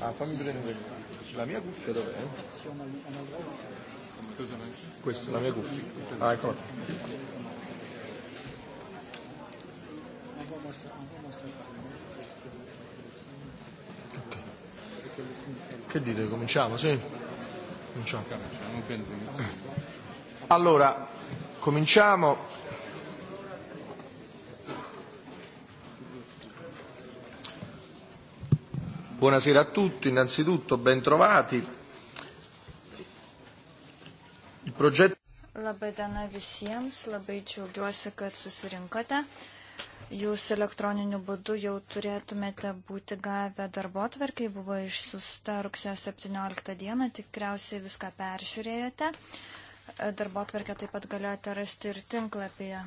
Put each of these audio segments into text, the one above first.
Ah, fammi prendere. La mia cuffia dov'è? Questa è la mia cuffia. Ah, eccola qua. Okay. Che dite? Cominciamo, sì? Cominciamo. Allora, cominciamo. Buonasera a tutti, innanzitutto ben trovati. Il progetto... Labai diena visiems, labai džiaugiuosi, kad susirinkote. Jūs elektroniniu būdu jau turėtumėte būti gavę darbo atverkai, buvo išsiusta rugsėjo 17 dieną, tikriausiai viską peržiūrėjote. Darbo atverkę taip pat galėjote rasti ir tinklapyje.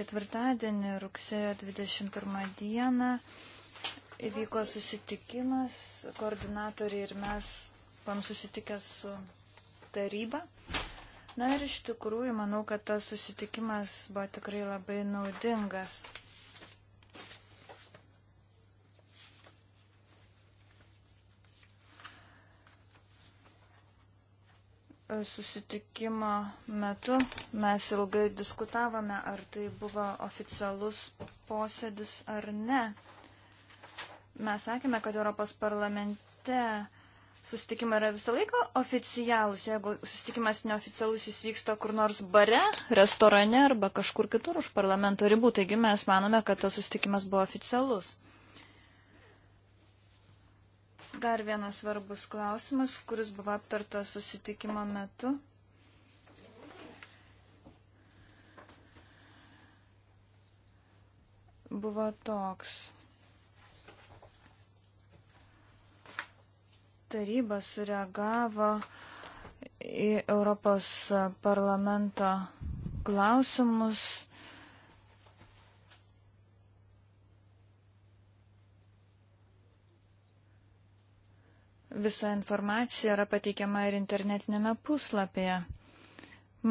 Ketvirtadienį, rugsėjo 21 dieną, įvyko susitikimas, koordinatoriai ir mes buvom susitikę su taryba. Na ir iš tikrųjų, manau, kad tas susitikimas buvo tikrai labai naudingas. susitikimo metu mes ilgai diskutavome, ar tai buvo oficialus posėdis ar ne. Mes sakėme, kad Europos parlamente susitikimai yra visą laiką oficialūs. Jeigu susitikimas neoficialus, jis vyksta kur nors bare, restorane arba kažkur kitur už parlamento ribų. Taigi mes manome, kad tas susitikimas buvo oficialus. Dar vienas svarbus klausimas, kuris buvo aptartas susitikimo metu. Buvo toks. Taryba sureagavo į Europos parlamento klausimus Visa informacija yra pateikiama ir internetinėme puslapyje.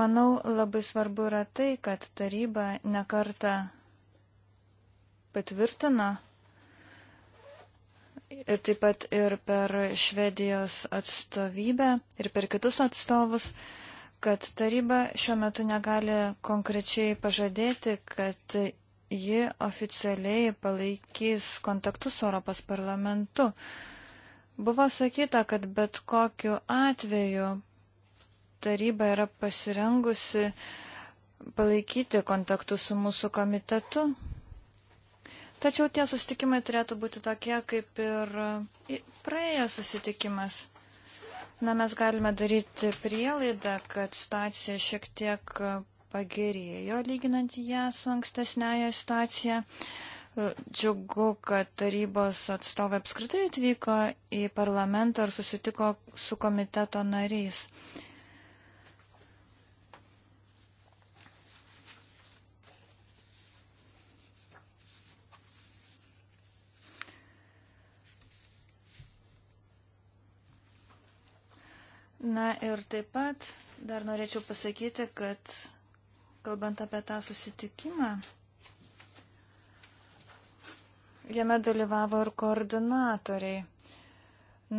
Manau, labai svarbu yra tai, kad taryba nekarta patvirtino ir taip pat ir per Švedijos atstovybę ir per kitus atstovus, kad taryba šiuo metu negali konkrečiai pažadėti, kad ji oficialiai palaikys kontaktus su Europos parlamentu. Buvo sakyta, kad bet kokiu atveju taryba yra pasirengusi palaikyti kontaktus su mūsų komitetu. Tačiau tie susitikimai turėtų būti tokie, kaip ir praėjęs susitikimas. Na, mes galime daryti prielaidą, kad situacija šiek tiek pagerėjo, lyginant ją su ankstesnėje situacija. Džiugu, kad tarybos atstovai apskritai atvyko į parlamentą ir susitiko su komiteto nariais. Na ir taip pat dar norėčiau pasakyti, kad kalbant apie tą susitikimą, Jame dalyvavo ir koordinatoriai.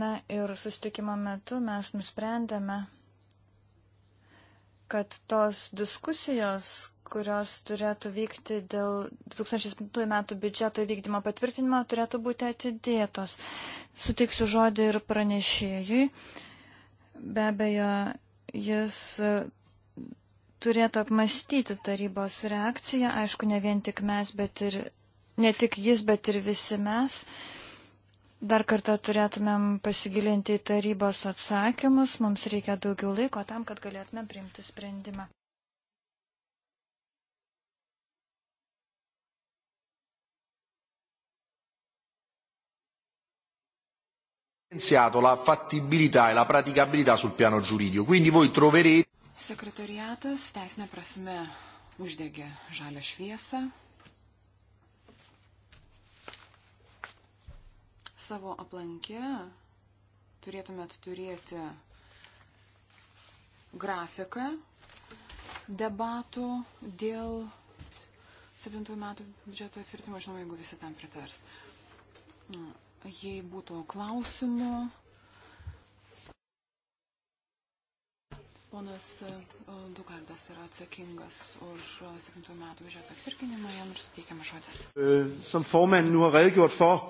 Na ir sustikimo metu mes nusprendėme, kad tos diskusijos, kurios turėtų vykti dėl 2007 metų biudžeto įvykdymo patvirtinimo, turėtų būti atidėtos. Suteiksiu žodį ir pranešėjui. Be abejo, jis turėtų apmastyti tarybos reakciją, aišku, ne vien tik mes, bet ir ne tik jis, bet ir visi mes. Dar kartą turėtumėm pasigilinti į tarybos atsakymus, mums reikia daugiau laiko tam, kad galėtumėm priimti sprendimą. evidenziato la fattibilità e la praticabilità sul piano giuridico. Quindi voi troverete. Sekretariatas teisinė prasme uždegė žalę šviesą savo aplankę turėtumėt turėti grafiką debatų dėl 7 metų biudžeto atvirtimo, žinoma, jeigu visi tam pritars. Jei būtų klausimų, Ponas e, Dukardas yra atsakingas už 7 metų biudžeto atvirkinimą, jam ir suteikiamas žodis. Som formanden nu har redegjort for,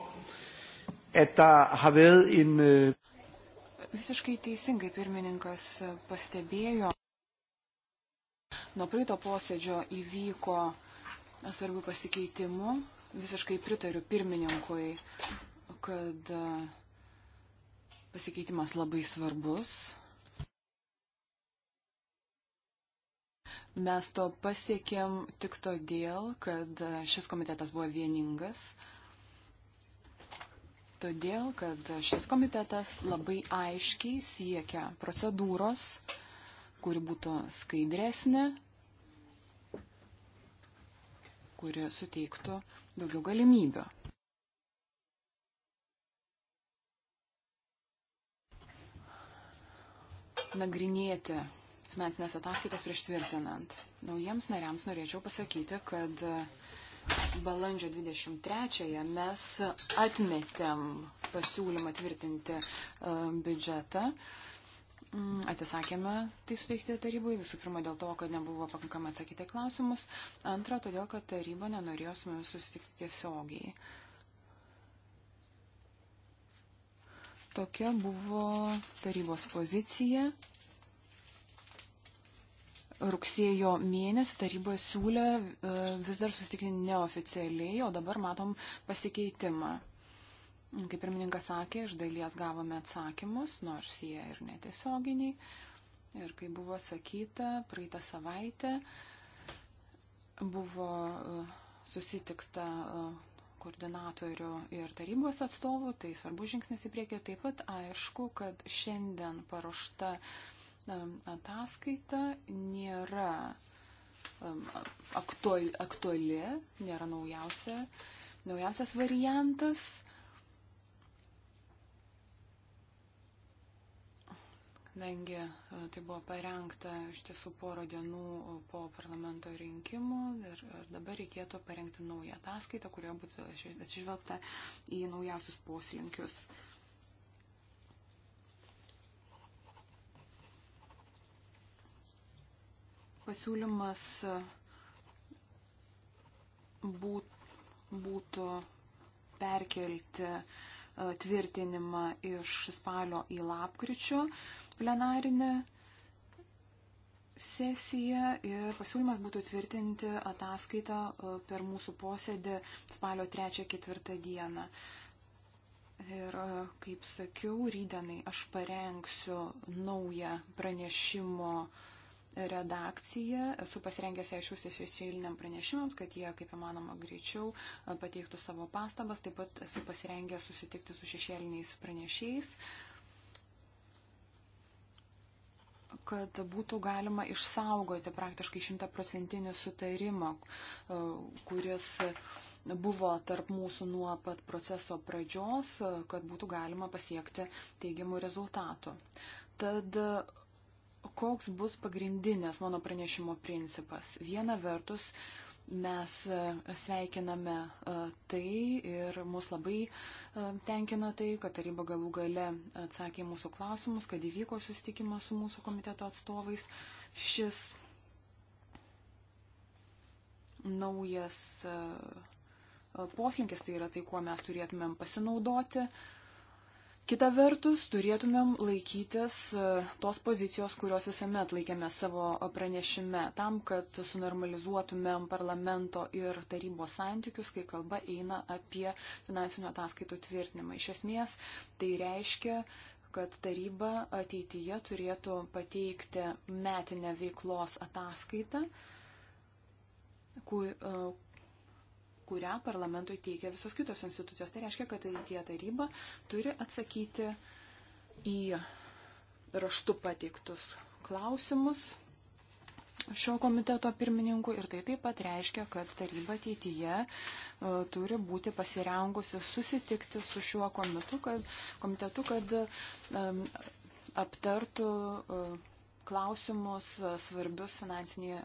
at der har været en. Øh... Visiškai teisingai pirmininkas pastebėjo. Nuo praeito posėdžio įvyko svarbių pasikeitimų. Visiškai pritariu pirmininkui, kad e, pasikeitimas labai svarbus. Mes to pasiekėm tik todėl, kad šis komitetas buvo vieningas Todėl, kad šis komitetas labai aiškiai siekia procedūros, kuri būtų skaidresnė, kuri suteiktų daugiau galimybių. Nagrinėti finansinės ataskaitas prieš tvirtinant. Naujiems nariams norėčiau pasakyti, kad balandžio 23-ąją mes atmetėm pasiūlymą tvirtinti e, biudžetą. Mm, atsisakėme tai suteikti tarybai, visų pirma dėl to, kad nebuvo pakankamai atsakyti klausimus, antra, todėl, kad taryba nenorėjo su mumis susitikti tiesiogiai. Tokia buvo tarybos pozicija rugsėjo mėnesį taryba siūlė e, vis dar susitikti neoficialiai, o dabar matom pasikeitimą. Kaip pirmininkas sakė, iš dalies gavome atsakymus, nors jie ir netiesioginiai. Ir kaip buvo sakyta, praeitą savaitę buvo e, susitikta e, koordinatorių ir tarybos atstovų, tai svarbus žingsnis į priekį. Taip pat aišku, kad šiandien paruošta uh, Um, ataskaita nėra um, aktuali, aktuali nėra naujausia, naujausias variantas. Kadangi uh, tai buvo parengta iš tiesų poro dienų uh, po parlamento rinkimų ir, ir dabar reikėtų parengti naują ataskaitą, kurioje būtų atsižvelgta į naujausius poslinkius. Uh, pasiūlymas e, būtų perkelti e, tvirtinimą iš spalio į lapkričio plenarinę sesiją ir pasiūlymas būtų tvirtinti ataskaitą e, per mūsų posėdį spalio 3-4 dieną. Ir kaip sakiau, rydenai aš parengsiu naują pranešimo uh, redakciją. Esu pasirengęs ją išsiųsti šešėliniam pranešimams, kad jie kaip įmanoma greičiau pateiktų savo pastabas. Taip pat esu pasirengęs susitikti su šešėliniais pranešiais kad būtų galima išsaugoti praktiškai šimtaprocentinį sutarimą, kuris buvo tarp mūsų nuo pat proceso pradžios, kad būtų galima pasiekti teigiamų rezultatų. Tad koks bus pagrindinės mano pranešimo principas. Viena vertus, mes e, sveikiname e, tai ir mus labai e, tenkina tai, kad taryba galų gale atsakė mūsų klausimus, kad įvyko susitikimas su mūsų komiteto atstovais. Šis naujas poslinkis tai yra tai, kuo mes turėtumėm pasinaudoti. Uh, Kita vertus, turėtumėm laikytis e, tos pozicijos, kurios visuomet laikėme savo pranešime, tam, kad sunormalizuotumėm parlamento ir tarybos santykius, kai kalba eina apie finansinių ataskaitų tvirtinimą. Iš esmės, tai reiškia, kad taryba ateityje turėtų pateikti metinę veiklos ataskaitą, kui, e, kurią parlamentui teikia visos kitos institucijos. Tai reiškia, kad ateitie taryba turi atsakyti į raštu pateiktus klausimus šio komiteto pirmininku ir tai taip pat reiškia, kad taryba ateityje uh, turi būti pasirengusi susitikti su šiuo komitetu, kad, komitetu, kad um, aptartų uh, klausimus e, svarbius finansiniai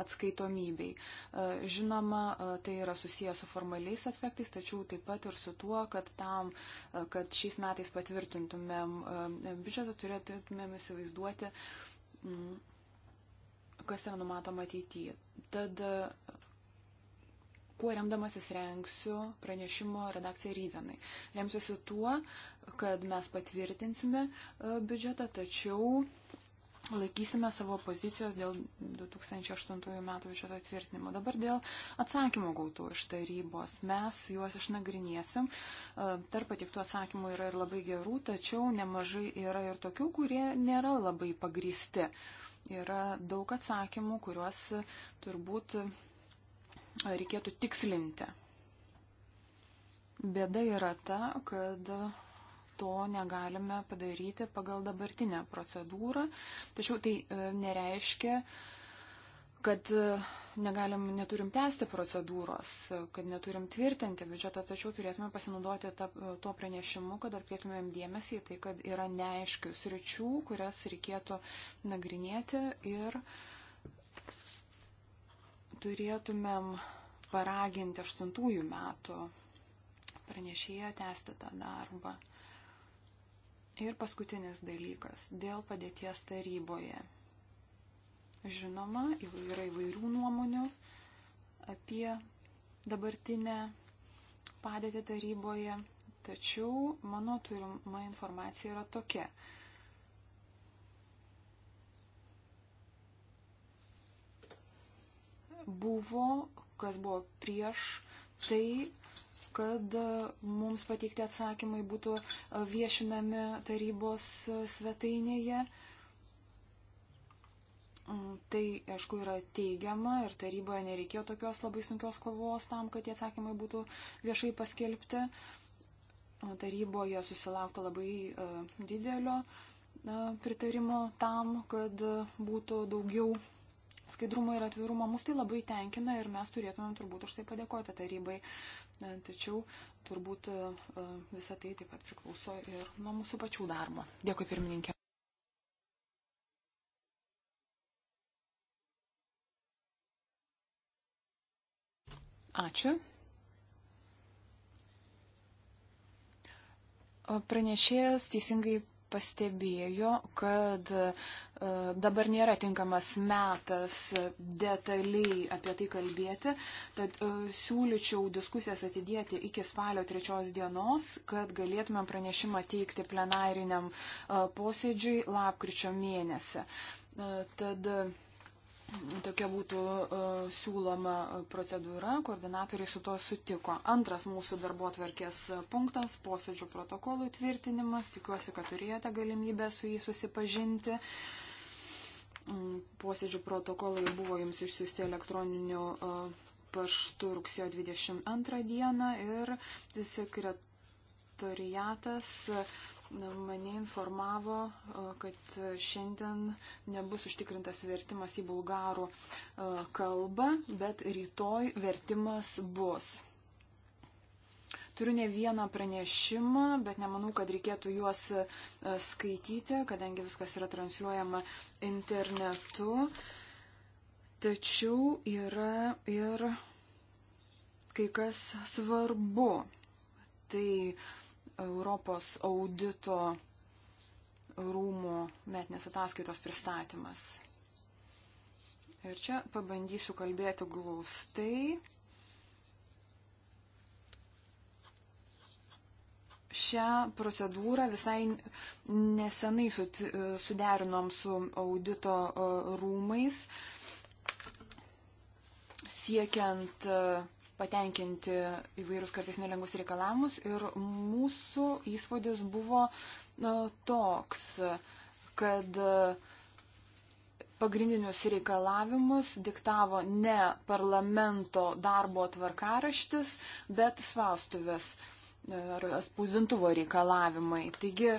atskaitomybei. E, žinoma, e, tai yra susijęs su formaliais aspektais, tačiau taip pat ir su tuo, kad tam, kad šiais metais patvirtintumėm biudžetą, turėtumėm įsivaizduoti, mm, kas yra numatoma ateityje. Tad kuo remdamasis renksiu pranešimo redakciją rytenai. Remsiuosi tuo, kad mes patvirtinsime biudžetą, tačiau laikysime savo pozicijos dėl 2008 metų biudžeto tvirtinimo. Dabar dėl atsakymų gautų iš tarybos. Mes juos išnagrinėsim. E, tarp patiktų atsakymų yra ir labai gerų, tačiau nemažai yra ir tokių, kurie nėra labai pagristi. Yra daug atsakymų, kuriuos turbūt reikėtų tikslinti. Bėda yra ta, kad to negalime padaryti pagal dabartinę procedūrą. Tačiau tai e, nereiškia, kad e, negalim, neturim tęsti procedūros, kad neturim tvirtinti biudžetą, tačiau turėtume pasinaudoti ta, e, tuo pranešimu, kad atkreiptumėm dėmesį į tai, kad yra neaiškių sričių, kurias reikėtų nagrinėti ir turėtumėm paraginti aštuntųjų metų pranešėją tęsti tą darbą. Ir paskutinis dalykas - dėl padėties taryboje. Žinoma, yra įvairių nuomonių apie dabartinę padėtį taryboje, tačiau mano turima informacija yra tokia. Buvo, kas buvo prieš tai, kad e, mums pateikti atsakymai būtų e, viešinami tarybos e, svetainėje. Mm, tai, aišku, yra teigiama ir taryboje nereikėjo tokios labai sunkios kovos tam, kad tie atsakymai būtų viešai paskelbti. Taryboje susilaukta labai didelio pritarimo tam, kad būtų daugiau skaidrumą ir atvirumą. Mus tai labai tenkina ir mes turėtumėm turbūt už tai padėkoti tarybai. E, tačiau turbūt e, e, visa tai taip pat priklauso ir nuo mūsų pačių darbo. Dėkui pirmininkė. Ačiū. Pranešėjas teisingai pastebėjo, kad e, dabar nėra tinkamas metas detaliai apie tai kalbėti, tad e, siūlyčiau diskusijas atidėti iki spalio trečios dienos, kad galėtumėm pranešimą teikti plenariniam e, posėdžiui lapkričio mėnesį. Tad Tokia būtų uh, siūloma procedūra, koordinatoriai su to sutiko. Antras mūsų darbo atverkės punktas - posėdžių protokolų tvirtinimas. Tikiuosi, kad turėjote galimybę su jį susipažinti. Mm, posėdžių protokolai buvo jums išsiusti elektroniniu uh, paštu rugsėjo 22 dieną ir sekretoriatas. Uh, mane informavo, kad šiandien nebus užtikrintas vertimas į bulgarų kalbą, bet rytoj vertimas bus. Turiu ne vieną pranešimą, bet nemanau, kad reikėtų juos skaityti, kadangi viskas yra transliuojama internetu. Tačiau yra ir kai kas svarbu. Tai Europos audito rūmų metinės ataskaitos pristatymas. Ir čia pabandysiu kalbėti glaustai. Šią procedūrą visai nesenai suderinom su audito e, rūmais, siekiant uh, patenkinti įvairius kartais nelengvus reikalavimus ir mūsų įspūdis buvo toks, kad pagrindinius reikalavimus diktavo ne parlamento darbo tvarkaraštis, bet spaustuvės e, ar spausdintuvo reikalavimai. Taigi e,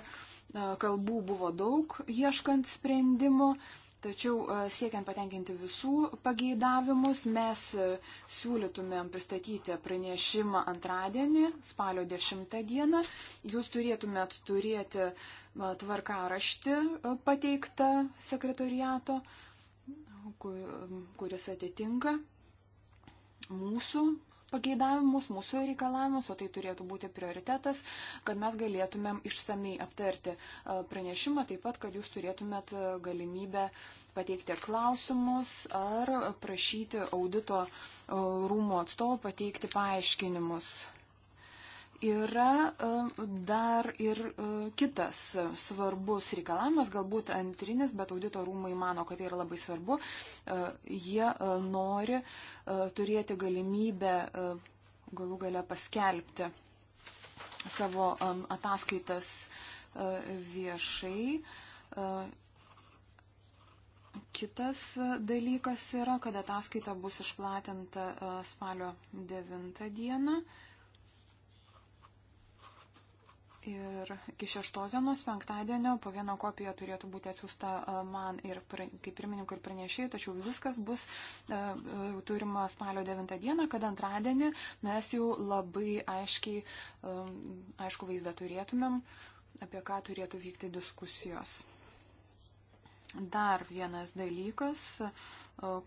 kalbų buvo daug ieškant sprendimo Tačiau e, siekiant patenkinti visų pageidavimus, mes e, siūlytumėm pristatyti pranešimą antradienį, spalio 10 dieną. Jūs turėtumėt turėti e, tvarkaraštį pateiktą sekretoriato, kuris atitinka mūsų pageidavimus, mūsų reikalavimus, o tai turėtų būti prioritetas, kad mes galėtumėm išsamei aptarti e, pranešimą, taip pat, kad jūs turėtumėt e, galimybę pateikti klausimus ar prašyti audito e, rūmo atstovo pateikti paaiškinimus. Yra e, dar ir e, kitas svarbus reikalavimas, galbūt antrinis, bet audito rūmai mano, kad tai yra labai svarbu. E, jie nori turėti galimybę galų gale paskelbti savo ataskaitas viešai. Kitas dalykas yra, kad ataskaita bus išplatinta spalio 9 dieną. Ir iki šeštos dienos penktadienio po vieną kopiją turėtų būti atsiųsta e, man ir kaip pirmininkui ir pranešėjai, tačiau viskas bus e, e, turima spalio 9 dieną, kad antradienį mes jau labai aiškiai, aišku, vaizdą turėtumėm, apie ką turėtų vykti diskusijos. Dar vienas dalykas,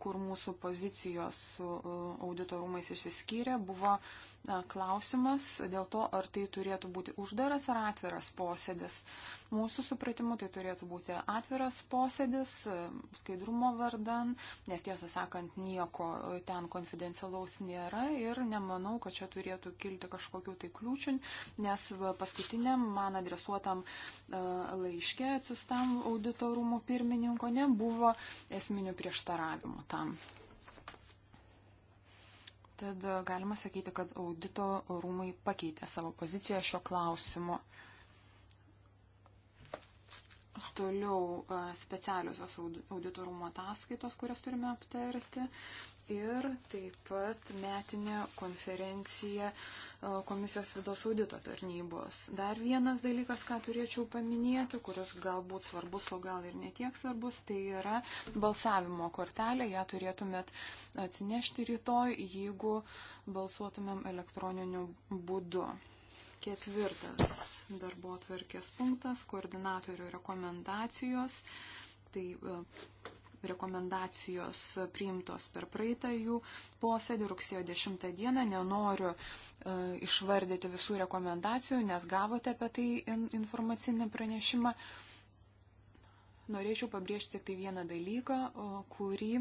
kur mūsų pozicijos su auditorumais išsiskyrė, buvo uh, klausimas dėl to, ar tai turėtų būti uždaras ar atviras posėdis. Mūsų supratimu tai turėtų būti atviras posėdis, skaidrumo vardan, nes tiesą sakant, nieko ten konfidencialaus nėra ir nemanau, kad čia turėtų kilti kažkokių tai kliūčių, nes paskutiniam man adresuotam e, laiške atsiustam auditorumų pirmininko nebuvo esminių prieštaravimų tam. Tad e, galima sakyti, kad audito rūmai pakeitė savo poziciją šio klausimu toliau e, specialiosios auditorumo ataskaitos, kurias turime aptarti. Ir taip pat metinė konferencija e, Komisijos vidaus audito tarnybos. Dar vienas dalykas, ką turėčiau paminėti, kuris galbūt svarbus, o gal ir netiek svarbus, tai yra balsavimo kortelė. Ja turėtumėt atsinešti rytoj, jeigu balsuotumėm elektroniniu būdu. Ketvirtas darbo atverkės punktas, koordinatorių rekomendacijos. Tai e, rekomendacijos priimtos per praeitą jų posėdį rugsėjo 10 dieną. Nenoriu e, išvardyti visų rekomendacijų, nes gavote apie tai informacinį pranešimą. Norėčiau pabrėžti tik tai vieną dalyką, kurį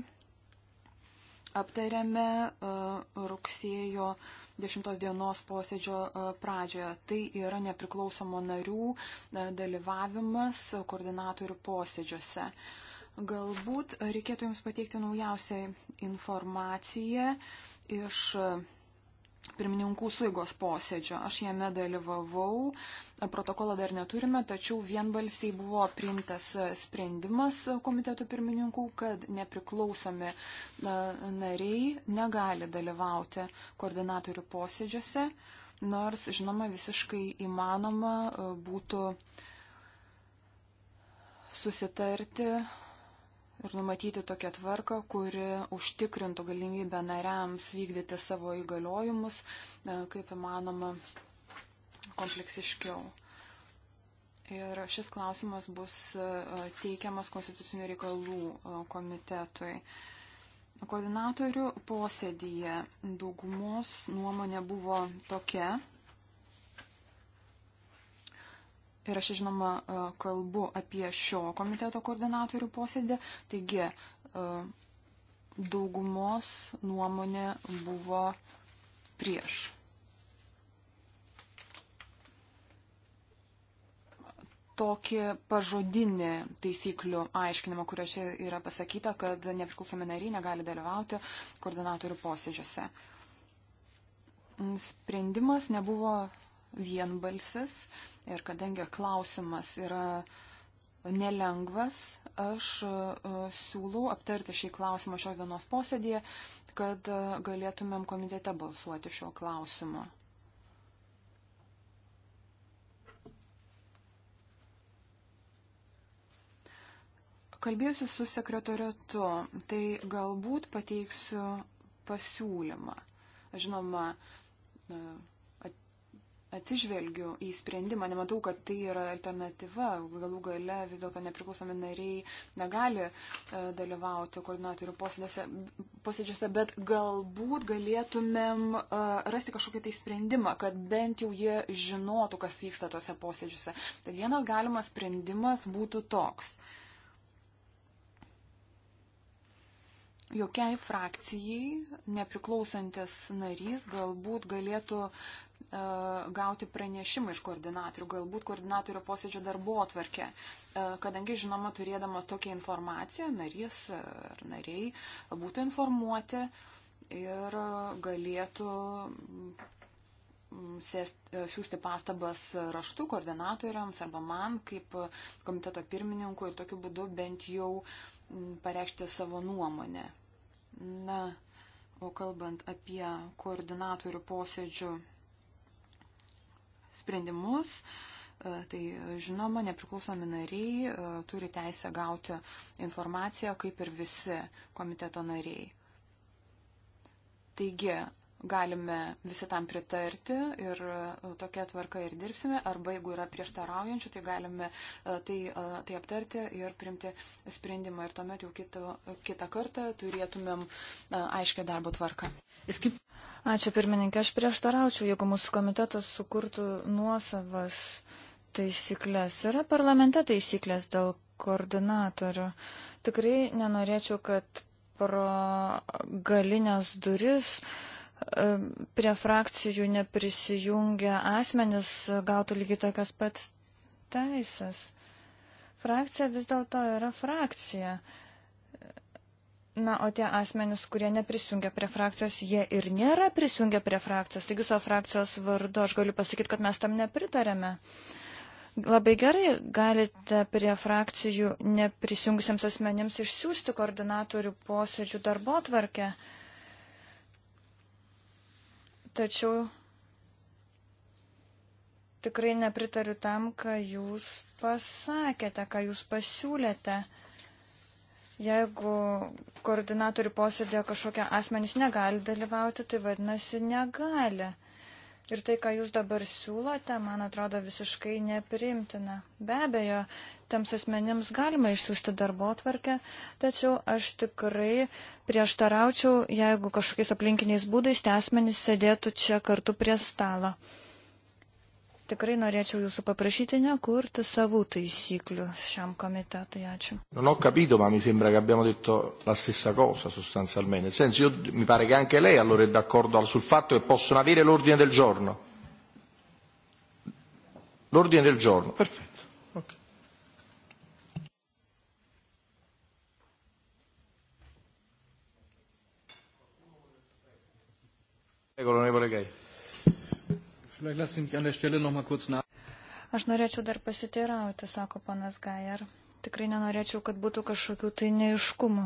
aptarėme e, rugsėjo 10 dienos posėdžio e, pradžioje. Tai yra nepriklausomo narių e, dalyvavimas koordinatorių posėdžiuose. Galbūt reikėtų Jums pateikti naujausią informaciją iš pirmininkų suigos posėdžio. Aš jame dalyvavau, protokolo dar neturime, tačiau vienbalsiai buvo priimtas sprendimas komitetų pirmininkų, kad nepriklausomi nariai negali dalyvauti koordinatorių posėdžiuose, nors, žinoma, visiškai įmanoma e, būtų susitarti ir numatyti tokią tvarką, kuri užtikrintų galimybę nariams vykdyti savo įgaliojimus, e, kaip įmanoma, kompleksiškiau. Ir šis klausimas bus e, teikiamas Konstitucinių reikalų e, komitetui. Koordinatorių posėdėje daugumos nuomonė buvo tokia, Ir aš, žinoma, e, kalbu apie šio komiteto koordinatorių posėdį. Taigi, e, daugumos nuomonė buvo prieš. tokį pažodinį taisyklių aiškinimą, kurio čia yra pasakyta, kad nepriklausomi nariai negali dalyvauti koordinatorių posėdžiuose. Sprendimas nebuvo vienbalsis Ir kadangi klausimas yra nelengvas, aš e, siūlau aptarti šį klausimą šios dienos posėdėje, kad e, galėtumėm komitete balsuoti šiuo klausimu. Kalbėjusi su sekretoriatu, tai galbūt pateiksiu pasiūlymą. Žinoma, e, atsižvelgiu į sprendimą, nematau, kad tai yra alternatyva. Galų gale vis dėlto nepriklausomi nariai negali e, dalyvauti koordinatorių posėdžiuose, bet galbūt galėtumėm e, rasti kažkokį tai sprendimą, kad bent jau jie žinotų, kas vyksta tuose posėdžiuose. Tad vienas galimas sprendimas būtų toks. jokiai frakcijai nepriklausantis narys galbūt galėtų E, gauti pranešimą iš koordinatorių, galbūt koordinatorių posėdžio darbo atvarkę. E, kadangi, žinoma, turėdamas tokią informaciją, narys ar nariai būtų informuoti ir galėtų mm, sėst, e, siūsti pastabas raštų koordinatoriams arba man kaip komiteto pirmininkui ir tokiu būdu bent jau mm, pareikšti savo nuomonę. Na, o kalbant apie koordinatorių posėdžių sprendimus. E, tai žinoma, nepriklausomi nariai e, turi teisę gauti informaciją, kaip ir visi komiteto nariai. Taigi, galime visi tam pritarti ir e, tokia tvarka ir dirbsime, arba jeigu yra prieštaraujančių, tai galime tai, tai aptarti ir primti sprendimą. Ir tuomet jau kitą, kitą kartą turėtumėm aiškę darbo tvarką. Ačiū pirmininkė, aš prieštaraučiau, jeigu mūsų komitetas sukurtų nuosavas taisyklės. Yra parlamente taisyklės dėl koordinatorių. Tikrai nenorėčiau, kad pro galinės duris e, prie frakcijų neprisijungę asmenys gautų lygiai tokias pat teisės. Frakcija vis dėlto yra frakcija. Na, o tie asmenys, kurie neprisijungia prie frakcijos, jie ir nėra prisijungę prie frakcijos. Taigi savo frakcijos vardu aš galiu pasakyti, kad mes tam nepritarėme. Labai gerai galite prie frakcijų neprisijungusiems asmenėms išsiųsti koordinatorių posėdžių darbo tvarkę. Tačiau tikrai nepritariu tam, ką jūs pasakėte, ką jūs pasiūlėte. Jeigu koordinatorių posėdėje kažkokie asmenys negali dalyvauti, tai vadinasi negali. Ir tai, ką jūs dabar siūlote, man atrodo visiškai neprimtina. Be abejo, tiems asmenims galima išsiųsti darbo atvarkę, tačiau aš tikrai prieštaraučiau, jeigu kažkokiais aplinkiniais būdais tie asmenys sėdėtų čia kartu prie stalo. Uh, tikrai norėčiau jūsų paprašyti nekurti savų taisyklių šiam komitetui. Ačiū. Non ho capito, ma mi sembra che abbiamo detto la stessa cosa sostanzialmente. Nel senso, io, mi pare che anche lei allora è d'accordo sul fatto che possono avere l'ordine del giorno. L'ordine del giorno, perfetto. Okay. Prego l'onorevole Gay. Aš norėčiau dar pasiteirauti, sako panas Gajar. Tikrai nenorėčiau, kad būtų kažkokių tai neiškumų.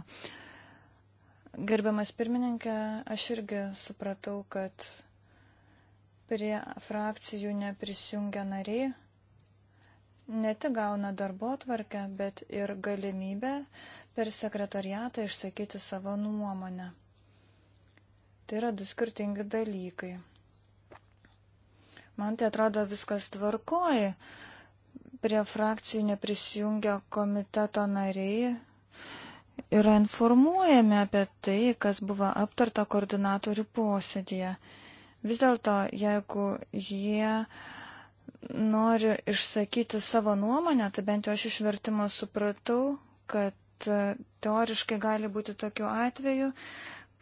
Gerbiamas pirmininkė, aš irgi supratau, kad prie frakcijų neprisijungia nariai ne tik gauna darbo atvarkę, bet ir galimybę per sekretariatą išsakyti savo nuomonę. Tai yra du skirtingi dalykai. Man tai atrodo viskas tvarkoji. Prie frakcijų neprisijungia komiteto nariai. Yra informuojami apie tai, kas buvo aptarta koordinatorių posėdėje. Vis dėlto, jeigu jie nori išsakyti savo nuomonę, tai bent jau aš iš vertimo supratau, kad teoriškai gali būti tokių atvejų,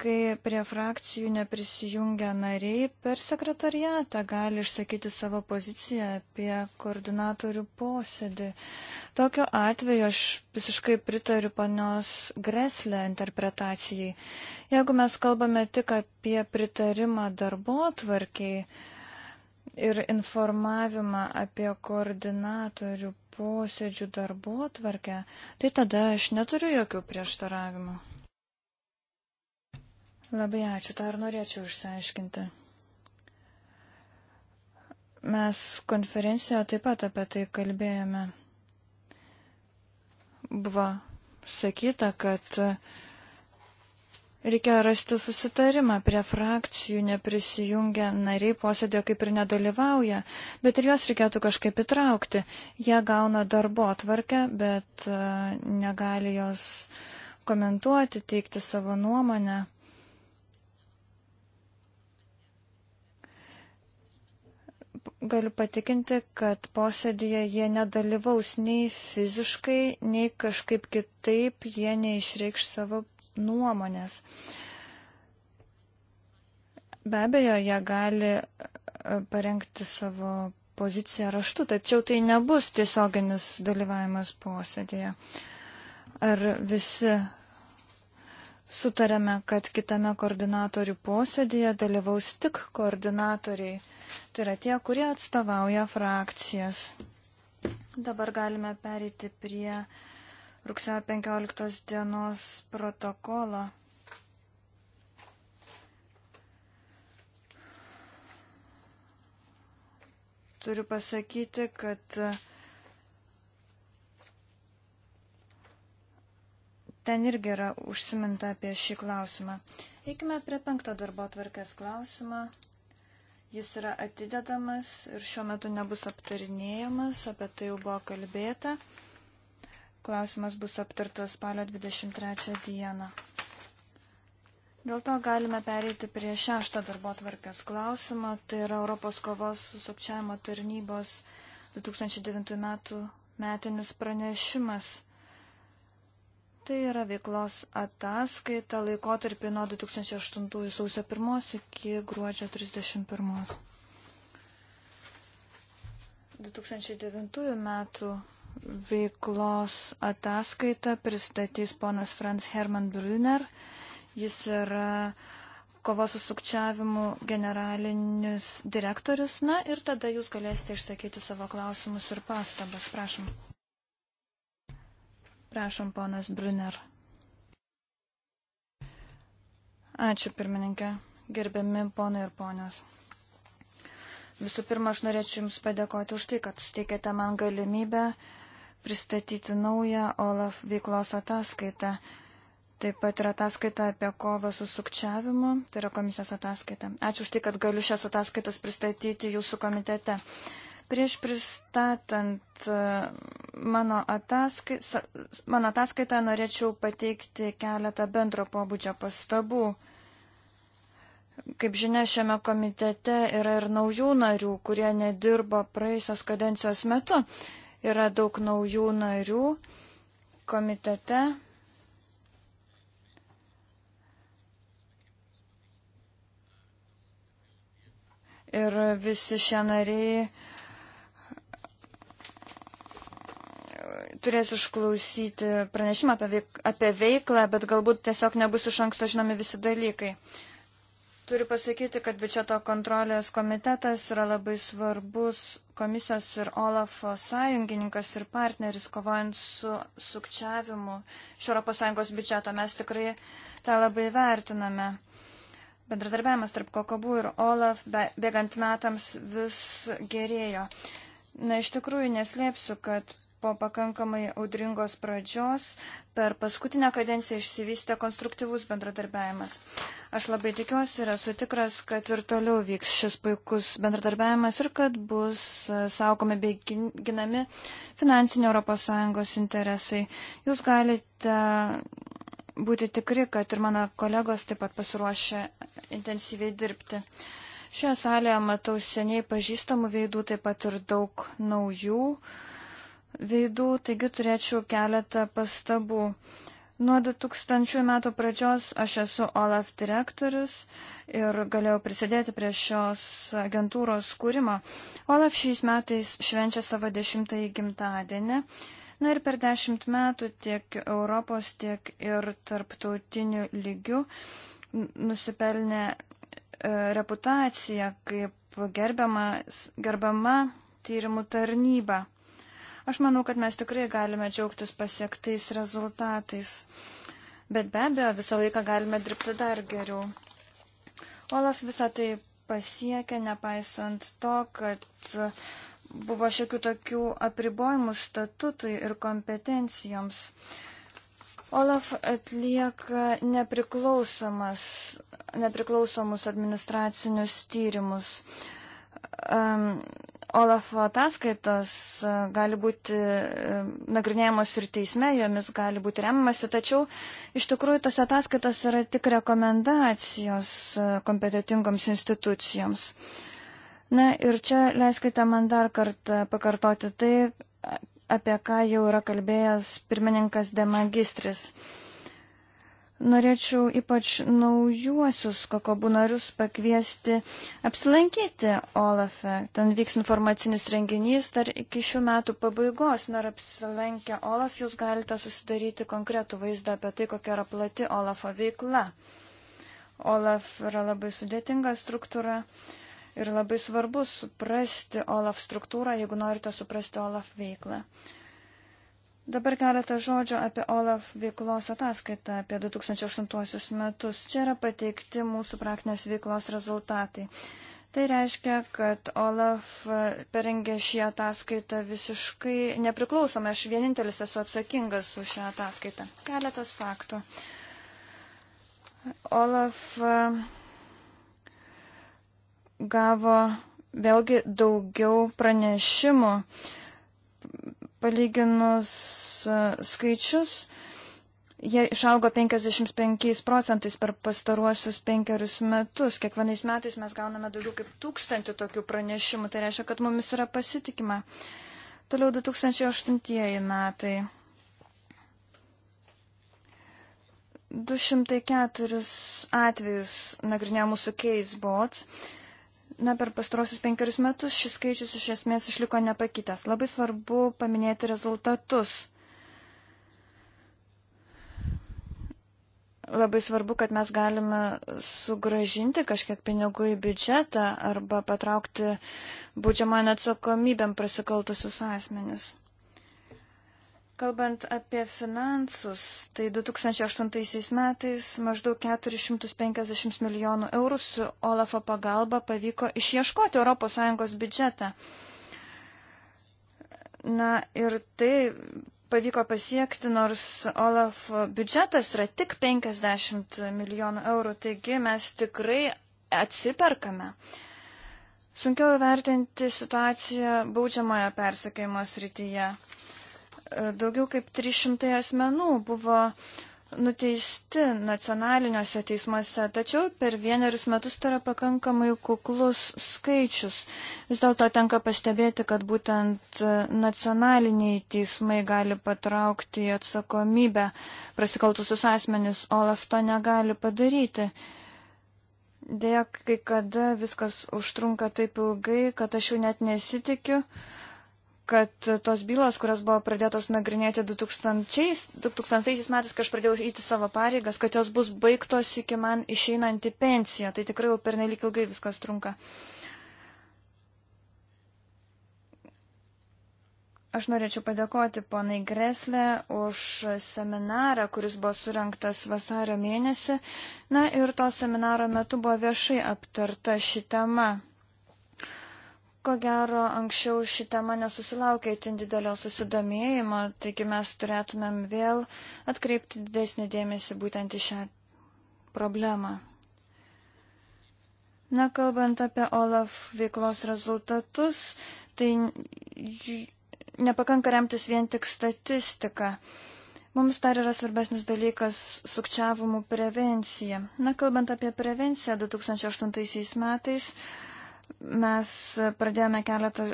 kai prie frakcijų neprisijungia nariai, per sekretariatą gali išsakyti savo poziciją apie koordinatorių posėdį. Tokiu atveju aš visiškai pritariu panios Greslę interpretacijai. Jeigu mes kalbame tik apie pritarimą darbo tvarkiai ir informavimą apie koordinatorių posėdžių darbo tvarkę, tai tada aš neturiu jokių prieštaravimų. Labai ačiū, tą ir norėčiau išsiaiškinti. Mes konferencijoje taip pat apie tai kalbėjome. Buvo sakyta, kad reikia rasti susitarimą, prie frakcijų neprisijungia nariai posėdėje kaip ir nedalyvauja, bet ir juos reikėtų kažkaip įtraukti. Jie gauna darbo atvarkę, bet e, negali jos komentuoti, teikti savo nuomonę. galiu patikinti, kad posėdėje jie nedalyvaus nei fiziškai, nei kažkaip kitaip, jie neišreikš savo nuomonės. Be abejo, jie gali e, parengti savo poziciją raštu, tačiau tai nebus tiesioginis dalyvavimas posėdėje. Ar visi sutarėme, kad kitame koordinatorių posėdėje dalyvaus tik koordinatoriai. Tai yra tie, kurie atstovauja frakcijas. Dabar galime perėti prie rugsėjo 15 dienos protokolo. Turiu pasakyti, kad Ten irgi yra užsiminta apie šį klausimą. Eikime prie penkto darbo tvarkės klausimą. Jis yra atidedamas ir šiuo metu nebus aptarinėjamas, apie tai jau buvo kalbėta. Klausimas bus aptartas spalio 23 dieną. Dėl to galime pereiti prie šešto darbo tvarkės klausimo, tai yra Europos kovos susukčiavimo tarnybos 2009 metų metinis pranešimas. Tai yra veiklos ataskaita laikotarpį nuo 2008 sausio 1 iki gruodžio 31. 2009 metų veiklos ataskaitą pristatys ponas Franz Hermann Brüner. Jis yra kovos su sukčiavimu generalinis direktorius. Na ir tada jūs galėsite išsakyti savo klausimus ir pastabas. Prašom. Prašom, ponas Brunner. Ačiū, pirmininkė. Gerbiami ponai ir ponios. Visų pirma, aš norėčiau Jums padėkoti už tai, kad suteikėte man galimybę pristatyti naują OLAF veiklos ataskaitą. Taip pat yra ataskaita apie kovą su sukčiavimu, tai yra komisijos ataskaita. Ačiū už tai, kad galiu šias ataskaitas pristatyti Jūsų komitete. Uh, Prieš pristatant e, mano, ataskai, mano ataskaitą norėčiau pateikti keletą bendro pobūdžio pastabų. Kaip žinia, šiame komitete yra ir naujų narių, kurie nedirbo praėjusios kadencijos metu. Yra daug naujų narių komitete. Ir visi šie nariai turės išklausyti pranešimą apie, veik, apie veiklą, bet galbūt tiesiog nebus iš anksto žinomi visi dalykai. Turiu pasakyti, kad biudžeto kontrolės komitetas yra labai svarbus komisijos ir Olafo sąjungininkas ir partneris, kovojant su sukčiavimu iš ES biudžeto. Mes tikrai tą labai vertiname. Bendradarbiavimas tarp Kokobų ir Olaf be, bėgant metams vis gerėjo. Na, iš tikrųjų neslėpsiu, kad po pakankamai audringos pradžios per paskutinę kadenciją išsivystė konstruktyvus bendradarbiavimas. Aš labai tikiuosi ir esu tikras, kad ir toliau vyks šis puikus bendradarbiavimas ir kad bus e, saugomi bei ginami finansiniai ES interesai. Jūs galite būti tikri, kad ir mano kolegos taip pat pasiruošę intensyviai dirbti. Šioje salėje matau seniai pažįstamų veidų, taip pat ir daug naujų. Uh, veidų, taigi turėčiau keletą pastabų. Nuo 2000 metų pradžios aš esu OLAF direktorius ir galėjau prisidėti prie šios agentūros kūrimo. OLAF šiais metais švenčia savo dešimtąjį gimtadienį. Na ir per dešimt metų tiek Europos, tiek ir tarptautinių lygių nusipelnė e, reputacija kaip gerbiama, gerbiama tyrimų tarnyba. Aš manau, kad mes tikrai galime džiaugtis pasiektais rezultatais. Bet be abejo, visą laiką galime dirbti dar geriau. Olaf visą tai pasiekė, nepaisant to, kad buvo šiokių tokių apribojimų statutui ir kompetencijoms. Olaf atlieka nepriklausomus administracinius tyrimus. Um, Olafo ataskaitos e, gali būti e, nagrinėjamos ir teisme, jomis gali būti remamasi, tačiau iš tikrųjų tos ataskaitos yra tik rekomendacijos e, kompetitingoms institucijoms. Na ir čia leiskite man dar kartą pakartoti tai, apie ką jau yra kalbėjęs pirmininkas Demagistris. magistris Norėčiau ypač naujuosius kokobų narius pakviesti apsilankyti Olafe. Ten vyks informacinis renginys dar iki šių metų pabaigos. Nar apsilankę Olaf jūs galite susidaryti konkretų vaizdą apie tai, kokia yra plati Olafo veikla. Olaf yra labai sudėtinga struktūra ir labai svarbu suprasti Olaf struktūrą, jeigu norite suprasti Olaf veiklą. Dabar keletą žodžių apie OLAF veiklos ataskaitą apie 2008 metus. Čia yra pateikti mūsų praktinės veiklos rezultatai. Tai reiškia, kad OLAF perengė šį ataskaitą visiškai nepriklausomai. Aš vienintelis esu atsakingas už šią ataskaitą. Keletas faktų. OLAF e, gavo vėlgi daugiau pranešimų Palyginus e, skaičius, jie išaugo 55 procentais per pastaruosius penkerius metus. Kiekvienais metais mes gauname daugiau kaip tūkstantį tokių pranešimų. Tai reiškia, kad mumis yra pasitikima. Toliau 2008 metai. 204 atvejus nagrinėjo mūsų casebot. Na, per pastarosius penkerius metus šis skaičius iš esmės išliko nepakitęs. Labai svarbu paminėti rezultatus. Labai svarbu, kad mes galime sugražinti kažkiek pinigų į biudžetą arba patraukti būdžiamąją atsakomybėm prasikaltusius asmenis. Kalbant apie finansus, tai 2008 metais maždaug 450 milijonų eurų su Olafo pagalba pavyko išieškoti ES biudžetą. Na ir tai pavyko pasiekti, nors Olafo biudžetas yra tik 50 milijonų eurų, taigi mes tikrai atsiperkame. Sunkiau vertinti situaciją baudžiamojo persekėjimo srityje. Daugiau kaip 300 asmenų buvo nuteisti nacionaliniuose teismuose, tačiau per vienerius metus tai yra pakankamai kuklus skaičius. Vis dėlto tenka pastebėti, kad būtent nacionaliniai teismai gali patraukti į atsakomybę prasikaltusius asmenis, Olaf to negali padaryti. Dėja, kai kada viskas užtrunka taip ilgai, kad aš jau net nesitikiu, uh, kad tos bylos, kurios buvo pradėtos nagrinėti 2000, 2000 metais, kai aš pradėjau įti savo pareigas, kad jos bus baigtos iki man išeinant į pensiją. Tai tikrai jau pernelik ilgai viskas trunka. Aš norėčiau padėkoti ponai Greslė už seminarą, kuris buvo surinktas vasario mėnesį. Na ir to seminaro metu buvo viešai aptarta ši tema. Ko gero, anksčiau ši tema nesusilaukė itin didelio susidomėjimo, taigi mes turėtumėm vėl atkreipti didesnį dėmesį būtent į šią problemą. Na, kalbant apie OLAF veiklos rezultatus, tai nepakanka remtis vien tik statistika. Mums dar yra svarbesnis dalykas sukčiavimų prevencija. Na, kalbant apie prevenciją, 2008 metais Mes pradėjome keletą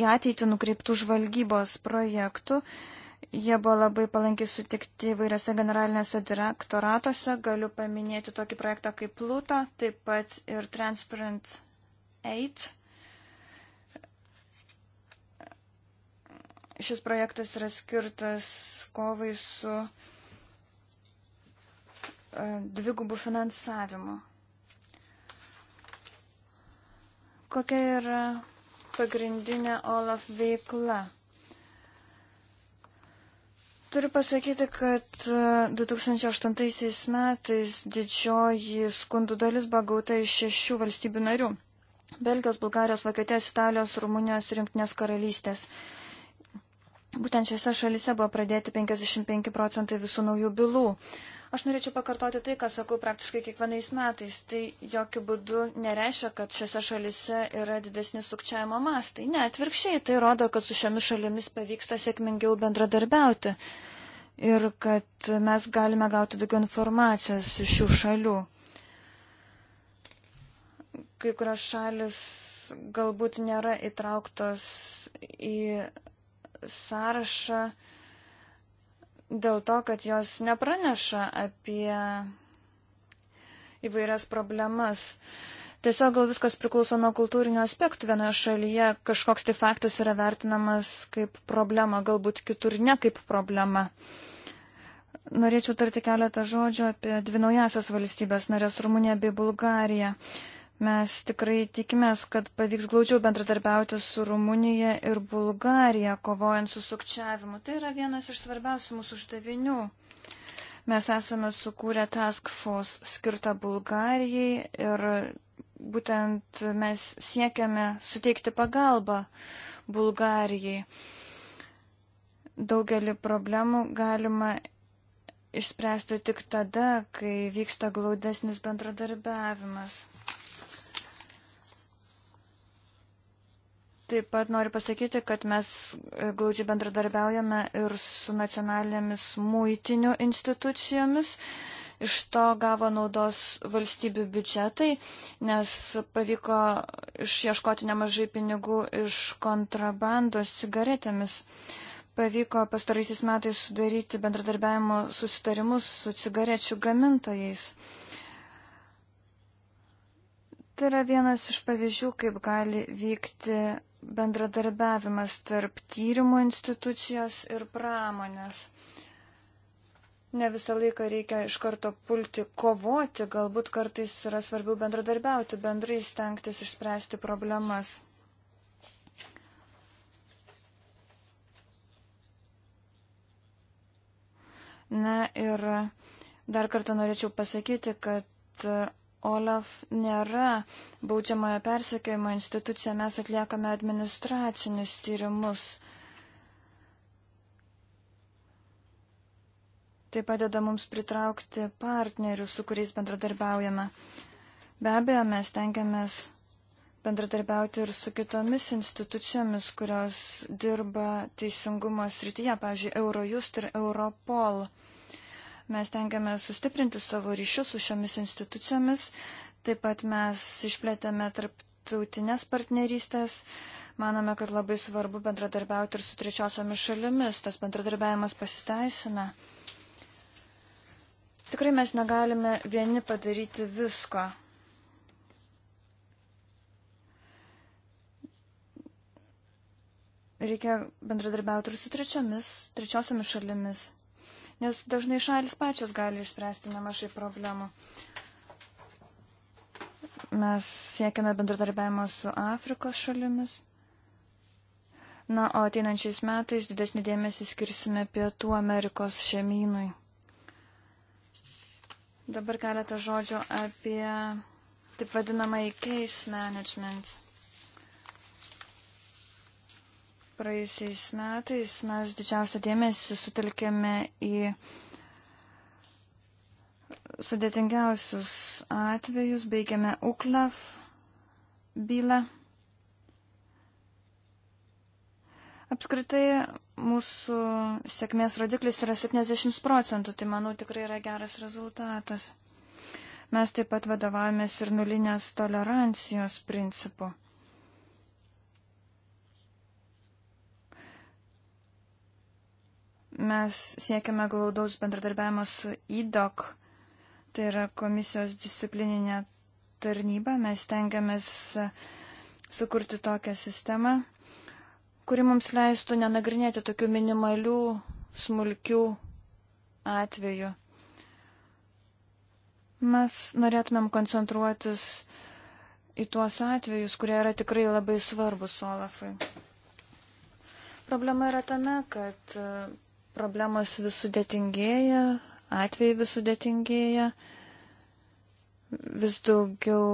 į ateitį nukreiptų žvalgybos projektų. Jie buvo labai palankiai sutikti įvairiose generalinėse direktoratuose. Galiu paminėti tokį projektą kaip Pluta, taip pat ir Transparent 8. Šis projektas yra skirtas kovai su e, dvigubų finansavimu. Kokia yra pagrindinė OLAF veikla? Turiu pasakyti, kad 2008 e, metais didžioji skundų dalis buvo gauta iš šešių valstybių narių. Belgijos, Bulgarijos, Vokietijos, Italijos, Rumunijos ir Junktinės karalystės. Uh, Būtent šiuose šalise buvo pradėti 55 procentai visų naujų bylų. Aš norėčiau pakartoti tai, ką sakau praktiškai kiekvienais metais. Tai jokių būdų nereiškia, kad šiuose šalise yra didesni sukčiavimo mastai. Ne, atvirkščiai, tai rodo, kad su šiomis šalimis pavyksta sėkmingiau bendradarbiauti ir kad mes galime gauti daugiau informacijos iš šių šalių. Kai kurios šalis galbūt nėra įtrauktos į sąrašą dėl to, kad jos nepraneša apie įvairias problemas. Tiesiog gal viskas priklauso nuo kultūrinio aspektų. Vienoje šalyje kažkoks tai faktas yra vertinamas kaip problema, galbūt kitur ne kaip problema. Norėčiau tarti keletą žodžių apie dvi naujasias valstybės narės - Rumuniją bei Bulgariją. Uh, Mes tikrai tikimės, kad pavyks glaudžiau bendradarbiauti su Rumunija ir Bulgarija, kovojant su sukčiavimu. Tai yra vienas iš svarbiausių mūsų uždavinių. Mes esame sukūrę task force skirtą Bulgarijai ir būtent mes siekiame suteikti pagalbą Bulgarijai. Daugelį problemų galima išspręsti tik tada, kai vyksta glaudesnis bendradarbiavimas. Taip pat noriu pasakyti, kad mes e, glaudžiai bendradarbiaujame ir su nacionalinėmis muitinių institucijomis. Iš to gavo naudos valstybių biudžetai, nes pavyko išieškoti nemažai pinigų iš kontrabandos cigaretėmis. Pavyko pastaraisiais metais sudaryti bendradarbiavimo susitarimus su cigarečių gamintojais. Tai yra vienas iš pavyzdžių, kaip gali vykti bendradarbiavimas tarp tyrimų institucijos ir pramonės. Ne visą laiką reikia iš karto pulti kovoti, galbūt kartais yra svarbiau bendradarbiauti, bendrai stengtis išspręsti problemas. Na ir dar kartą norėčiau pasakyti, kad OLAF nėra baudžiamojo persekiojimo institucija, mes atliekame administracinius tyrimus. Tai padeda mums pritraukti partnerių, su kuriais bendradarbiaujame. Be abejo, mes tenkiamės bendradarbiauti ir su kitomis institucijomis, kurios dirba teisingumo srityje, pavyzdžiui, Eurojust ir Europol. Mes tenkiame sustiprinti savo ryšius su šiomis institucijomis, taip pat mes išplėtėme tarptautinės partnerystės. Manome, kad labai svarbu bendradarbiauti ir su trečiosiomis šalimis. Tas bendradarbiavimas pasiteisina. Tikrai mes negalime vieni padaryti visko. reikia bendradarbiauti ir su trečiomis, trečiosiamis šalimis nes dažnai šalis pačios gali išspręsti nemažai problemų. Mes siekiame bendradarbiavimo su Afrikos šalimis. Na, o ateinančiais metais didesnį dėmesį skirsime Pietų Amerikos šeimynui. Dabar keletą žodžių apie taip vadinamą case management. Praėjusiais metais mes didžiausią dėmesį sutelkėme į sudėtingiausius atvejus, baigėme UKLAF bylą. Apskritai mūsų sėkmės rodiklis yra 70 procentų, tai manau tikrai yra geras rezultatas. Mes taip pat vadovavomės ir nulinės tolerancijos principu. Mes siekiame glaudaus bendradarbiavimo su IDOC, tai yra komisijos disciplininė tarnyba. Mes tengiamės sukurti tokią sistemą, kuri mums leistų nenagrinėti tokių minimalių, smulkių atvejų. Mes norėtumėm koncentruotis į tuos atvejus, kurie yra tikrai labai svarbus Olafui. Problema yra tame, kad problemos vis sudėtingėja, atvejai vis sudėtingėja, vis daugiau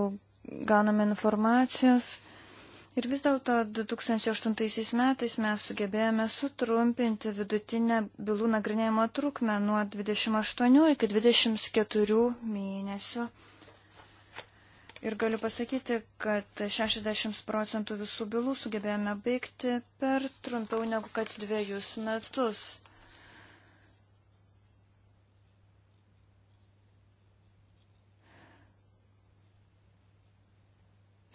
gauname informacijos. Ir vis dėlto 2008 metais mes sugebėjome sutrumpinti vidutinę bylų nagrinėjimo trukmę nuo 28 iki 24 mėnesių. Ir galiu pasakyti, kad 60 procentų visų bylų sugebėjome baigti per trumpiau negu kad dviejus metus.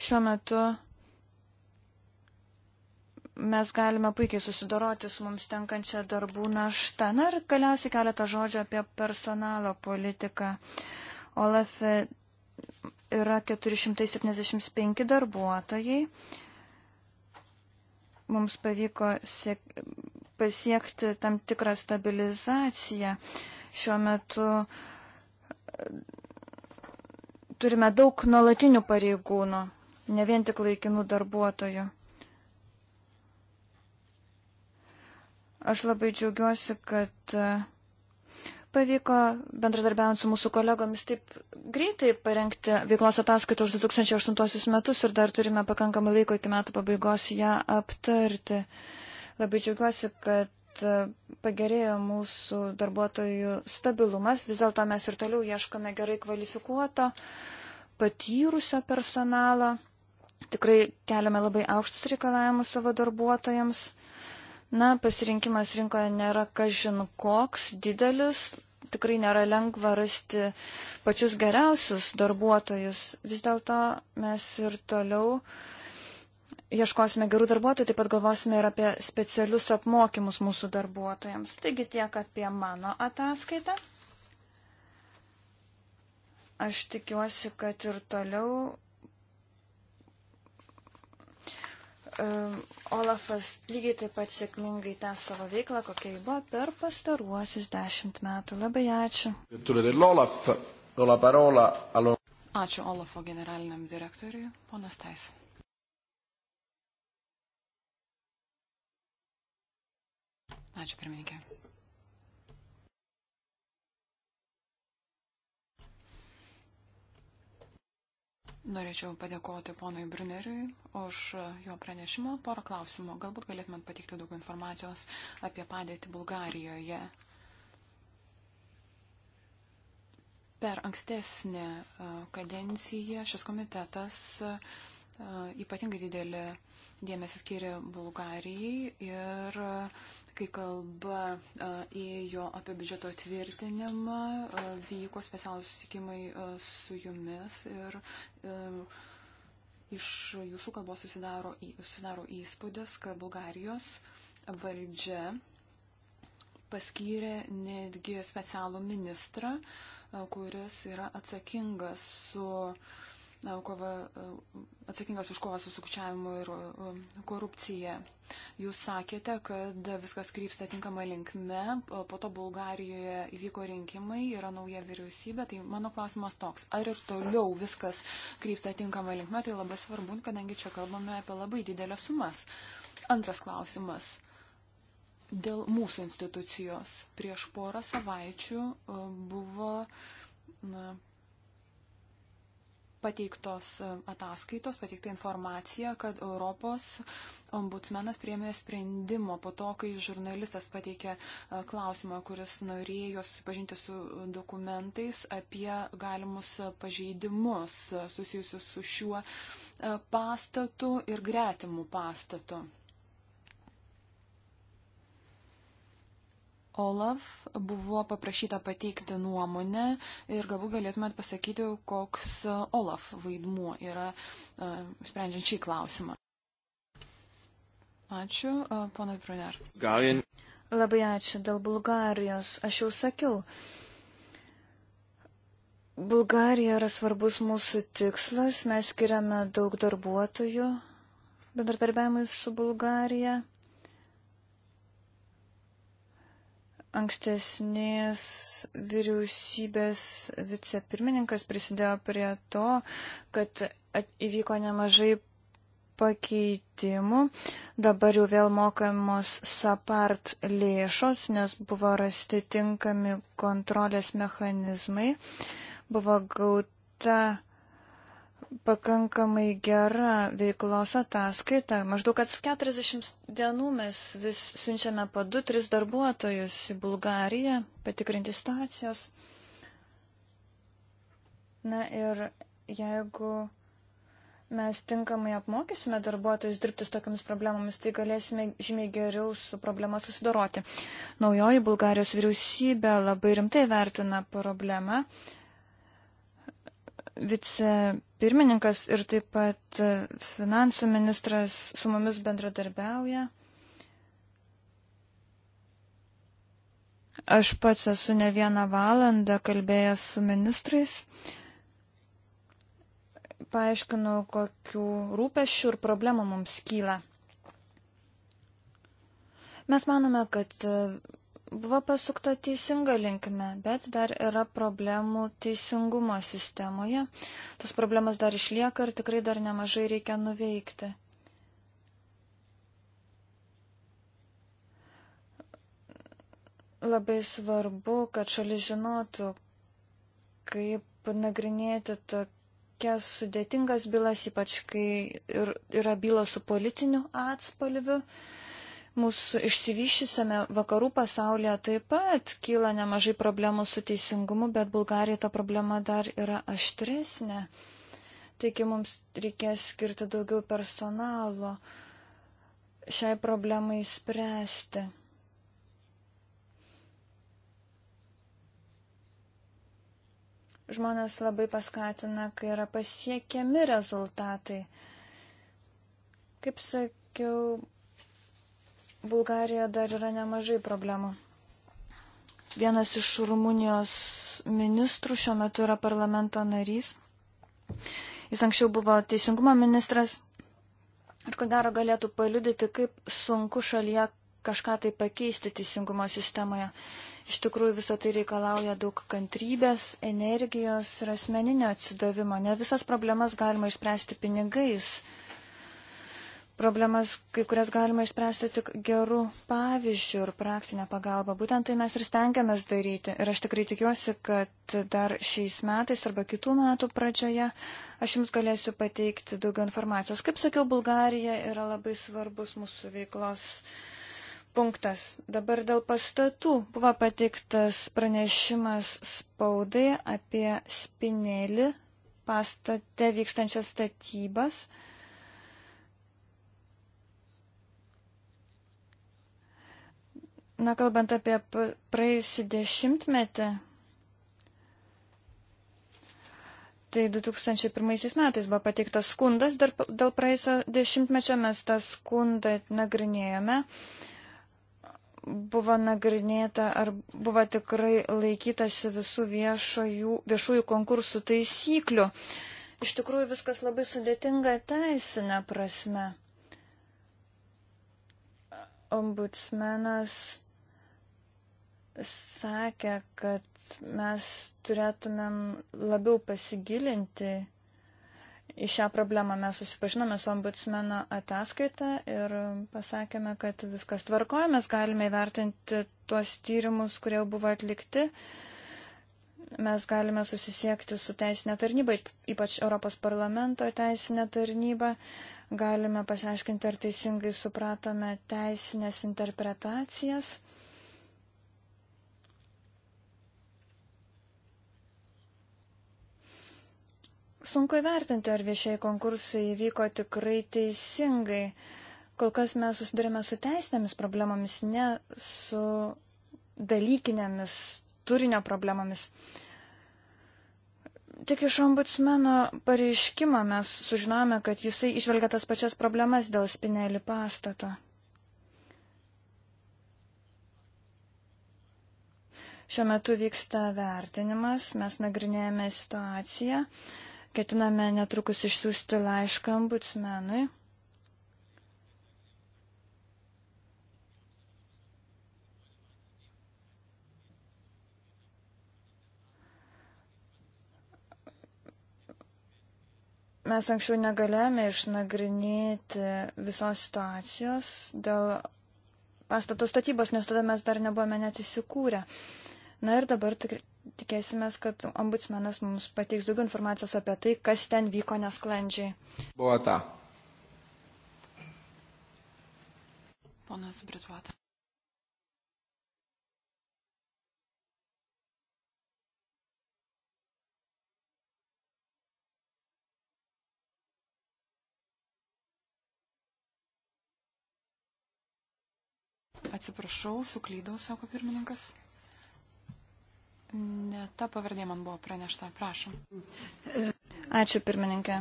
Šiuo metu mes galime puikiai susidoroti su mums tenkančia darbų našta. Na ir galiausiai keletą žodžių apie personalo politiką. OLAF e yra 475 darbuotojai. Mums pavyko siek, pasiekti tam tikrą stabilizaciją. Šiuo metu e, turime daug nuolatinių pareigūnų ne vien tik laikinų darbuotojų. Aš labai džiaugiuosi, kad e, pavyko bendradarbiavant su mūsų kolegomis taip greitai parengti veiklos ataskaitą už 2008 metus ir dar turime pakankamai laiko iki metų pabaigos ją aptarti. Labai džiaugiuosi, kad e, pagerėjo mūsų darbuotojų stabilumas, vis dėlto mes ir toliau ieškome gerai kvalifikuoto, patyrusio personalo. Tikrai keliame labai aukštus reikalavimus savo darbuotojams. Na, pasirinkimas rinkoje nėra kažin koks didelis, tikrai nėra lengva rasti pačius geriausius darbuotojus. Vis dėlto mes ir toliau ieškosime gerų darbuotojų, taip pat galvosime ir apie specialius apmokymus mūsų darbuotojams. Taigi tiek apie mano ataskaitą. Aš tikiuosi, kad ir toliau Olafas lygiai taip pat sėkmingai tęs savo veiklą, kokia jį buvo per pastaruosius dešimt metų. Labai ačiū. Ačiū Olafo generaliniam direktoriui, ponas Tais. Ačiū pirmininkė. Norėčiau padėkoti ponui Bruneriui už jo pranešimą. Porą klausimų. Galbūt galėtumėt pateikti daugiau informacijos apie padėtį Bulgarijoje. Per ankstesnę e, kadenciją šis komitetas e, ypatingai didelį dėmesį skiria Bulgarijai ir e, kai kalba e, ėjo apie biudžeto tvirtinimą, e, vyko specialūs susitikimai su jumis ir, ir iš jūsų kalbos susidaro, susidaro įspūdis, kad Bulgarijos valdžia paskyrė netgi specialų ministrą, kuris yra atsakingas su uh, kova, e, atsakingas už kovą su sukčiavimu ir e, korupcija. Jūs sakėte, kad viskas krypsta tinkama linkme, po to Bulgarijoje įvyko rinkimai, yra nauja vyriausybė, tai mano klausimas toks, ar ir toliau viskas krypsta tinkama linkme, tai labai svarbu, kadangi čia kalbame apie labai didelę sumas. Antras klausimas. Dėl mūsų institucijos prieš porą savaičių e, buvo na, pateiktos e, ataskaitos, pateikta informacija, kad Europos ombudsmenas priemė sprendimo po to, kai žurnalistas pateikė e, klausimą, kuris norėjo susipažinti su dokumentais apie galimus pažeidimus e, susijusius su šiuo pastatu ir gretimu pastatu. Olaf buvo paprašyta pateikti nuomonę ir galbūt galėtumėt pasakyti, koks e, Olaf vaidmuo yra e, sprendžiant šį klausimą. Ačiū, e, ponai Pruner. Galin. Labai ačiū dėl Bulgarijos. Aš jau sakiau, Bulgarija yra svarbus mūsų tikslas, mes skiriame daug darbuotojų bendradarbiavimui su Bulgarija. ankstesnės vyriausybės vicepirmininkas prisidėjo prie to, kad įvyko nemažai pakeitimų. Dabar jau vėl mokamos SAPART lėšos, nes buvo rasti tinkami kontrolės mechanizmai. Buvo gauta pakankamai gera veiklos ataskaita. Maždaug kas 40 dienų mes vis siunčiame po 2-3 darbuotojus į Bulgariją patikrinti situacijos. Na ir jeigu mes tinkamai apmokysime darbuotojus dirbti su tokiamis problemomis, tai galėsime žymiai geriau su problema susidoroti. Naujoji Bulgarijos vyriausybė labai rimtai vertina problemą vicepirmininkas ir taip pat finansų ministras su mumis bendradarbiauja. Aš pats esu ne vieną valandą kalbėjęs su ministrais, paaiškinau, kokių rūpešių ir problemų mums kyla. Mes manome, kad buvo pasukta teisinga linkme, bet dar yra problemų teisingumo sistemoje. Tos problemas dar išlieka ir tikrai dar nemažai reikia nuveikti. Labai svarbu, kad šalis žinotų, kaip nagrinėti tokias sudėtingas bylas, ypač kai ir, yra bylos su politiniu atspalviu. Uh, Mūsų išsivyščiusiame vakarų pasaulyje taip pat kyla nemažai problemų su teisingumu, bet Bulgarija ta problema dar yra aštresnė. Taigi mums reikės skirti daugiau personalo šiai problemai spręsti. Žmonės labai paskatina, kai yra pasiekiami rezultatai. Kaip sakiau, Bulgarijoje dar yra nemažai problemų. Vienas iš Rumunijos ministrų šiuo metu yra parlamento narys. Jis anksčiau buvo teisingumo ministras ir ko gero galėtų paliudyti, kaip sunku šalyje kažką tai pakeisti teisingumo sistemoje. Iš tikrųjų, visą tai reikalauja daug kantrybės, energijos ir asmeninio atsidavimo. Ne visas problemas galima išspręsti pinigais. Uh, problemas, kai kurias galima išspręsti tik gerų pavyzdžių ir praktinę pagalbą. Būtent tai mes ir stengiamės daryti. Ir aš tikrai tikiuosi, kad dar šiais metais arba kitų metų pradžioje aš jums galėsiu pateikti daugiau informacijos. Kaip sakiau, Bulgarija yra labai svarbus mūsų veiklos. Punktas. Dabar dėl pastatų buvo pateiktas pranešimas spaudai apie spinėlį pastate vykstančias statybas. Uh, Na, kalbant apie praėjusį dešimtmetį, tai 2001 metais buvo pateiktas skundas dėl praėjusio dešimtmečio, mes tą skundą nagrinėjome. Buvo nagrinėta, ar buvo tikrai laikytasi visų viešojų, viešųjų konkursų taisyklių. Iš tikrųjų viskas labai sudėtinga teisinė prasme. Ombudsmenas sakė, kad mes turėtumėm labiau pasigilinti į šią problemą. Mes susipažinome su ombudsmeno ataskaita ir pasakėme, kad viskas tvarkoja, mes galime įvertinti tuos tyrimus, kurie buvo atlikti. Mes galime susisiekti su teisinė tarnyba, ypač Europos parlamento teisinė tarnyba. Galime pasiaiškinti, ar teisingai supratome teisinės interpretacijas Sunku įvertinti, ar viešieji konkursai vyko tikrai teisingai. Kol kas mes susidurime su teisinėmis problemomis, ne su dalykinėmis turinio problemomis. Tik iš ombudsmeno pareiškimo mes sužinome, kad jisai išvelgia tas pačias problemas dėl spinelį pastato. Šiuo metu vyksta vertinimas, mes nagrinėjame situaciją. Uh, Ketiname netrukus išsiųsti laišką ambutsmenui. mes anksčiau negalėjome išnagrinėti visos situacijos dėl pastato statybos, nes tada mes dar nebuvome net įsikūrę. Na ir dabar tik, tikėsime, kad ombudsmenas mums pateiks daugiau informacijos apie tai, kas ten vyko nesklandžiai. Buvo ta. Ponas Brituota. Atsiprašau, suklydau, sako pirmininkas. Ne, ta pavardė man buvo pranešta, prašom. Ačiū, pirmininkė.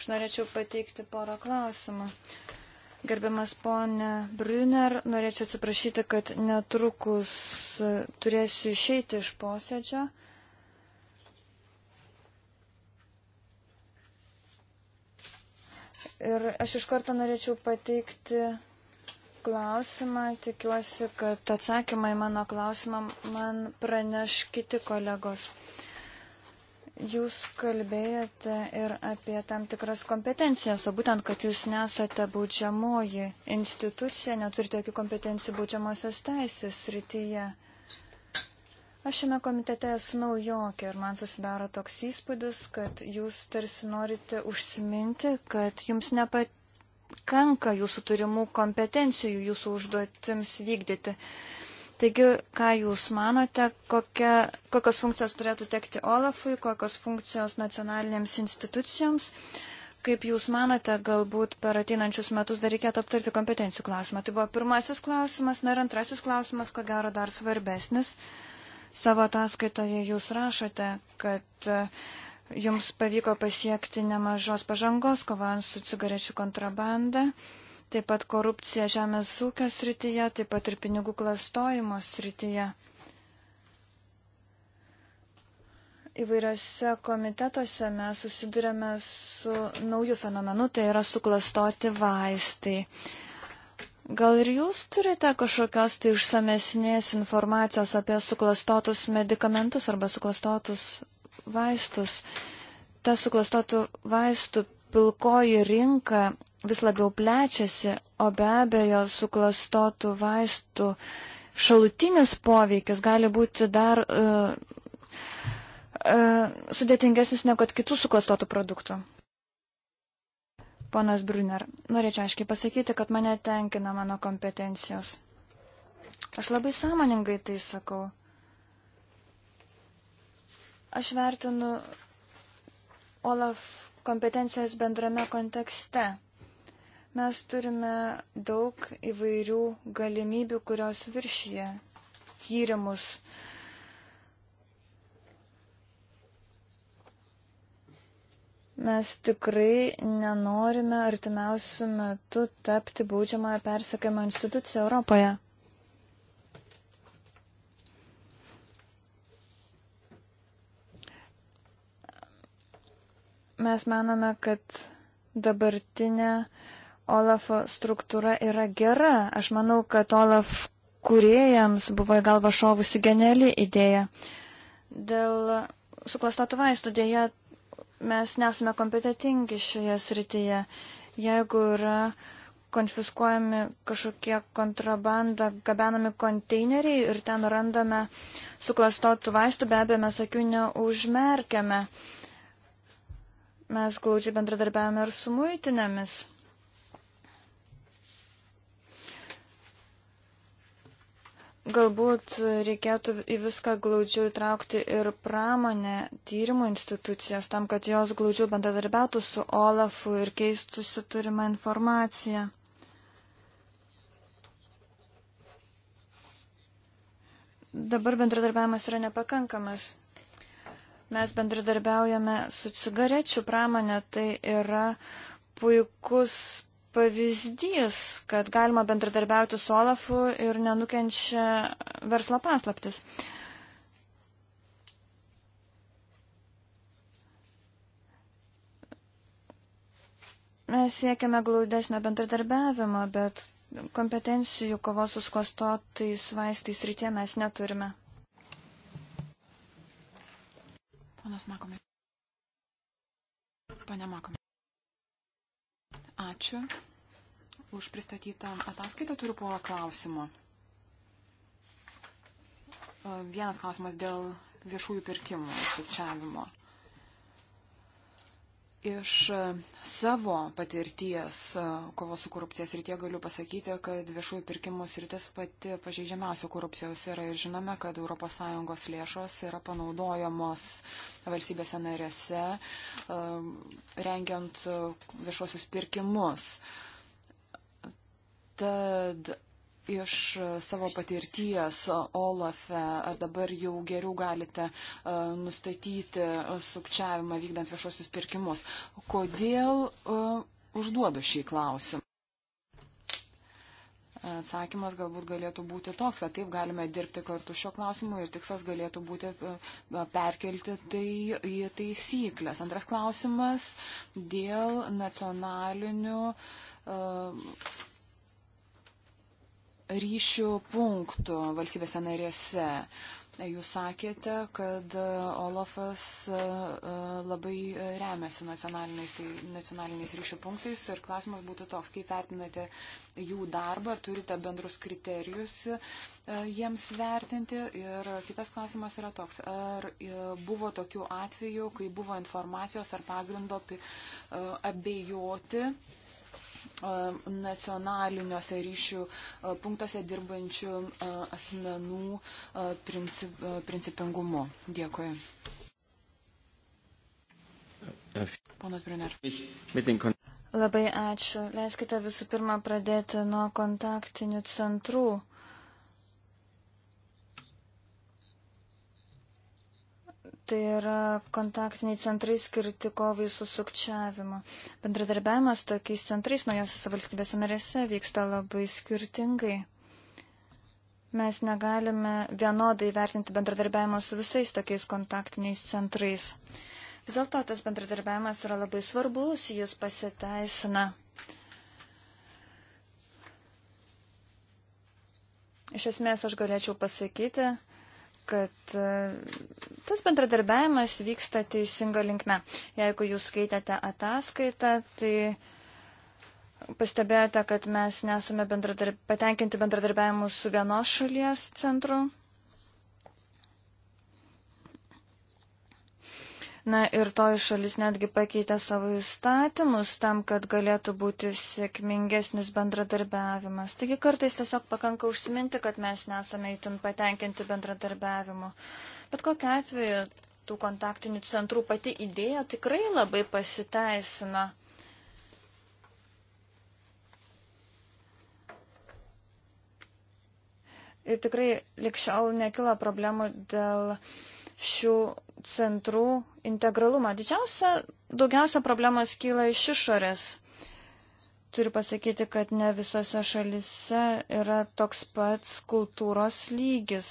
Aš norėčiau pateikti porą klausimų. Gerbiamas ponė Brüner, norėčiau atsiprašyti, kad netrukus turėsiu išeiti iš posėdžio. Ir aš iš karto norėčiau pateikti klausimą. Tikiuosi, kad atsakymą į mano klausimą man praneš kiti kolegos. Jūs kalbėjote ir apie tam tikras kompetencijas, o būtent, kad jūs nesate baudžiamoji institucija, neturite jokių kompetencijų baudžiamosios teisės rytyje. Aš šiame komitete esu naujokė ir man susidaro toks įspūdis, kad jūs tarsi norite užsiminti, kad jums nepat nepakanka jūsų turimų kompetencijų jūsų užduotims vykdyti. Taigi, ką Jūs manote, kokia, kokios funkcijos turėtų tekti Olafui, kokios funkcijos nacionalinėms institucijoms? Kaip Jūs manote, galbūt per ateinančius metus dar reikėtų aptarti kompetencijų klausimą. Tai buvo pirmasis klausimas, na ir antrasis klausimas, ko gero dar svarbesnis. Savo ataskaitoje Jūs rašote, kad uh, Jums pavyko pasiekti nemažos pažangos, kovant su cigarečių kontrabanda, taip pat korupcija žemės ūkio srityje, taip pat ir pinigų klastojimo srityje. Įvairiose komitetuose mes susidurėme su naujų fenomenu, tai yra suklastoti vaistai. Gal ir jūs turite kažkokios tai išsamesnės informacijos apie suklastotus medikamentus arba suklastotus vaistus. Ta suklastotų vaistų pilkoji rinka vis labiau plečiasi, o be abejo suklastotų vaistų šalutinis poveikis gali būti dar uh, uh, sudėtingesnis negu kad kitų suklastotų produktų. Ponas Brunner, norėčiau aiškiai pasakyti, kad mane tenkina mano kompetencijos. Aš labai sąmoningai tai sakau. Aš vertinu Olaf kompetencijas bendrame kontekste. Mes turime daug įvairių galimybių, kurios viršyje tyrimus. Mes tikrai nenorime artimiausių metų tapti baudžiamąją persekiamą instituciją Europoje. Mes manome, kad dabartinė Olafo struktūra yra gera. Aš manau, kad Olaf kuriejams buvo į galvą šovusi geniali idėja. Dėl suklastotų vaistų dėja mes nesame kompetitingi šioje srityje. Jeigu yra konfiskuojami kažkokie kontrabanda, gabenami konteineriai ir ten randame suklastotų vaistų, be abejo mes akių neužmerkiame. Uh, Mes glaudžiai bendradarbiavame ir su muitinėmis. Galbūt reikėtų į viską glaudžiau įtraukti ir pramonę tyrimų institucijas, tam, kad jos glaudžiau bendradarbiautų su Olafu ir keistųsi turimą informaciją. Dabar bendradarbiavimas yra nepakankamas. Mes bendradarbiaujame su cigarečių pramonė, tai yra puikus pavyzdys, kad galima bendradarbiauti su Olafu ir nenukenčia verslo paslaptis. Mes siekiame glaudesnio bendradarbiavimo, bet kompetencijų kovos su klastotais vaistais rytie mes neturime. Ponas Makomai. Pane Makomai. Ačiū už pristatytą ataskaitą. Turiu porą klausimų. Vienas klausimas dėl viešųjų pirkimų sukčiavimo. Iš e, savo patirties e, kovos su korupcijas rytie galiu pasakyti, kad viešųjų pirkimų sritis pati pažeidžiamiausia korupcijos yra ir žinome, kad ES lėšos yra panaudojamos valstybėse narėse, e, rengiant viešuosius pirkimus. Tad iš e, savo patirties, e, Olafe, ar dabar jau geriau galite e, nustatyti sukčiavimą vykdant viešuosius pirkimus? Kodėl užduodu šį klausimą? atsakymas galbūt galėtų būti toks, kad taip galime dirbti kartu šio klausimu ir tikslas galėtų būti perkelti tai į taisyklės. Antras klausimas dėl nacionalinių. Uh, ryšių punktų valstybėse narėse. Jūs sakėte, kad e, Olafas e, e, labai remiasi nacionaliniais, nacionaliniais ryšių punktais ir klausimas būtų toks, kaip vertinate jų darbą, ar turite bendrus kriterijus jiems vertinti. Ir kitas klausimas yra toks, ar buvo tokių atvejų, kai buvo informacijos ar pagrindo abejoti nacionaliniuose ryšių punktuose dirbančių asmenų princip, principingumu. Dėkui. Ponas Brunner. Labai ačiū. Leiskite visų pirma pradėti nuo kontaktinių centrų. Tai yra kontaktiniai centrai skirti kovai su sukčiavimu. Bendradarbiavimas tokiais centrais naujosiuose valstybėse narėse vyksta labai skirtingai. Mes negalime vienodai vertinti bendradarbiavimo su visais tokiais kontaktiniais centrais. Vis dėlto tas bendradarbiavimas yra labai svarbus, jis pasiteisina. Iš esmės aš galėčiau pasakyti, kad e, tas bendradarbiavimas vyksta teisinga linkme. Jeigu jūs skaitėte ataskaitą, tai pastebėjote, kad mes nesame bendradarb... patenkinti bendradarbiavimu su vienos šalies centru, Na ir to iš šalis netgi pakeitė savo įstatymus tam, kad galėtų būti sėkmingesnis bendradarbiavimas. Taigi kartais tiesiog pakanka užsiminti, kad mes nesame įtin patenkinti bendradarbiavimu. Bet kokia atveju tų kontaktinių centrų pati idėja tikrai labai pasiteisina. Ir tikrai likščiau nekilo problemų dėl uh, šių centrų integralumą. Didžiausia, daugiausia problemas kyla iš išorės. Turiu pasakyti, kad ne visose šalise yra toks pats kultūros lygis.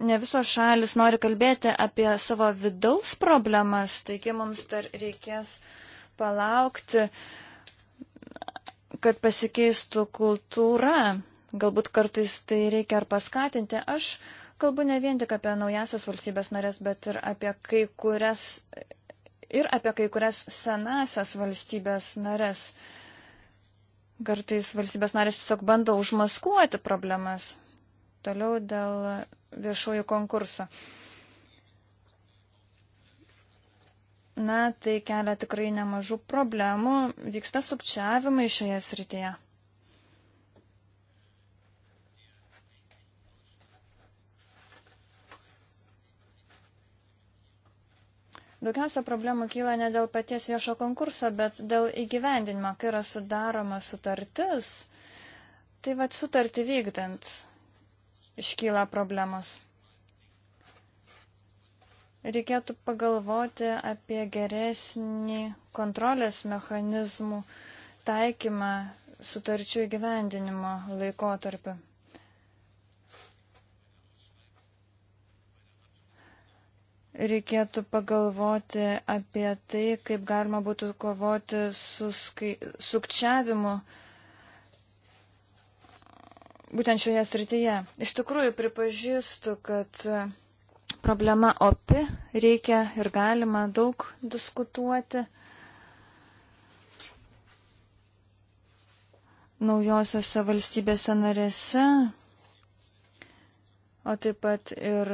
Ne visos šalis nori kalbėti apie savo vidaus problemas, taigi mums dar reikės palaukti, kad pasikeistų kultūra. Galbūt kartais tai reikia ar paskatinti. Aš Kalbu ne vien tik apie naujasias valstybės narės, bet ir apie kai kurias, ir apie kai kurias senasias valstybės narės. Kartais valstybės narės tiesiog bando užmaskuoti problemas. Toliau dėl viešųjų konkursų. Na, tai kelia tikrai nemažų problemų, vyksta sukčiavimai šioje srityje. Daugiausia problemų kyla ne dėl paties viešo konkurso, bet dėl įgyvendinimo, kai yra sudaroma sutartis. Tai vad sutartį vykdant iškyla problemos. Reikėtų pagalvoti apie geresnį kontrolės mechanizmų taikymą sutarčių įgyvendinimo laikotarpiu. reikėtų pagalvoti apie tai, kaip galima būtų kovoti su skai, sukčiavimu būtent šioje srityje. Iš tikrųjų pripažįstu, kad problema opi, reikia ir galima daug diskutuoti. Naujosiose valstybėse narėse, o taip pat ir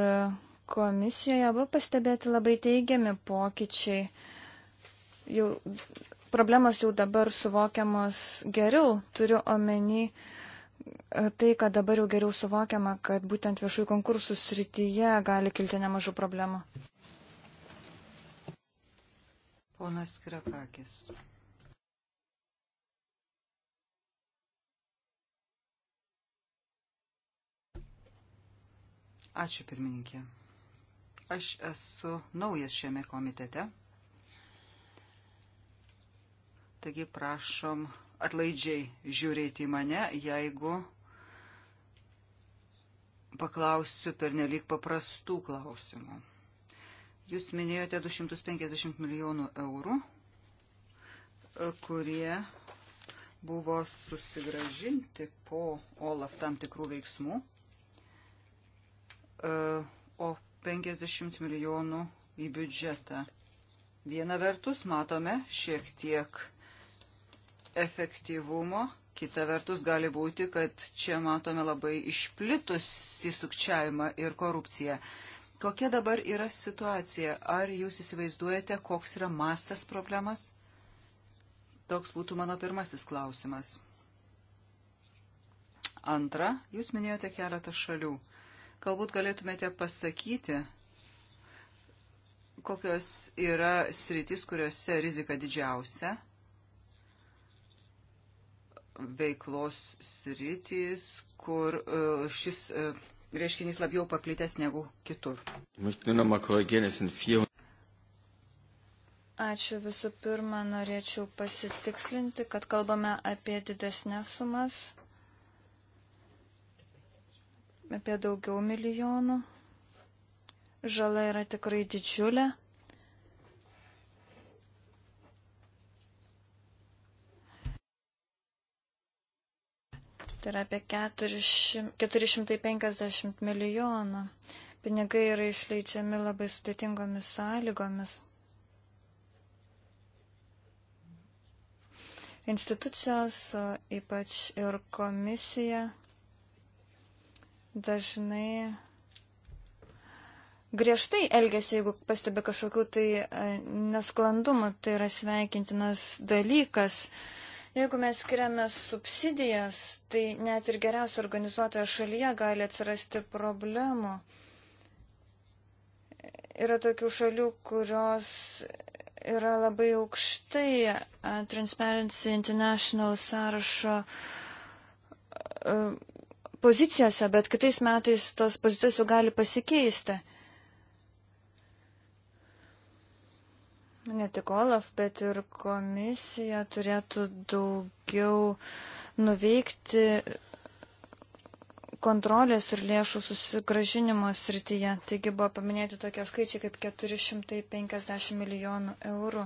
komisijoje buvo pastebėti labai teigiami pokyčiai. Jau, problemas jau dabar suvokiamos geriau, turiu omeny e, tai, kad dabar jau geriau suvokiama, kad būtent viešųjų konkursų srityje gali kilti nemažų problemų. Ponas Krakakis. Ačiū pirmininkė. Aš esu naujas šiame komitete. Taigi prašom atlaidžiai žiūrėti į mane, jeigu paklausiu per nelik paprastų klausimų. Jūs minėjote 250 milijonų eurų, kurie buvo susigražinti po OLAF tam tikrų veiksmų, e, o 50 milijonų į biudžetą. Viena vertus matome šiek tiek efektyvumo, kita vertus gali būti, kad čia matome labai išplitusį sukčiavimą ir korupciją. Kokia dabar yra situacija? Ar jūs įsivaizduojate, koks yra mastas problemas? Toks būtų mano pirmasis klausimas. Antra, jūs minėjote keletą šalių. Galbūt galėtumėte pasakyti, kokios yra sritis, kuriuose rizika didžiausia, veiklos sritis, kur e, šis e, reiškinys labiau paplitęs negu kitur. Ačiū visų pirma, norėčiau pasitikslinti, kad kalbame apie didesnės sumas apie daugiau milijonų. Žala yra tikrai didžiulė. Tai yra apie 400, 450 milijonų. Pinigai yra išleidžiami labai sudėtingomis sąlygomis. Institucijos, ypač ir komisija dažnai griežtai elgesi, jeigu pastebi kažkokių tai e, nesklandumų, tai yra sveikintinas dalykas. Jeigu mes skiriame subsidijas, tai net ir geriausio organizuotoje šalyje gali atsirasti problemų. Yra tokių šalių, kurios yra labai aukštai e, Transparency International sąrašo e, pozicijose, bet kitais metais tos pozicijos jau gali pasikeisti. Ne tik Olaf, bet ir komisija turėtų daugiau nuveikti kontrolės ir lėšų susigražinimo srityje. Taigi buvo paminėti tokie skaičiai kaip 450 milijonų eurų.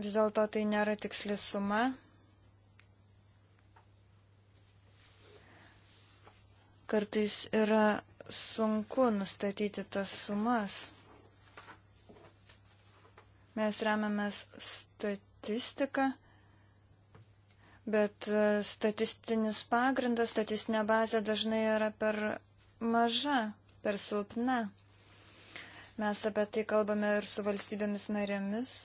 Vis dėlto tai nėra tiksli suma, Kartais yra sunku nustatyti tas sumas. Mes remiamės statistiką, bet e, statistinis pagrindas, statistinė bazė dažnai yra per maža, per silpna. Mes apie tai kalbame ir su valstybėmis narėmis.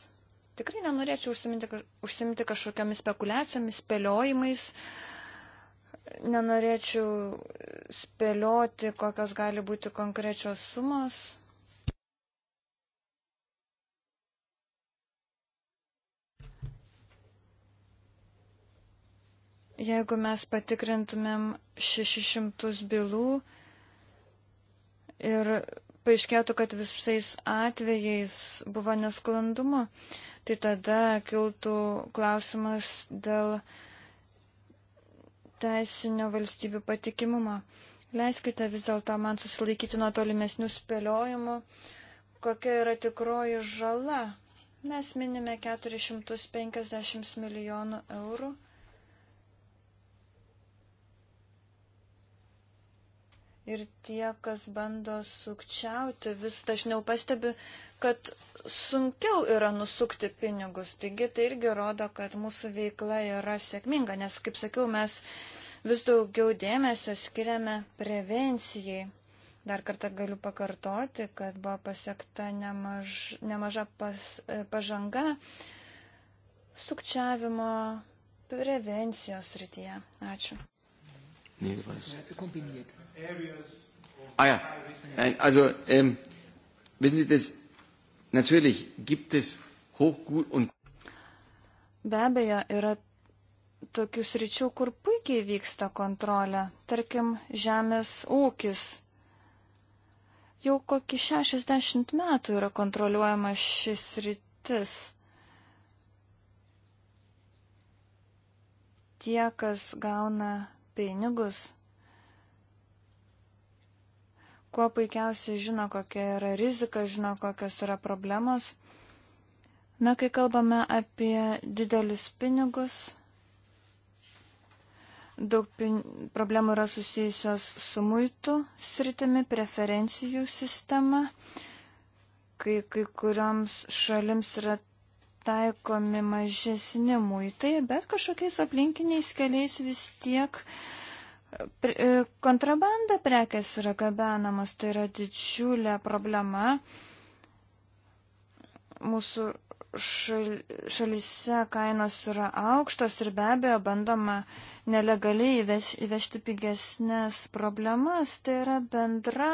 Tikrai nenorėčiau užsiminti, užsimti kažkokiamis spekulacijomis, spėliojimais. Uh, nenorėčiau spėlioti, kokios gali būti konkrečios sumos. Jeigu mes patikrintumėm 600 bylų ir paaiškėtų, kad visais atvejais buvo nesklandumo, tai tada kiltų klausimas dėl uh, teisinio valstybių patikimumą. Leiskite vis dėlto man susilaikyti nuo tolimesnių spėliojimų, kokia yra tikroji žala. Mes minime 450 milijonų eurų. Ir tie, kas bando sukčiauti, vis dažniau pastebi, kad sunkiau yra nusukti pinigus. Taigi tai irgi rodo, kad mūsų veikla yra sėkminga, nes, kaip sakiau, mes vis daugiau dėmesio skiriame prevencijai. Dar kartą galiu pakartoti, kad buvo pasiekta nemaž, nemaža pas, e, pažanga sukčiavimo prevencijos rytyje. Ačiū. Ah ja, e, also ähm, wissen Sie, das Natürlich gibt es hochgut und. Be abejo, yra tokių sričių, kur puikiai vyksta kontrolė, tarkim, žemės ūkis. Jau kokį 60 metų yra kontroliuojama šis rytis. Tie, kas gauna pinigus kuo puikiausiai žino, kokia yra rizika, žino, kokios yra problemos. Na, kai kalbame apie didelius pinigus, daug pin... problemų yra susijusios su muitų sritimi, preferencijų sistema, kai kai kurioms šalims yra taikomi mažesni muitai, bet kažkokiais aplinkiniais keliais vis tiek uh, E, kontrabanda prekes yra gabenamas, tai yra didžiulė problema. Mūsų šal, šalise kainos yra aukštos ir be abejo bandoma nelegaliai įveš, įvežti pigesnės problemas. Tai yra bendra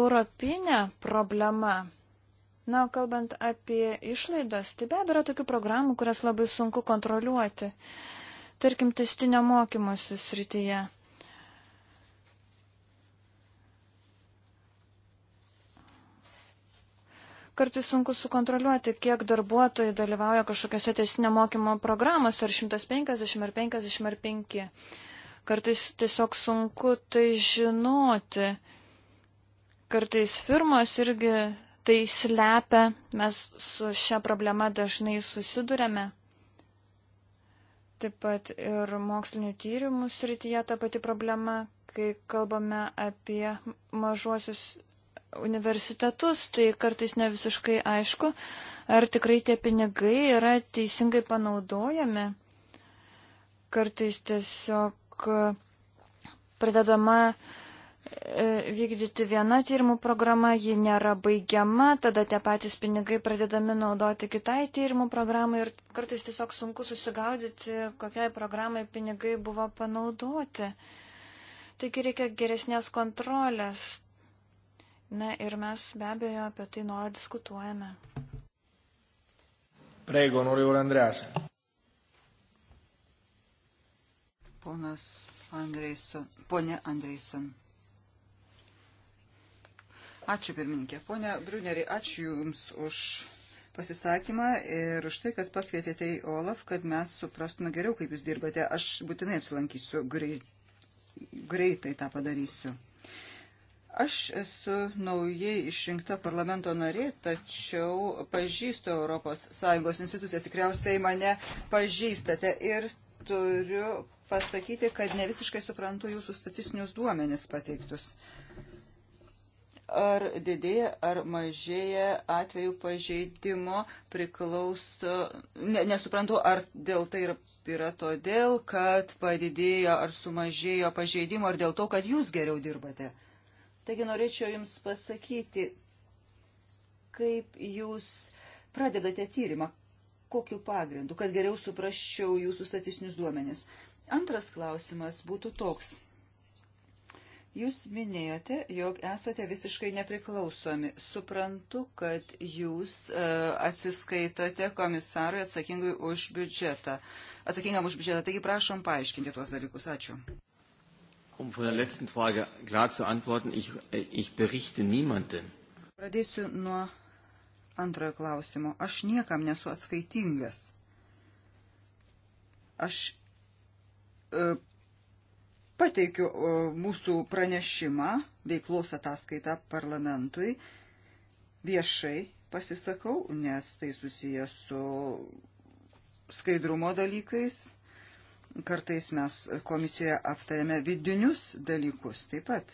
europinė problema. Na, o kalbant apie išlaidas, tai be abejo yra tokių programų, kurias labai sunku kontroliuoti. Tarkim, testinio mokymosi srityje. Kartais sunku sukontroliuoti, kiek darbuotojai dalyvauja kažkokiose teisinio mokymo programose, ar 150, ar 50, ar 5. Kartais tiesiog sunku tai žinoti. Kartais firmos irgi tai slepia, mes su šia problema dažnai susidurėme. Taip pat ir mokslinių tyrimų srityje ta pati problema, kai kalbame apie mažuosius universitetus, tai kartais ne visiškai aišku, ar tikrai tie pinigai yra teisingai panaudojami. Kartais tiesiog e, pradedama e, vykdyti viena tyrimų programa, ji nėra baigiama, tada tie patys pinigai pradedami naudoti kitai tyrimų programai ir kartais tiesiog sunku susigaudyti, kokiai programai pinigai buvo panaudoti. Taigi reikia geresnės kontrolės. Na ir mes be abejo apie tai nuolat diskutuojame. Prego, onorevole Andreas. Ponas Andreison, ponė Andreison. Ačiū pirmininkė. Pone Bruneri, ačiū Jums už pasisakymą ir už tai, kad pakvietėte į Olaf, kad mes suprastume geriau, kaip Jūs dirbate. Aš būtinai apsilankysiu greit, greitai tą padarysiu. Aš esu naujai išrinkta parlamento narė, tačiau pažįstu ES institucijas, tikriausiai mane pažįstate ir turiu pasakyti, kad ne visiškai suprantu jūsų statistinius duomenis pateiktus. Ar didėja, ar mažėja atvejų pažeidimo priklauso, ne, nesuprantu, ar dėl tai yra yra todėl, kad padidėjo ar sumažėjo pažeidimo, ar dėl to, kad jūs geriau dirbate. Taigi norėčiau Jums pasakyti, kaip Jūs pradedate tyrimą, kokiu pagrindu, kad geriau suprasčiau Jūsų statistinius duomenis. Antras klausimas būtų toks. Jūs minėjote, jog esate visiškai nepriklausomi. Suprantu, kad jūs e, atsiskaitote komisarui atsakingai už biudžetą. Atsakingam už biudžetą. Taigi prašom paaiškinti tuos dalykus. Ačiū. Um von der letzten Frage klar zu antworten, ich, äh, ich berichte niemanden. Pradėsiu nuo antrojo klausimo. Aš niekam nesu atskaitingas. Aš e, pateikiu e, mūsų pranešimą, veiklos ataskaitą parlamentui, viešai pasisakau, nes tai susijęs su skaidrumo dalykais Kartais mes komisijoje aptarėme vidinius dalykus taip pat.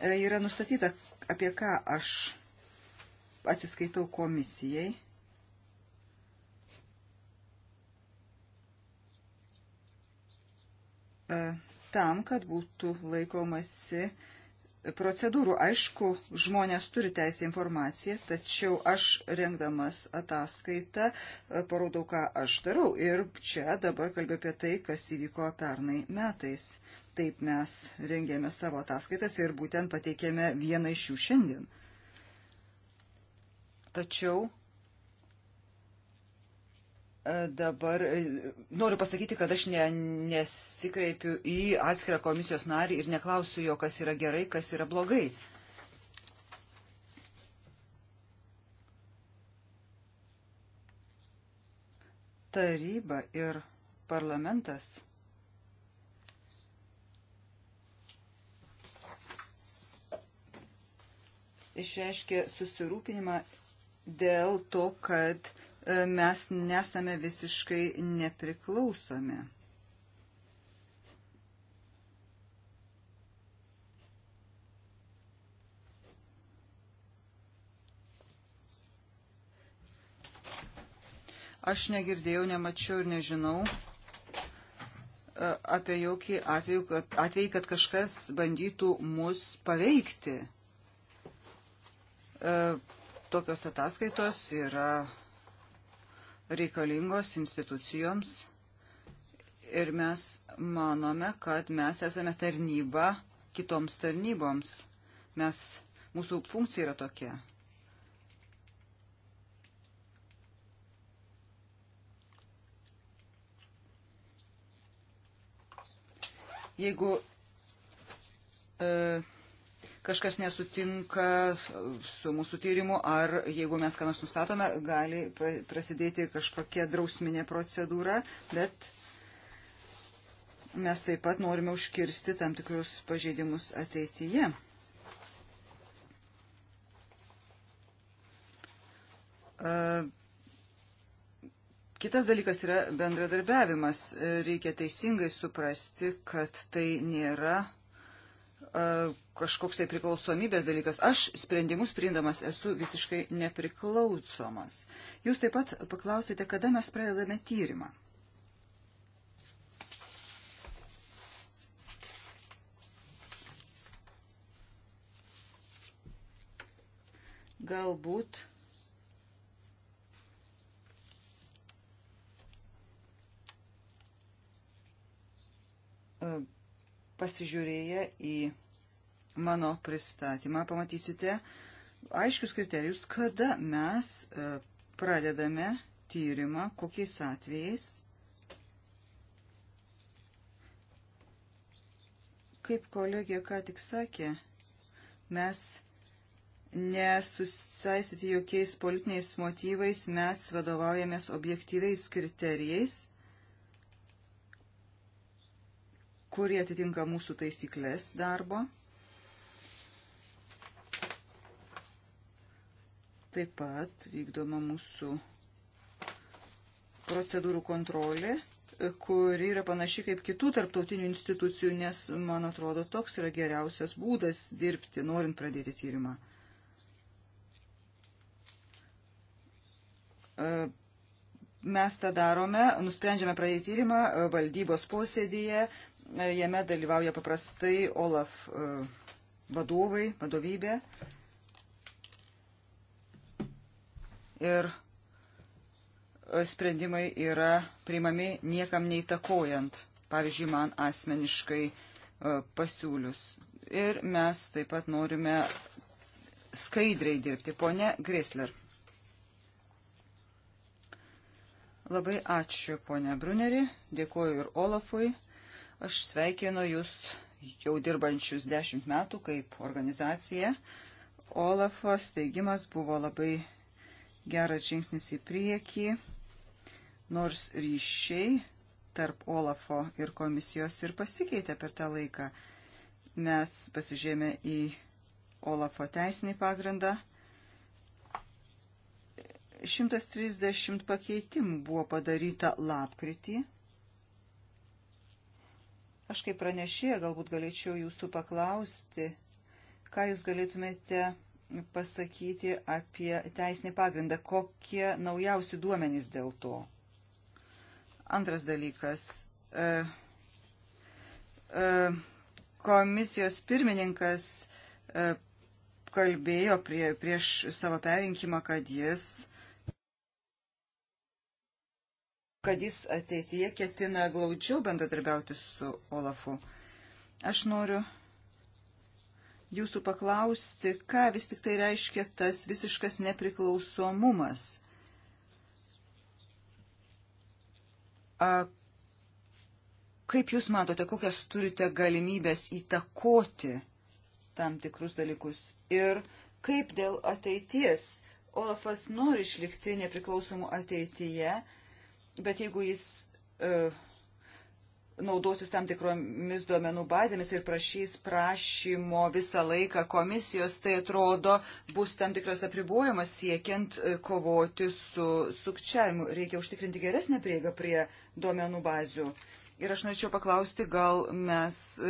E, yra nustatyta, apie ką aš atsiskaitau komisijai. E, tam, kad būtų laikomasi uh, procedūrų. Aišku, žmonės turi teisę informaciją, tačiau aš rengdamas ataskaitą e, parodau, ką aš darau. Ir čia dabar kalbėjau apie tai, kas įvyko pernai metais. Taip mes rengėme savo ataskaitas ir būtent pateikėme vieną iš jų šiandien. Tačiau Dabar noriu pasakyti, kad aš ne, nesikreipiu į atskirą komisijos narį ir neklausiu jo, kas yra gerai, kas yra blogai. Taryba ir parlamentas išreiškė susirūpinimą dėl to, kad mes nesame visiškai nepriklausomi. Aš negirdėjau, nemačiau ir nežinau e, apie jokį atvejį, kad, atvejį, kad kažkas bandytų mus paveikti. E, tokios ataskaitos yra reikalingos institucijoms ir mes manome, kad mes esame tarnyba kitoms tarnyboms. Mes, mūsų funkcija yra tokia. Jeigu e, kažkas nesutinka su mūsų tyrimu, ar jeigu mes ką nors nustatome, gali prasidėti kažkokia drausminė procedūra, bet mes taip pat norime užkirsti tam tikrus pažeidimus ateityje. Kitas dalykas yra bendradarbiavimas. Reikia teisingai suprasti, kad tai nėra kažkoks tai priklausomybės dalykas. Aš sprendimus priimdamas esu visiškai nepriklausomas. Jūs taip pat paklausite, kada mes pradedame tyrimą. Galbūt pasižiūrėję į mano pristatymą pamatysite aiškius kriterijus, kada mes e, pradedame tyrimą, kokiais atvejais, kaip kolegija ką tik sakė, mes nesusaistyti jokiais politiniais motyvais, mes vadovaujamės objektyviais kriterijais, kurie atitinka mūsų taisyklės darbo. Taip pat vykdoma mūsų procedūrų kontrolė, kuri yra panaši kaip kitų tarptautinių institucijų, nes, man atrodo, toks yra geriausias būdas dirbti, norint pradėti tyrimą. E, mes tą darome, nusprendžiame pradėti tyrimą e, valdybos posėdėje, e, jame dalyvauja paprastai OLAF vadovai, vadovybė. ir e, sprendimai yra priimami niekam neįtakojant, pavyzdžiui, man asmeniškai e, pasiūlius. Ir mes taip pat norime skaidriai dirbti. Pone Grisler. Labai ačiū, ponia Bruneri, dėkuoju ir Olafui. Aš sveikinu jūs jau dirbančius dešimt metų kaip organizacija. Olafo steigimas buvo labai geras žingsnis į priekį, nors ryšiai tarp Olafo ir komisijos ir pasikeitė per tą laiką. Mes pasižiūrėjome į Olafo teisinį pagrindą. 130 pakeitimų buvo padaryta lapkritį. Aš kaip pranešėja galbūt galėčiau jūsų paklausti, ką jūs galėtumėte pasakyti apie teisinį pagrindą, kokie naujausi duomenys dėl to. Antras dalykas. E, e, komisijos pirmininkas e, kalbėjo prie, prieš savo perinkimą, kad jis kad jis ateityje ketina glaudžiau bendradarbiauti su Olafu. Aš noriu jūsų paklausti, ką vis tik tai reiškia tas visiškas nepriklausomumas. A, kaip jūs matote, kokias turite galimybės įtakoti tam tikrus dalykus ir kaip dėl ateities. Olafas nori išlikti nepriklausomų ateityje, bet jeigu jis uh, e, naudosis tam tikromis duomenų bazėmis ir prašys prašymo visą laiką komisijos, tai atrodo bus tam tikras apribojimas siekiant e, kovoti su sukčiavimu. Reikia užtikrinti geresnę prieigą prie duomenų bazių. Ir aš norėčiau paklausti, gal mes e,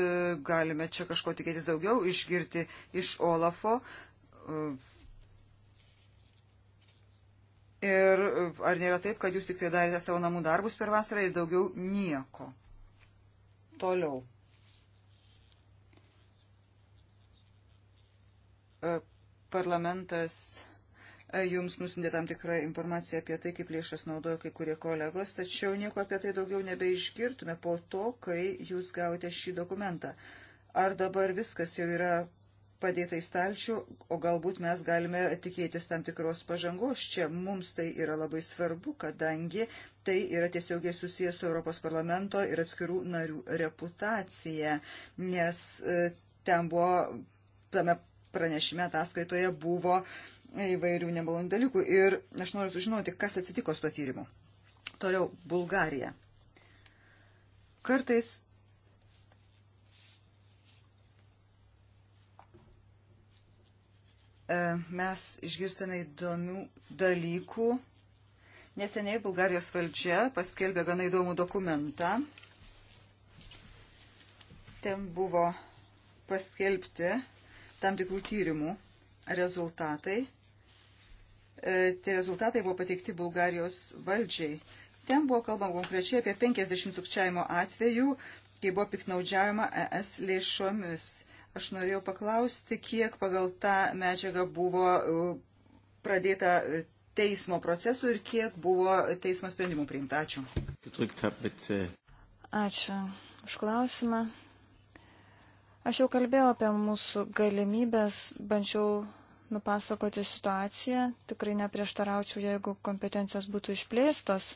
galime čia kažko tikėtis daugiau išgirti iš Olafo. E, ir e, ar nėra taip, kad jūs tik tai darėte savo namų darbus per vasarą ir daugiau nieko? Toliau. E, parlamentas e, jums nusintė tam tikrą informaciją apie tai, kaip lėšas naudojo kai kurie kolegos, tačiau nieko apie tai daugiau nebeišgirtume po to, kai jūs gavote šį dokumentą. Ar dabar viskas jau yra padėta į stalčių, o galbūt mes galime tikėtis tam tikros pažangos čia. Mums tai yra labai svarbu, kadangi tai yra tiesiogiai susijęs su Europos parlamento ir atskirų narių reputacija, nes e, ten buvo, tame pranešime ataskaitoje buvo įvairių nemalonių dalykų ir aš noriu sužinoti, kas atsitiko su to tyrimu. Toliau, Bulgarija. Kartais e, mes išgirstame įdomių dalykų Neseniai Bulgarijos valdžia paskelbė gana įdomų dokumentą. Ten buvo paskelbti tam tikrų tyrimų rezultatai. E, tie rezultatai buvo pateikti Bulgarijos valdžiai. Ten buvo kalbama konkrečiai apie 50 sukčiavimo atvejų, kai buvo piknaudžiavima ES lėšomis. Aš norėjau paklausti, kiek pagal tą medžiagą buvo e, pradėta e, teismo procesų ir kiek buvo teismo sprendimų priimta. Ačiū. Äh, Ačiū už klausimą. Aš jau kalbėjau apie mūsų galimybės, bandžiau nupasakoti situaciją. Tikrai neprieštaraučiau, jeigu kompetencijos būtų išplėstos.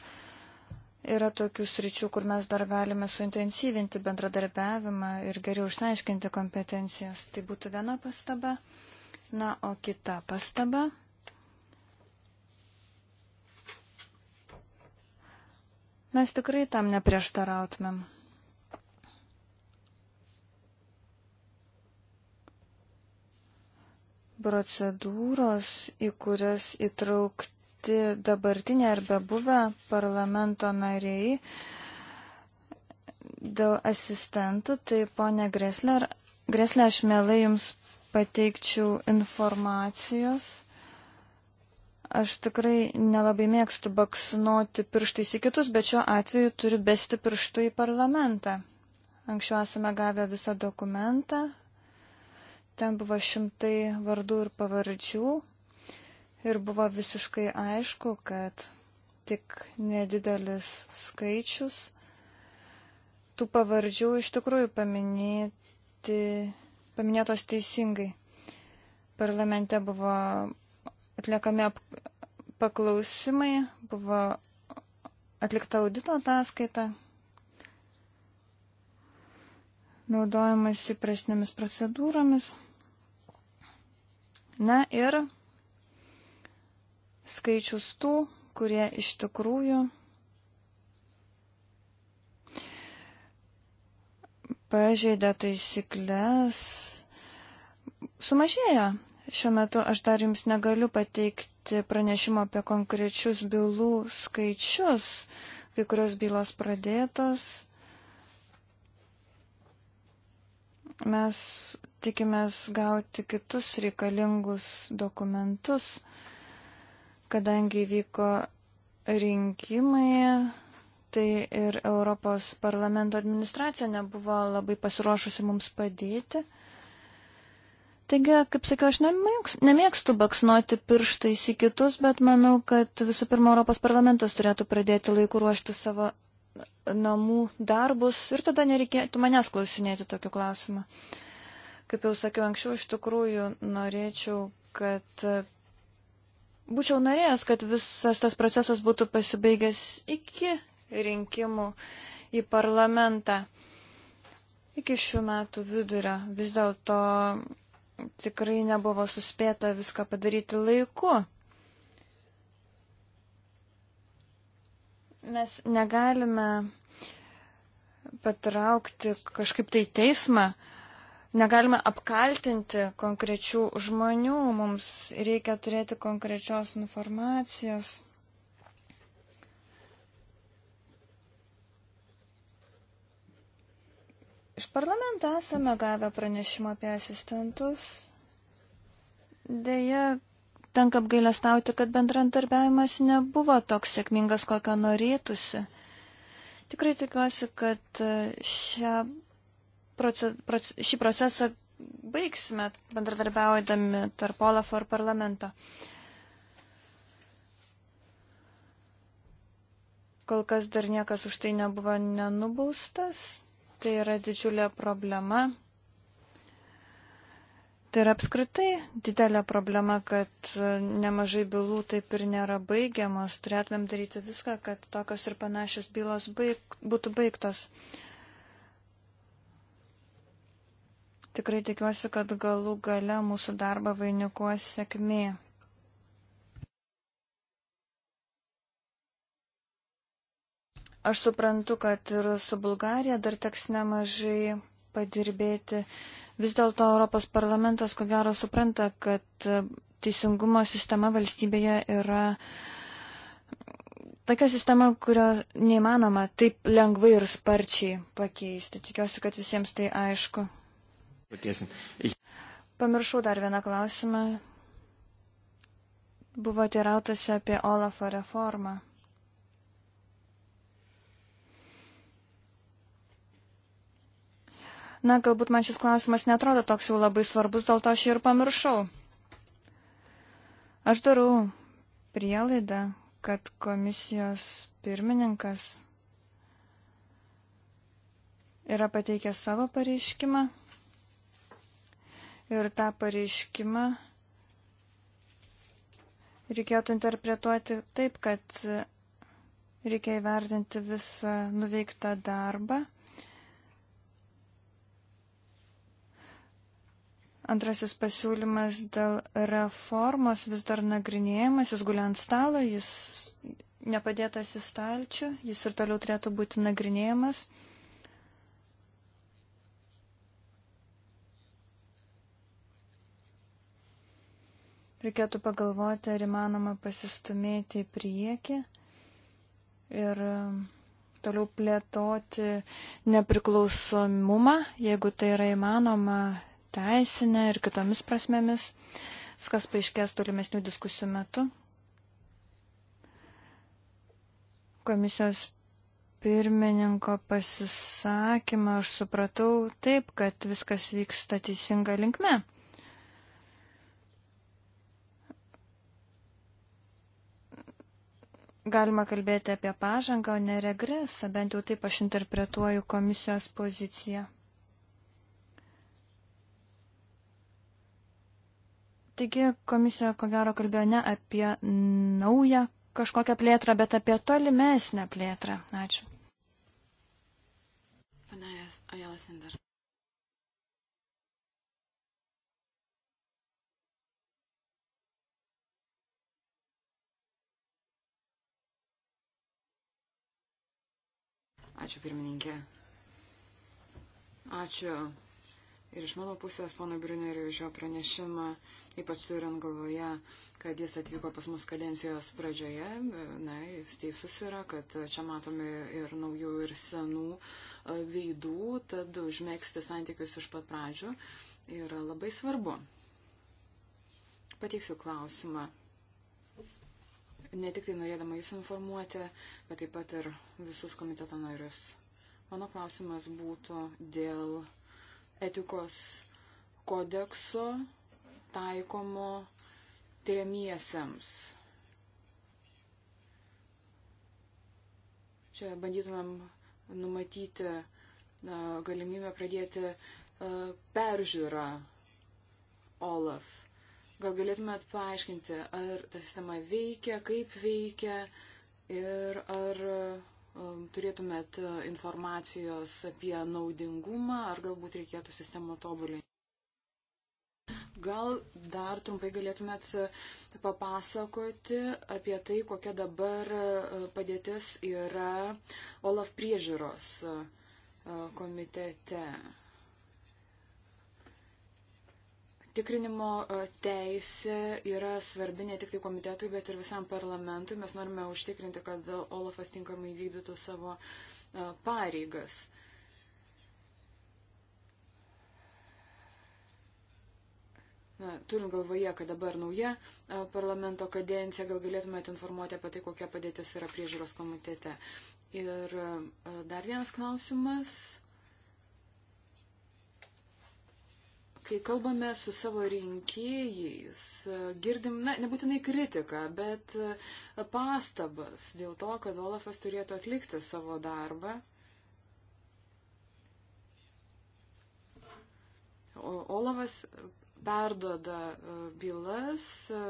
Yra tokių sričių, kur mes dar galime suintensyvinti bendradarbiavimą ir geriau išsiaiškinti kompetencijas. Tai būtų viena pastaba. Na, o kita pastaba mes tikrai tam neprieštarautumėm. Procedūros, į kurias įtraukti dabartinė ar bebuvę parlamento nariai dėl asistentų, tai ponė Greslė, Greslė aš mielai jums pateikčiau informacijos Aš tikrai nelabai mėgstu baksnoti pirštais į kitus, bet šiuo atveju turiu besti pirštų į parlamentą. Anksčiau esame gavę visą dokumentą, ten buvo šimtai vardų ir pavardžių ir buvo visiškai aišku, kad tik nedidelis skaičius tų pavardžių iš tikrųjų paminėti, paminėtos teisingai. Parlamente buvo atliekami paklausimai, buvo atlikta audito ataskaita, naudojamas įprastinėmis procedūromis. Na ir skaičius tų, kurie iš tikrųjų pažeidė taisyklės, sumažėjo. Šiuo metu aš dar jums negaliu pateikti pranešimo apie konkrečius bylų skaičius, kai kurios bylos pradėtos. Mes tikimės gauti kitus reikalingus dokumentus, kadangi vyko rinkimai, tai ir Europos parlamento administracija nebuvo labai pasiruošusi mums padėti. Taigi, kaip sakiau, aš nemėgstu, nemėgstu baksnuoti pirštais į kitus, bet manau, kad visų pirma Europos parlamentas turėtų pradėti laiku ruošti savo namų darbus ir tada nereikėtų manęs klausinėti tokiu klausimu. Kaip jau sakiau anksčiau, iš tikrųjų norėčiau, kad būčiau norėjęs, kad visas tas procesas būtų pasibaigęs iki rinkimų į parlamentą, iki šių metų vidurio. Vis dėlto tikrai nebuvo suspėta viską padaryti laiku. Mes negalime patraukti kažkaip tai teismą, negalime apkaltinti konkrečių žmonių, mums reikia turėti konkrečios informacijos. Iš parlamento esame gavę pranešimą apie asistentus. Deja, tenka apgailestauti, kad bendrantarbiavimas nebuvo toks sėkmingas, kokio norėtųsi. Tikrai tikiuosi, kad e, šią proces, proces, šį procesą baigsime bendradarbiaujami tarp Olafo ir parlamento. Kol kas dar niekas už tai nebuvo nenubaustas. Tai yra didžiulė problema. Tai yra apskritai didelė problema, kad nemažai bylų taip ir nėra baigiamos. Turėtumėm daryti viską, kad tokios ir panašios bylos baig, būtų baigtos. Tikrai tikiuosi, kad galų gale mūsų darbą vainikuos sėkmė. Aš suprantu, kad ir su Bulgarija dar teks nemažai padirbėti. Vis dėlto Europos parlamentas, ko gero, supranta, kad teisingumo sistema valstybėje yra tokia sistema, kurio neįmanoma taip lengvai ir sparčiai pakeisti. Tikiuosi, kad visiems tai aišku. Pamiršau dar vieną klausimą. Buvo teirautasi apie Olafo reformą. Na, galbūt man šis klausimas netrodo toks jau labai svarbus, dėl to aš jį ir pamiršau. Aš darau prielaidą, kad komisijos pirmininkas yra pateikęs savo pareiškimą ir tą pareiškimą reikėtų interpretuoti taip, kad reikia įvertinti visą nuveiktą darbą Antrasis pasiūlymas dėl reformos vis dar nagrinėjimas, jis gulia ant stalo, jis nepadėtas į stalčių, jis ir toliau turėtų būti nagrinėjimas. Reikėtų pagalvoti, ar įmanoma pasistumėti į priekį ir um, toliau plėtoti nepriklausomumą, jeigu tai yra įmanoma, teisinė ir kitomis prasmėmis. Viskas paaiškės tolimesnių diskusijų metu. Komisijos pirmininko pasisakymą aš supratau taip, kad viskas vyksta teisinga linkme. galima kalbėti apie pažangą, o ne regresą, bent jau taip aš interpretuoju komisijos poziciją. Taigi komisija ko gero kalbėjo ne apie naują kažkokią plėtrą, bet apie tolimesnę plėtrą. Ačiū. Panajas Ajalas Indar. Ačiū pirmininkė. Ačiū Ir iš mano pusės, pono Bruneriu, iš jo pranešimą, ypač turint galvoje, kad jis atvyko pas mus kadencijos pradžioje, na, jis teisus yra, kad čia matomi ir naujų, ir senų e, veidų, tad užmėgsti santykius iš pat pradžių yra labai svarbu. Pateiksiu klausimą. Ne tik tai norėdama jūs informuoti, bet taip pat ir visus komiteto narius. Mano klausimas būtų dėl etikos kodekso taikomo tyriamiesiems. Čia bandytumėm numatyti galimybę pradėti e, peržiūrą OLAF. Gal galėtumėt paaiškinti, ar ta sistema veikia, kaip veikia ir ar turėtumėt e, informacijos apie naudingumą, ar galbūt reikėtų sistemą tobulinti? Gal dar trumpai galėtumėt e, papasakoti apie tai, kokia dabar e, padėtis yra OLAF priežiūros komitete. Tikrinimo e, teisė yra svarbi ne tik tai komitetui, bet ir visam parlamentui. Mes norime užtikrinti, kad Olafas tinkamai vykdytų savo e, pareigas. Na, turint galvoje, kad dabar nauja e, parlamento kadencija, gal galėtumėte informuoti apie tai, kokia padėtis yra priežiūros komitete. Ir dar vienas klausimas Kai kalbame su savo rinkėjais, girdim, na, nebūtinai kritiką, bet e, pastabas dėl to, kad Olafas turėtų atlikti savo darbą. O Olavas perdoda e, bylas e,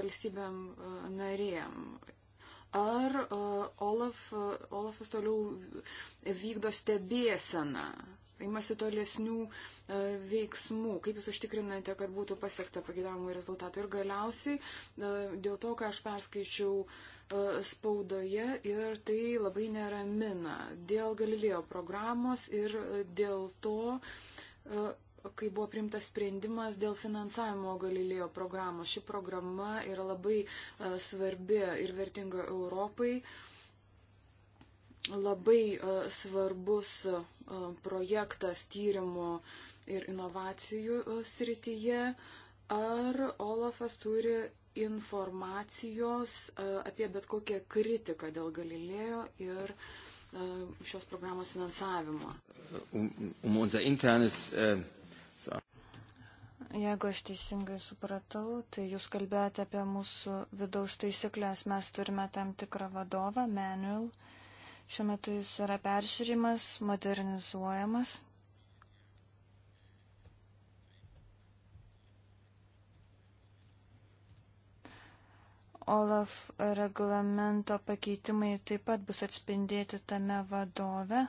valstybėm narėm. Ar Olaf, Olafas toliau vykdo stebėseną imasi tolesnių e, veiksmų, kaip jūs užtikrinate, kad būtų pasiekta pagėdamų rezultatų. Ir galiausiai e, dėl to, ką aš perskaičiau e, spaudoje ir tai labai neramina dėl Galilėjo programos ir dėl to, kai buvo primtas sprendimas dėl finansavimo Galilėjo programos. Ši programa yra labai svarbi ir vertinga Europai. Uh, labai e, svarbus e, projektas tyrimo ir inovacijų e, srityje. Ar Olafas turi informacijos apie bet kokią kritiką dėl Galilėjo ir šios programos finansavimo? Um, um, um, äh, Jeigu aš teisingai supratau, tai jūs kalbėjote apie mūsų vidaus taisyklės. Mes turime tam tikrą vadovą, manual, uh, Šiuo metu jis yra peržiūrimas, modernizuojamas. OLAF reglamento pakeitimai taip pat bus atspindėti tame vadove.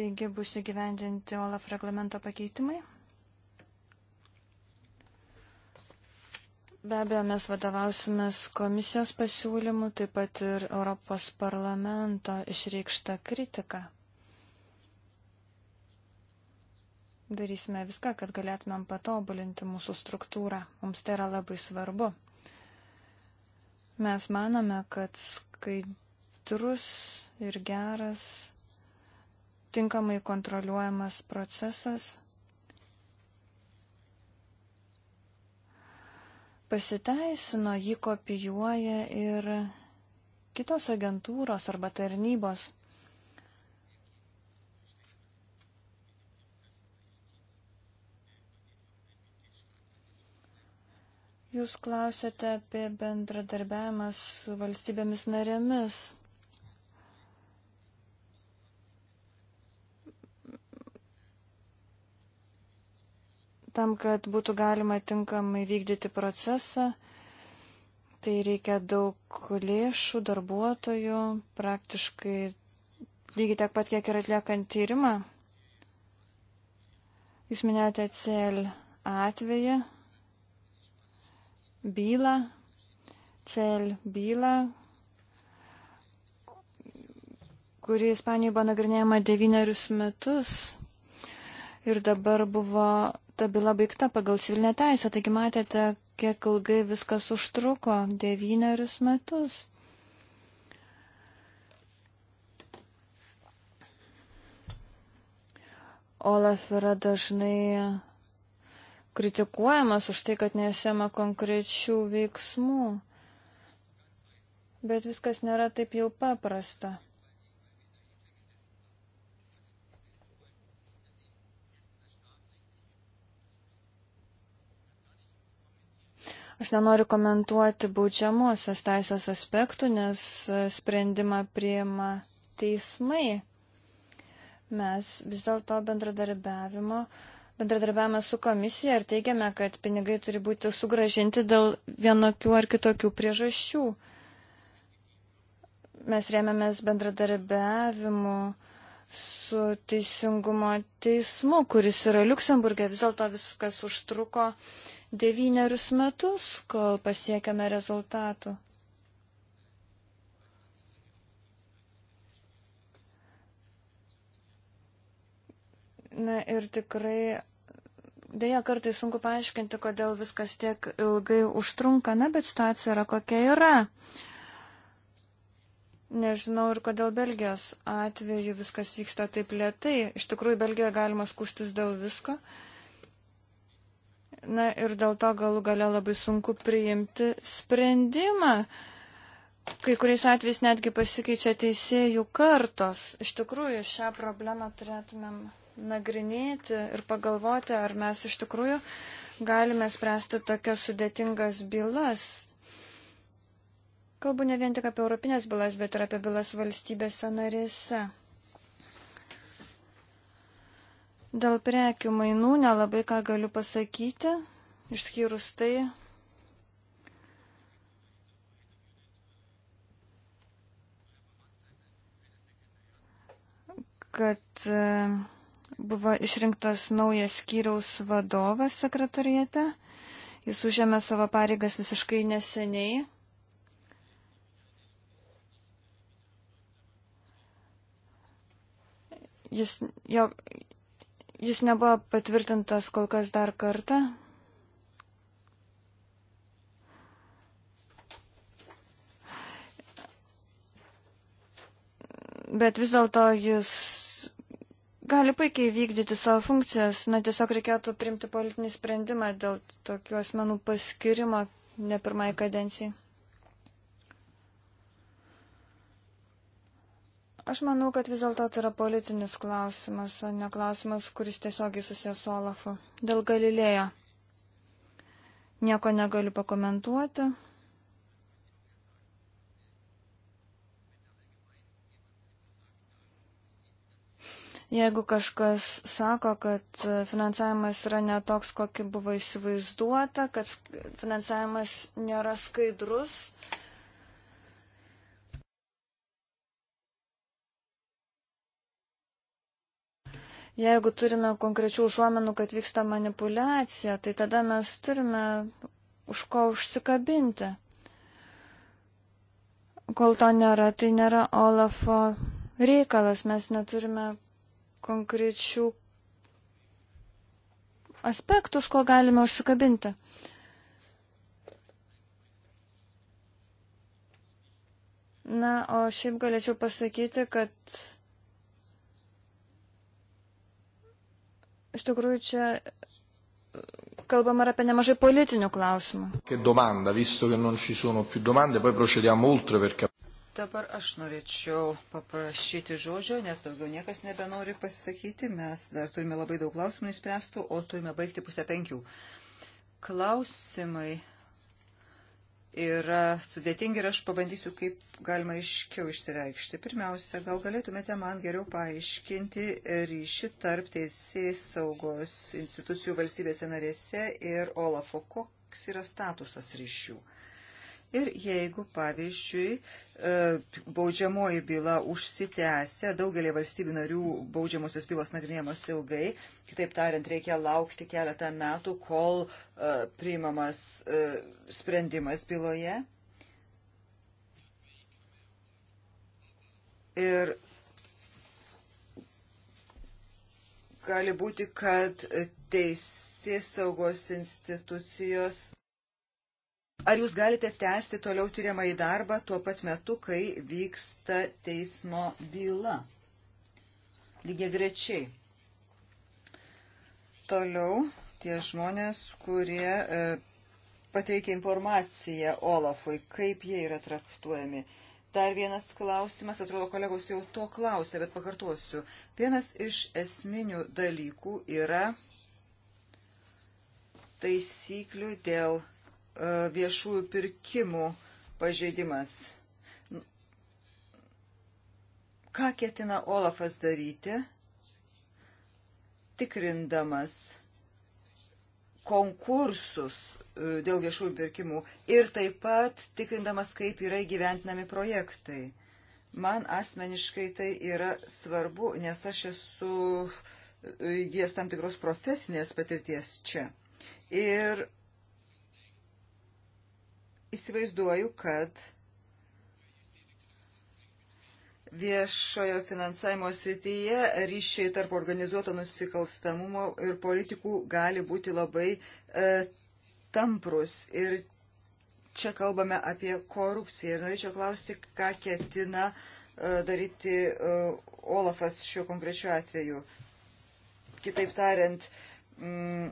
Taigi bus įgyvendinti OLAF reglamento pakeitimai. Be abejo, mes vadovausimės komisijos pasiūlymų, taip pat ir Europos parlamento išreikštą kritiką. Darysime viską, kad galėtumėm patobulinti mūsų struktūrą. Mums tai yra labai svarbu. Mes manome, kad skaidrus ir geras, tinkamai kontroliuojamas procesas pasiteisino, jį kopijuoja ir kitos agentūros arba tarnybos. Jūs klausėte apie bendradarbiavimą su valstybėmis narėmis. Tam, kad būtų galima tinkamai vykdyti procesą, tai reikia daug lėšų, darbuotojų, praktiškai lygiai tiek pat, kiek ir atliekant tyrimą. Jūs minėjote CL atvejį, bylą, CL bylą, kuri Ispanijoje buvo nagrinėjama devynerius metus ir dabar buvo ta byla baigta pagal civilinę teisę, taigi matėte, kiek ilgai viskas užtruko - devynerius metus. Olaf yra dažnai kritikuojamas už tai, kad nesiema konkrečių veiksmų. Bet viskas nėra taip jau paprasta. Aš nenoriu komentuoti baudžiamosios teisės aspektų, nes e, sprendimą priima teismai. Mes vis dėlto bendradarbiavimo, bendradarbiavame su komisija ir teigiame, kad pinigai turi būti sugražinti dėl vienokių ar kitokių priežasčių. Mes rėmėmės bendradarbiavimu su teisingumo teismu, kuris yra Luksemburgė. Vis dėlto viskas užtruko uh, devynerius metus, kol pasiekėme rezultatų. Na ir tikrai, dėja kartai sunku paaiškinti, kodėl viskas tiek ilgai užtrunka, na, bet situacija yra kokia yra. Nežinau ir kodėl Belgijos atveju viskas vyksta taip lietai. Iš tikrųjų, Belgijoje galima skustis dėl visko. Uh, Na ir dėl to galų gale labai sunku priimti sprendimą. Kai kuriais atvejais netgi pasikeičia teisėjų kartos. Iš tikrųjų, šią problemą turėtumėm nagrinėti ir pagalvoti, ar mes iš tikrųjų galime spręsti tokias sudėtingas bylas. Kalbu ne vien tik apie europinės bylas, bet ir apie bylas valstybėse narėse. Dėl prekių mainų nelabai ką galiu pasakyti, išskyrus tai, kad e, buvo išrinktas naujas skyriaus vadovas sekretorijate. Jis užėmė savo pareigas visiškai neseniai. Jis, jo, Jis nebuvo patvirtintas kol kas dar kartą. Bet vis dėlto jis gali puikiai vykdyti savo funkcijas. Na, tiesiog reikėtų priimti politinį sprendimą dėl tokių asmenų paskirimo ne pirmai kadencijai. Aš manau, kad vis dėlto tai yra politinis klausimas, o ne klausimas, kuris tiesiogiai susijęs su Olafu. Dėl Galilėjo nieko negaliu pakomentuoti. Jeigu kažkas sako, kad finansavimas yra netoks, kokį buvo įsivaizduota, kad finansavimas nėra skaidrus, Jeigu turime konkrečių užuomenų, kad vyksta manipulacija, tai tada mes turime už ko užsikabinti. Kol to nėra, tai nėra Olafo reikalas, mes neturime konkrečių aspektų, už ko galime užsikabinti. Na, o šiaip galėčiau pasakyti, kad Iš tikrųjų, čia e, kalbam ir apie nemažai politinių klausimų. Dabar aš norėčiau paprašyti žodžio, nes daugiau niekas nebenori pasisakyti. Mes dar turime labai daug klausimų įspręstų, o turime baigti pusę penkių. Klausimai yra sudėtingi ir aš pabandysiu kaip galima iškiau išsireikšti. Pirmiausia, gal galėtumėte man geriau paaiškinti ryšį tarp teisės saugos institucijų valstybėse narėse ir Olafo, koks yra statusas ryšių? Ir jeigu, pavyzdžiui, e, baudžiamoji byla užsitęsia, daugelį valstybių narių baudžiamosios bylos nagrinėjamos ilgai, kitaip tariant, reikia laukti keletą metų, kol e, priimamas e, sprendimas byloje. Ir gali būti, kad teisės saugos institucijos Ar jūs galite tęsti toliau tyriamą į darbą tuo pat metu, kai vyksta teismo byla? Lygiai grečiai. Toliau tie žmonės, kurie e, pateikia informaciją Olafui, kaip jie yra traktuojami. Dar vienas klausimas, atrodo, kolegos jau to klausė, bet pakartosiu. Vienas iš esminių dalykų yra taisyklių dėl E, viešųjų pirkimų pažeidimas. Ką ketina Olafas daryti, tikrindamas konkursus e, dėl viešųjų pirkimų ir taip pat tikrindamas, kaip yra įgyventinami projektai. Man asmeniškai tai yra svarbu, nes aš esu įgyjęs tam tikros profesinės patirties čia. Ir įsivaizduoju, kad viešojo finansavimo srityje ryšiai tarp organizuoto nusikalstamumo ir politikų gali būti labai e, tamprus. Ir čia kalbame apie korupciją. Ir norėčiau klausti, ką ketina e, daryti e, Olafas šiuo konkrečiu atveju. Kitaip tariant, e, Mm,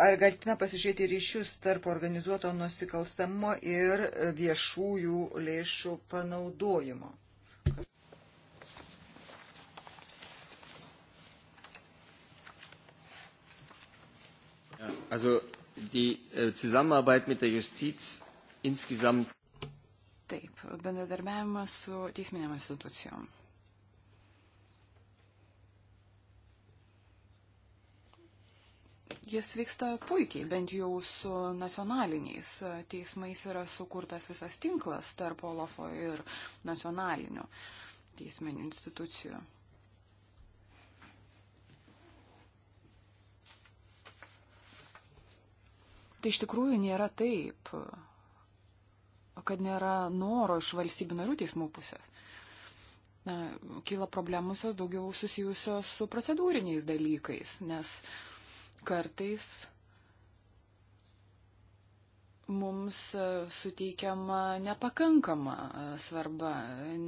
Argentina pasižiūrėti ryšius tarp organizuoto nusikalstamo ir viešųjų lėšų panaudojimo. Also die äh, Zusammenarbeit mit der Justiz insgesamt. Taip, bendradarbiavimas su teisminėm institucijom. Jis vyksta puikiai, bent jau su nacionaliniais teismais yra sukurtas visas tinklas tarp Olofo ir nacionalinių teisminių institucijų. Tai iš tikrųjų nėra taip, kad nėra noro iš valstybių narių teismų pusės. Na, kyla problemusios daugiau susijusios su procedūriniais dalykais, nes uh, kartais mums suteikiama nepakankama svarba,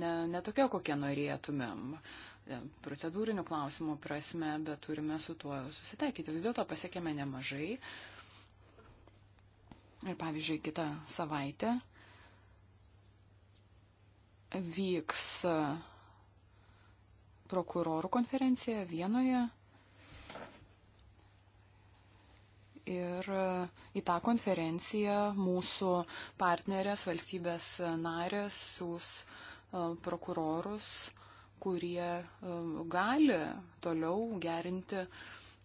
ne, ne tokia, kokią norėtumėm e, procedūrinių klausimų prasme, bet turime su tuo susitaikyti. Vis dėlto pasiekėme nemažai. Ir pavyzdžiui, kitą savaitę vyks prokurorų konferencija Vienoje ir e, į tą konferenciją mūsų partnerės valstybės narės siūs e, prokurorus, kurie e, gali toliau gerinti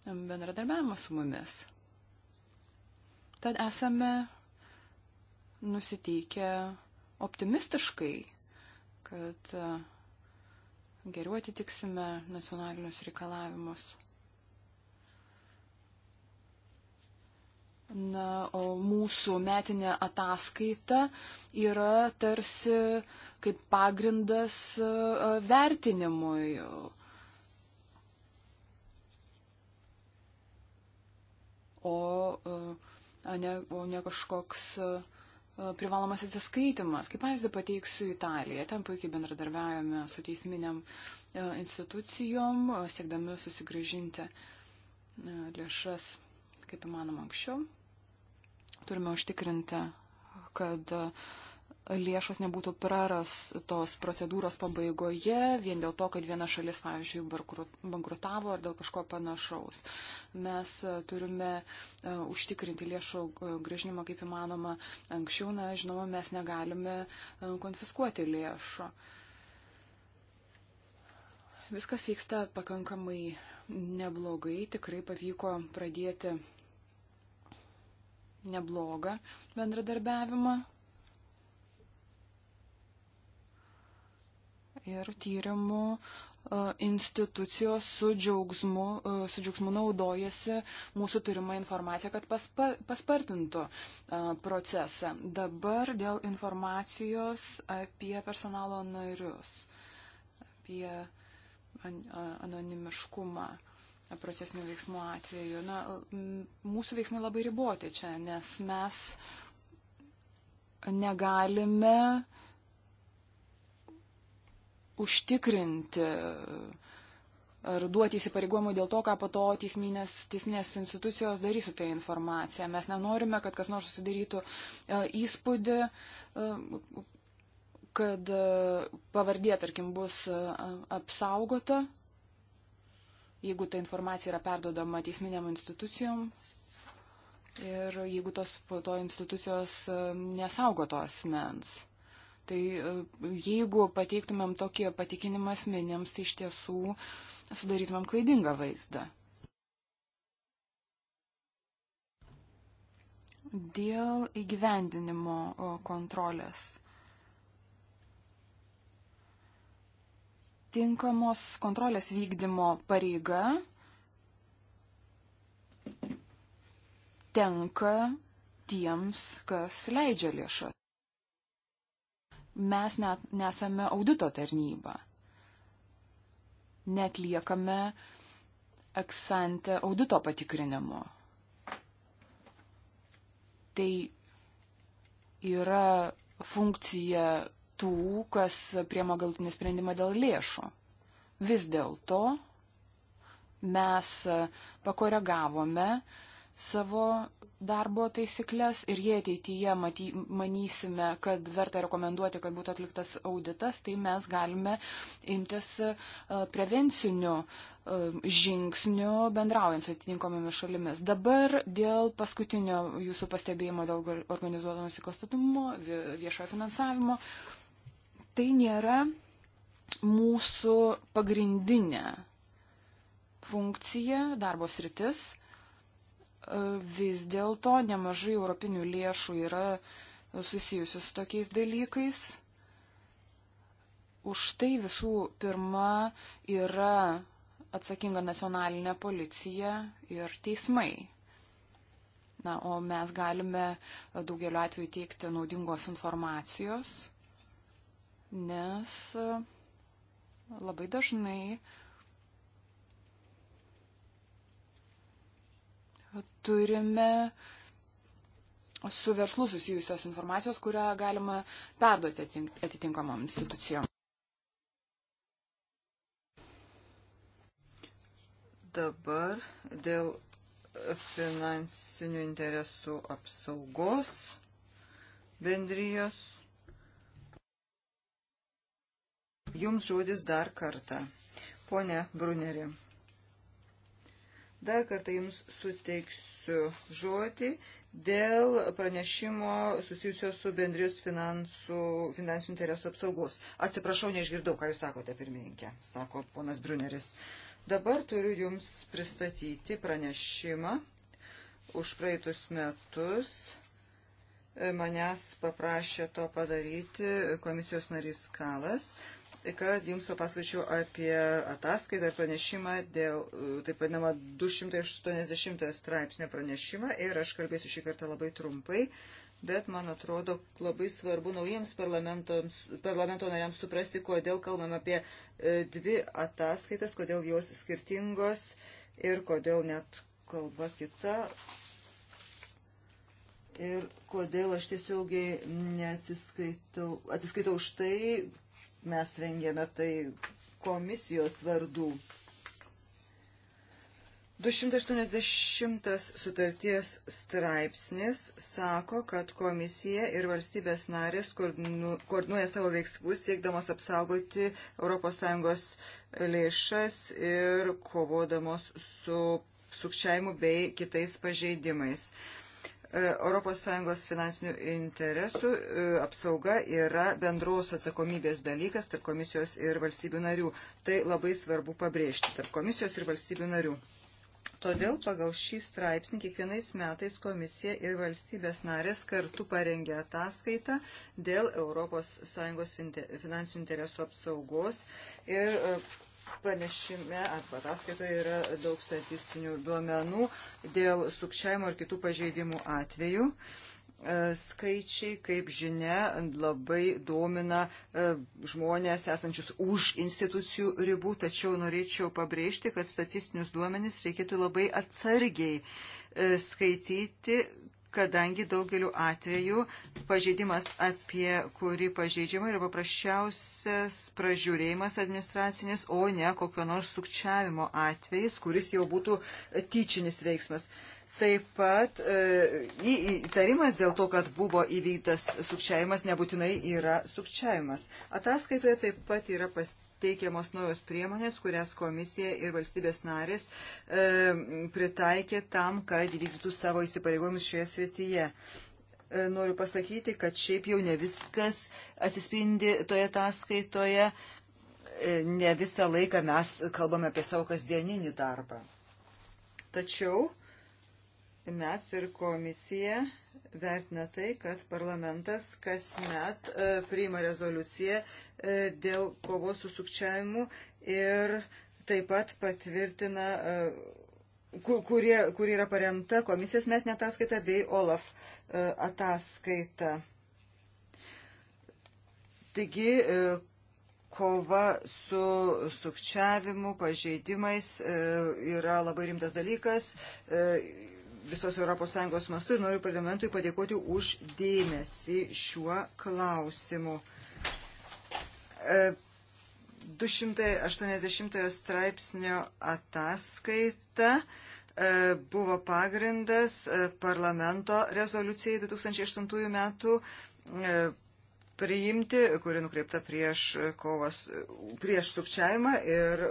bendradarbiavimą su mumis. Tad esame nusiteikę optimistiškai, kad geriau atitiksime nacionalinius reikalavimus. Na, o mūsų metinė ataskaita yra tarsi kaip pagrindas e, vertinimui. O, o e, ne, o ne kažkoks e, privalomas atsiskaitimas. Kaip pavyzdį pateiksiu Italiją. Ten puikiai bendradarbiavome su teisminiam institucijom, siekdami susigražinti lėšas kaip įmanoma anksčiau turime užtikrinti, kad lėšos nebūtų prarastos procedūros pabaigoje vien dėl to, kad viena šalis, pavyzdžiui, bankrutavo ar dėl kažko panašaus. Mes e, turime e, užtikrinti lėšų e, grįžinimą kaip įmanoma anksčiau, na, žinoma, mes negalime konfiskuoti lėšų. Viskas vyksta pakankamai neblogai, tikrai pavyko pradėti neblogą bendradarbiavimą. Ir tyrimų e, institucijos su džiaugsmu, e, su džiaugsmu naudojasi mūsų turimą informaciją, kad paspa, paspartintų e, procesą. Dabar dėl informacijos apie personalo narius, apie anonimiškumą procesinių veiksmų atveju. Na, mūsų veiksmai labai riboti čia, nes mes negalime užtikrinti ar duoti įsipareigojimų dėl to, ką po to teisminės, teisminės institucijos darys su tai informacija. Mes nenorime, kad kas nors susidarytų e, įspūdį, e, kad e, pavardė, tarkim, bus apsaugota jeigu ta informacija yra perdodama teisminiam institucijom ir jeigu tos po to institucijos e, nesaugo to asmens. Tai e, jeigu pateiktumėm tokį patikinimą asmenėms, tai iš tiesų sudarytumėm klaidingą vaizdą. Dėl įgyvendinimo kontrolės tinkamos kontrolės vykdymo pareiga tenka tiems, kas leidžia lėšas. Mes net nesame audito tarnyba. Netliekame eksante audito patikrinimu. Tai yra funkcija tų, kas priema galutinį sprendimą dėl lėšų. Vis dėlto mes pakoregavome savo darbo taisyklės ir jei ateityje maty, manysime, kad verta rekomenduoti, kad būtų atliktas auditas, tai mes galime imtis e, prevencinių e, žingsnių bendraujant su atitinkomomis šalimis. Dabar dėl paskutinio jūsų pastebėjimo dėl organizuoto nusikalstatumo, viešojo finansavimo. Uh, tai nėra mūsų pagrindinė funkcija, darbo sritis. E, vis dėlto nemažai europinių lėšų yra susijusius su tokiais dalykais. Už tai visų pirma yra atsakinga nacionalinė policija ir teismai. Na, o mes galime daugeliu atveju teikti naudingos informacijos nes e, labai dažnai e, turime su verslu susijusios informacijos, kurią galima perduoti atitinkamam institucijom. Dabar dėl finansinių interesų apsaugos bendrijos Jums žodis dar kartą. Pone Bruneri. Dar kartą Jums suteiksiu žodį dėl pranešimo susijusio su bendrijos finansų, finansų interesų apsaugos. Atsiprašau, neišgirdau, ką Jūs sakote, pirmininkė, sako ponas Bruneris. Dabar turiu Jums pristatyti pranešimą už praeitus metus. Manęs paprašė to padaryti komisijos narys Kalas kad jums papasakočiau apie ataskaitą ir pranešimą dėl, e, taip vadinamą, 280 straipsnio pranešimą ir aš kalbėsiu šį kartą labai trumpai, bet man atrodo labai svarbu naujiems parlamento nariams suprasti, kodėl kalbam apie e, dvi ataskaitas, kodėl jos skirtingos ir kodėl net kalba kita. Ir kodėl aš tiesiogiai neatsiskaitau, atsiskaitau už tai, mes rengėme tai komisijos vardų. 280 sutarties straipsnis sako, kad komisija ir valstybės narės koordinuoja savo veiksmus siekdamos apsaugoti ES lėšas ir kovodamos su sukčiavimu bei kitais pažeidimais. ES finansinių interesų e, apsauga yra bendros atsakomybės dalykas tarp komisijos ir valstybių narių. Tai labai svarbu pabrėžti tarp komisijos ir valstybių narių. Todėl pagal šį straipsnį kiekvienais metais komisija ir valstybės narės kartu parengia ataskaitą dėl ES finansinių interesų apsaugos ir e, Pranešime arba ataskaitoje yra daug statistinių duomenų dėl sukčiavimo ir kitų pažeidimų atvejų. E, skaičiai, kaip žinia, labai domina e, žmonės esančius už institucijų ribų, tačiau norėčiau pabrėžti, kad statistinius duomenys reikėtų labai atsargiai e, skaityti, kadangi daugeliu atveju pažeidimas, apie kurį pažeidžiama, yra paprasčiausias pražiūrėjimas administracinis, o ne kokio nors sukčiavimo atvejis, kuris jau būtų tyčinis veiksmas. Taip pat e, įtarimas dėl to, kad buvo įvykdytas sukčiavimas, nebūtinai yra sukčiavimas. Ataskaitoje taip pat yra pasirinkta teikiamos naujos priemonės, kurias komisija ir valstybės narės e, pritaikė tam, kad įvykdytų savo įsipareigojimus šioje srityje. E, noriu pasakyti, kad šiaip jau ne viskas atsispindi toje ataskaitoje, e, ne visą laiką mes kalbame apie savo kasdieninį darbą. Tačiau mes ir komisija vertina tai, kad parlamentas kasmet e, priima rezoliuciją e, dėl kovos su sukčiavimu ir taip pat patvirtina, e, kurie, kur yra paremta komisijos metinė ataskaita bei OLAF ataskaita. Taigi, kova su sukčiavimu, pažeidimais yra labai rimtas dalykas visos ES mastu ir noriu parlamentui padėkoti už dėmesį šiuo klausimu. 280 e, straipsnio ataskaita e, buvo pagrindas e, parlamento rezoliucijai 2008 metų priimti, kuri nukreipta prieš, kovas, prieš sukčiavimą ir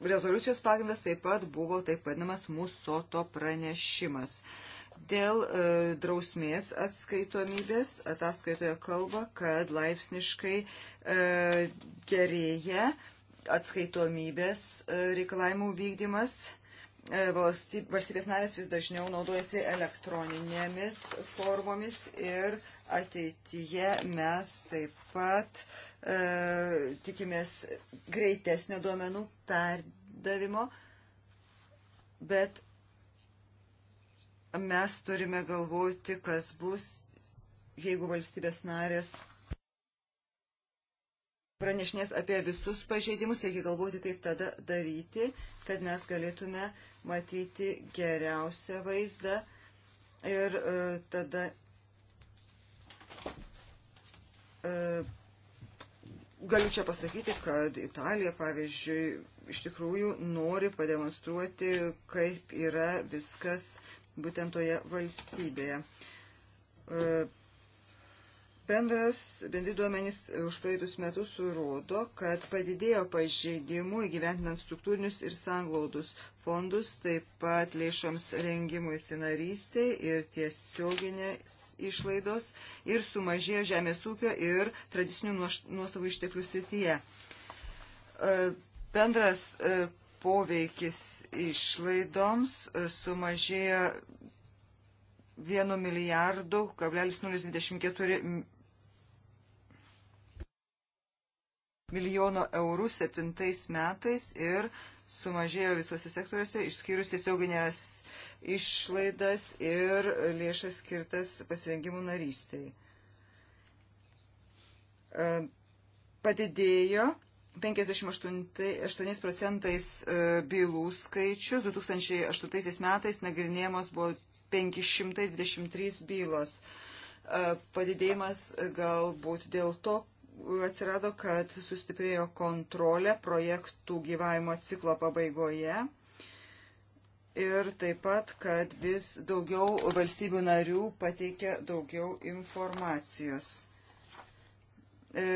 rezoliucijos pagrindas taip pat buvo taip vadinamas mūsų to pranešimas. Dėl e, drausmės atskaitomybės ataskaitoje kalba, kad laipsniškai e, gerėja atskaitomybės e, reikalavimų vykdymas. E, valstybės narės vis dažniau naudojasi elektroninėmis formomis ir ateityje mes taip pat e, E, tikimės greitesnio duomenų perdavimo, bet mes turime galvoti, kas bus, jeigu valstybės narės pranešinės apie visus pažeidimus, reikia galvoti, kaip tada daryti, kad mes galėtume matyti geriausią vaizdą ir uh, tada uh, Galiu čia pasakyti, kad Italija, pavyzdžiui, iš tikrųjų nori pademonstruoti, kaip yra viskas būtent toje valstybėje. E, Bendras, bendri duomenys už praeitus metus rodo, kad padidėjo pažeidimų įgyventinant struktūrinius ir sanglaudus fondus, taip pat lėšoms rengimui scenarystiai ir tiesioginės išlaidos ir sumažėjo žemės ūkio ir tradicinių nuosavų išteklių srityje. E, bendras e, poveikis išlaidoms e, sumažėjo 1 milijardu, kablelis 024 milijono eurų septintais metais ir sumažėjo visose sektoriuose, išskyrus tiesioginės išlaidas ir lėšas skirtas pasirengimų narystiai. E, padidėjo 58 procentais e, bylų skaičius, 2008 metais nagrinėjamos buvo 523 bylos e, padidėjimas galbūt dėl to, atsirado, kad sustiprėjo kontrolė projektų gyvavimo ciklo pabaigoje ir taip pat, kad vis daugiau valstybių narių pateikia daugiau informacijos. E,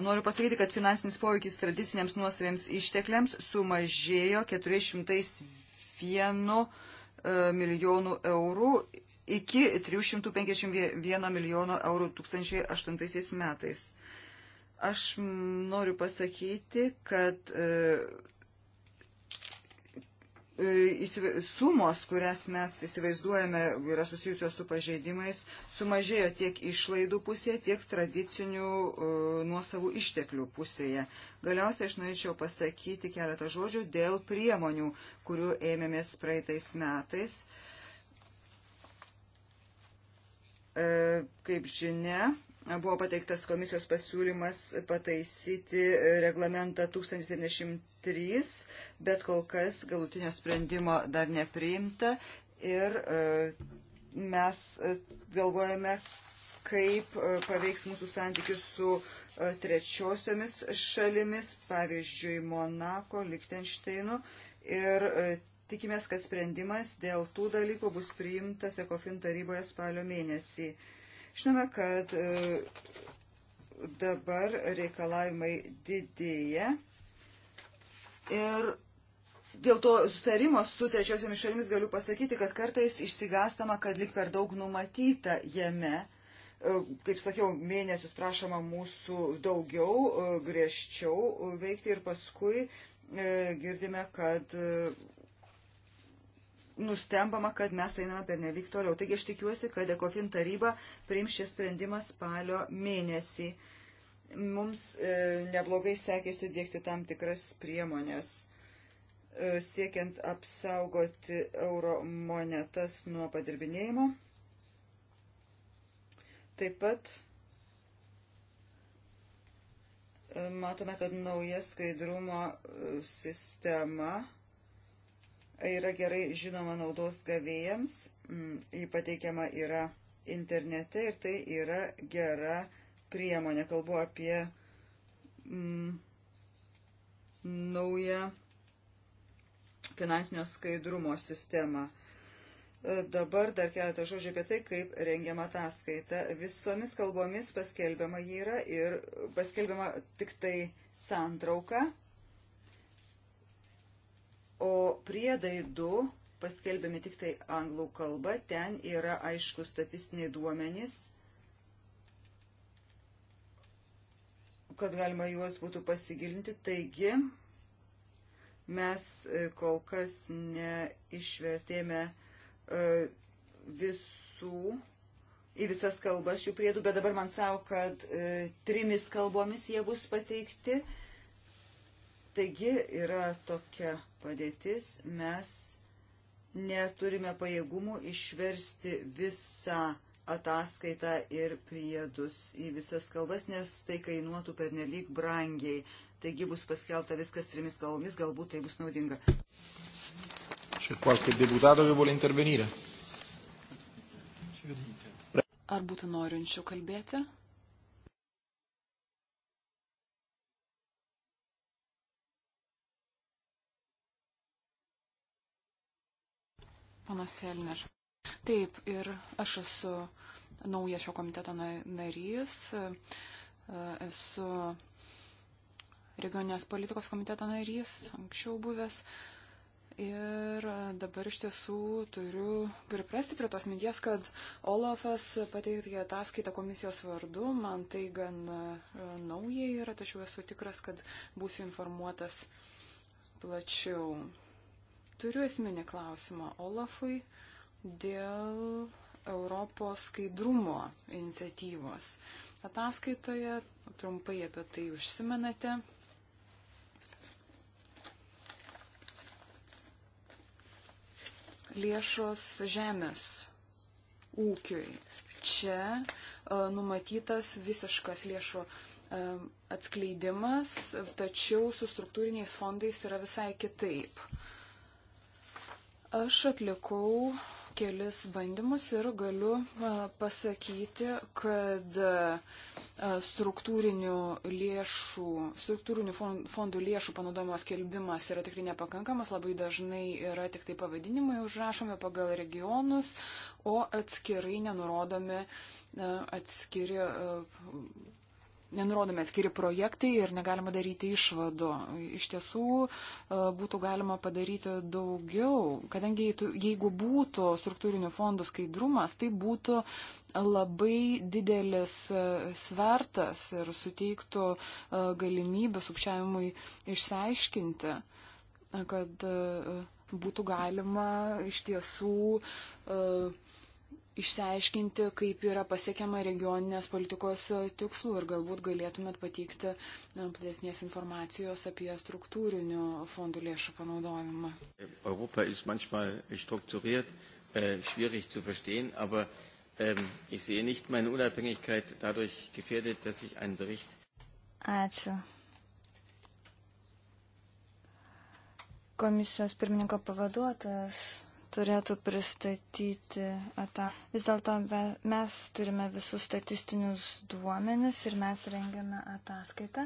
noriu pasakyti, kad finansinis poveikis tradiciniams nuosavėms ištekliams sumažėjo 401 e, milijonų eurų iki 351 milijono eurų 2008 metais. Aš noriu pasakyti, kad e, e, sumos, kurias mes įsivaizduojame, yra susijusios su pažeidimais, sumažėjo tiek išlaidų pusėje, tiek tradicinių e, nuosavų išteklių pusėje. Galiausiai aš norėčiau pasakyti keletą žodžių dėl priemonių, kurių ėmėmės praeitais metais E, kaip žinia, buvo pateiktas komisijos pasiūlymas pataisyti e, reglamentą 1073, bet kol kas galutinio sprendimo dar nepriimta ir e, mes galvojame, kaip paveiks mūsų santykius su trečiosiomis šalimis, pavyzdžiui, Monako, Lichtenšteinu ir Tikimės, kad sprendimas dėl tų dalykų bus priimtas ECOFIN taryboje spalio mėnesį. Žinome, kad e, dabar reikalavimai didėja ir dėl to sustarimo su trečiosiomis šalimis galiu pasakyti, kad kartais išsigastama, kad lik per daug numatyta jame. E, kaip sakiau, mėnesius prašoma mūsų daugiau, e, griežčiau veikti ir paskui girdime, kad nustembama, kad mes einame per nelik toliau. Taigi aš tikiuosi, kad Ekofin taryba priims šį sprendimą spalio mėnesį. Mums e, neblogai sekėsi dėkti tam tikras priemonės e, siekiant apsaugoti euro monetas nuo padirbinėjimo. Taip pat e, matome, kad nauja skaidrumo e, sistema yra gerai žinoma naudos gavėjams, mm, jį pateikiama yra internete ir tai yra gera priemonė. Kalbu apie mm, naują finansinio skaidrumo sistemą. E, dabar dar keletą žodžių apie tai, kaip rengiama ataskaita. Visomis kalbomis paskelbiama jį yra ir paskelbiama tik tai santrauka O priedai 2 paskelbiami tik tai anglų kalba, ten yra aišku statistiniai duomenys, kad galima juos būtų pasigilinti. Taigi, mes e, kol kas neišvertėme e, visų į visas kalbas šių priedų, bet dabar man savo, kad e, trimis kalbomis jie bus pateikti. Taigi yra tokia padėtis, mes neturime pajėgumų išversti visą ataskaitą ir priedus į visas kalbas, nes tai kainuotų per nelik brangiai. Taigi bus paskelta viskas trimis kalbomis, galbūt tai bus naudinga. Ar būtų norinčių kalbėti? Panas Helner. Taip, ir aš esu naujas šio komiteto narys, esu regioninės politikos komiteto narys, anksčiau buvęs. Ir dabar iš tiesų turiu priprasti prie tos minties, kad Olafas pateikė ataskaitą komisijos vardu, man tai gan e, nauja yra, tačiau esu tikras, kad būsiu informuotas plačiau. Turiu esminį klausimą Olafui dėl Europos skaidrumo iniciatyvos. Ataskaitoje trumpai apie tai užsimenate. Lėšos žemės ūkiui. Čia e, numatytas visiškas lėšų e, atskleidimas, tačiau su struktūriniais fondais yra visai kitaip. Aš atlikau kelis bandymus ir galiu pasakyti, kad struktūrinių lėšų, struktūrinių fondų lėšų panaudojimo skelbimas yra tikrai nepakankamas, labai dažnai yra tik tai pavadinimai užrašomi pagal regionus, o atskirai nenurodomi atskiri nenurodome atskiri projektai ir negalima daryti išvado. Iš tiesų e, būtų galima padaryti daugiau, kadangi jeigu būtų struktūrinių fondų skaidrumas, tai būtų labai didelis e, svertas ir suteiktų e, galimybę sukčiavimui išsiaiškinti, kad būtų galima iš tiesų uh, išsiaiškinti, kaip yra pasiekiama regioninės politikos tikslų ir galbūt galėtumėt pateikti platesnės informacijos apie struktūrinių fondų lėšų panaudojimą. Europa ist manchmal strukturiert, äh, schwierig zu verstehen, aber ähm, ich sehe nicht meine Unabhängigkeit dadurch gefährdet, dass ich einen Bericht. Ačiū. Komisijos pirmininko pavaduotas turėtų pristatyti tą. Vis dėlto mes turime visus statistinius duomenis ir mes rengiame ataskaitą.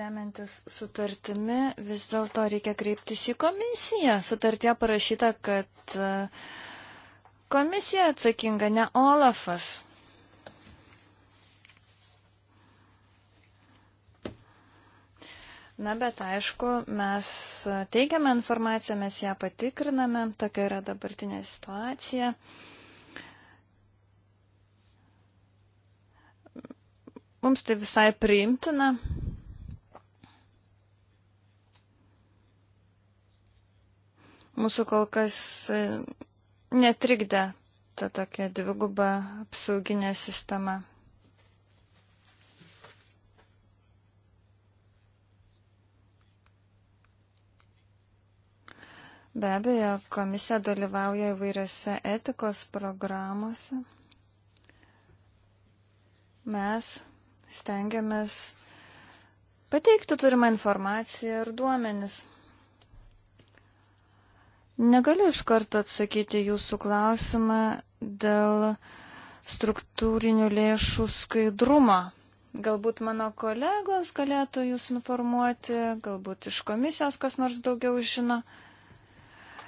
Remiantis sutartimi, vis dėlto reikia kreiptis į komisiją. Sutartie parašyta, kad e, komisija atsakinga, ne Olafas. Na, bet aišku, mes teigiame informaciją, mes ją patikriname, tokia yra dabartinė situacija. Mums tai visai priimtina. Mūsų kol kas e, netrikdė ta tokia dviguba apsauginė sistema. Be abejo, komisija dalyvauja įvairiose etikos programuose. Mes stengiamės pateikti turimą informaciją ir duomenis. Negaliu iš karto atsakyti jūsų klausimą dėl struktūrinių lėšų skaidrumo. Galbūt mano kolegos galėtų jūs informuoti, galbūt iš komisijos kas nors daugiau žino.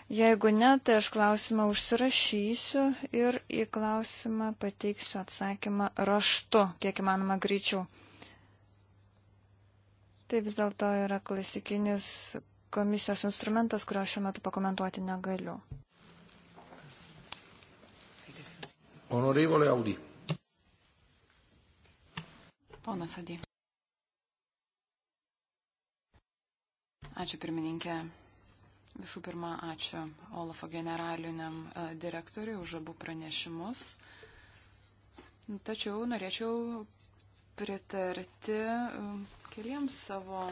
Jeigu ne, tai aš klausimą užsirašysiu ir į klausimą pateiksiu atsakymą raštu, kiek įmanoma greičiau. Tai vis dėlto yra klasikinis komisijos instrumentas, kurio šiuo metu pakomentuoti negaliu. Honorevole Audi. Ponas Adi. Ačiū pirmininkė. Visų pirma, ačiū Olafo generaliniam e, direktoriui už abu pranešimus. Tačiau norėčiau pritarti e, keliems savo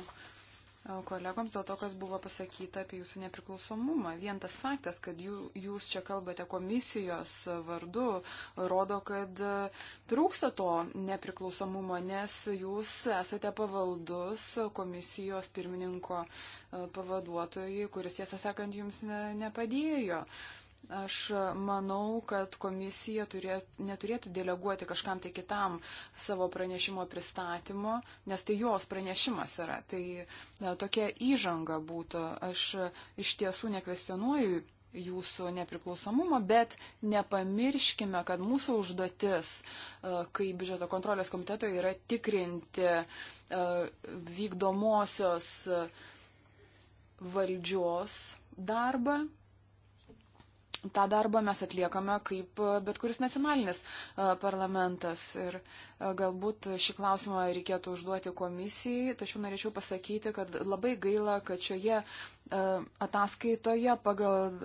kolegoms dėl to, kas buvo pasakyta apie jūsų nepriklausomumą. Vien tas faktas, kad jūs čia kalbate komisijos vardu, rodo, kad e, trūksta to nepriklausomumo, nes jūs esate pavaldus komisijos pirmininko e, pavaduotojai, kuris tiesą sakant jums nepadėjo. Ne Aš manau, kad komisija turėt, neturėtų deleguoti kažkam tai kitam savo pranešimo pristatymo, nes tai jos pranešimas yra. Tai na, e, tokia įžanga būtų. Aš iš tiesų nekvestionuoju jūsų nepriklausomumo, bet nepamirškime, kad mūsų užduotis, e, kaip biudžeto kontrolės komiteto, yra tikrinti e, vykdomosios valdžios darbą tą darbą mes atliekame kaip e, bet kuris nacionalinis e, parlamentas. Ir e, galbūt šį klausimą reikėtų užduoti komisijai, tačiau norėčiau pasakyti, kad labai gaila, kad šioje ataskaitoje pagal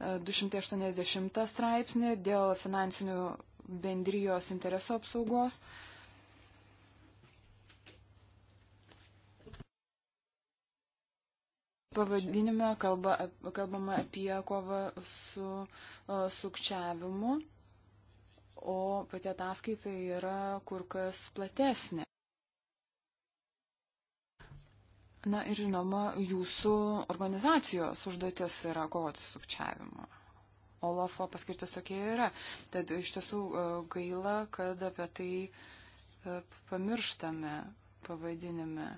280 straipsnį dėl finansinių bendrijos interesų apsaugos uh, pavadinime kalba, kalbama apie kovą su sukčiavimu, o pati ataskaita yra kur kas platesnė. Na ir žinoma, jūsų organizacijos užduotis yra kovoti su sukčiavimu. Olafo paskirtis tokia yra. Tad iš tiesų gaila, kad apie tai pamirštame pavadinime.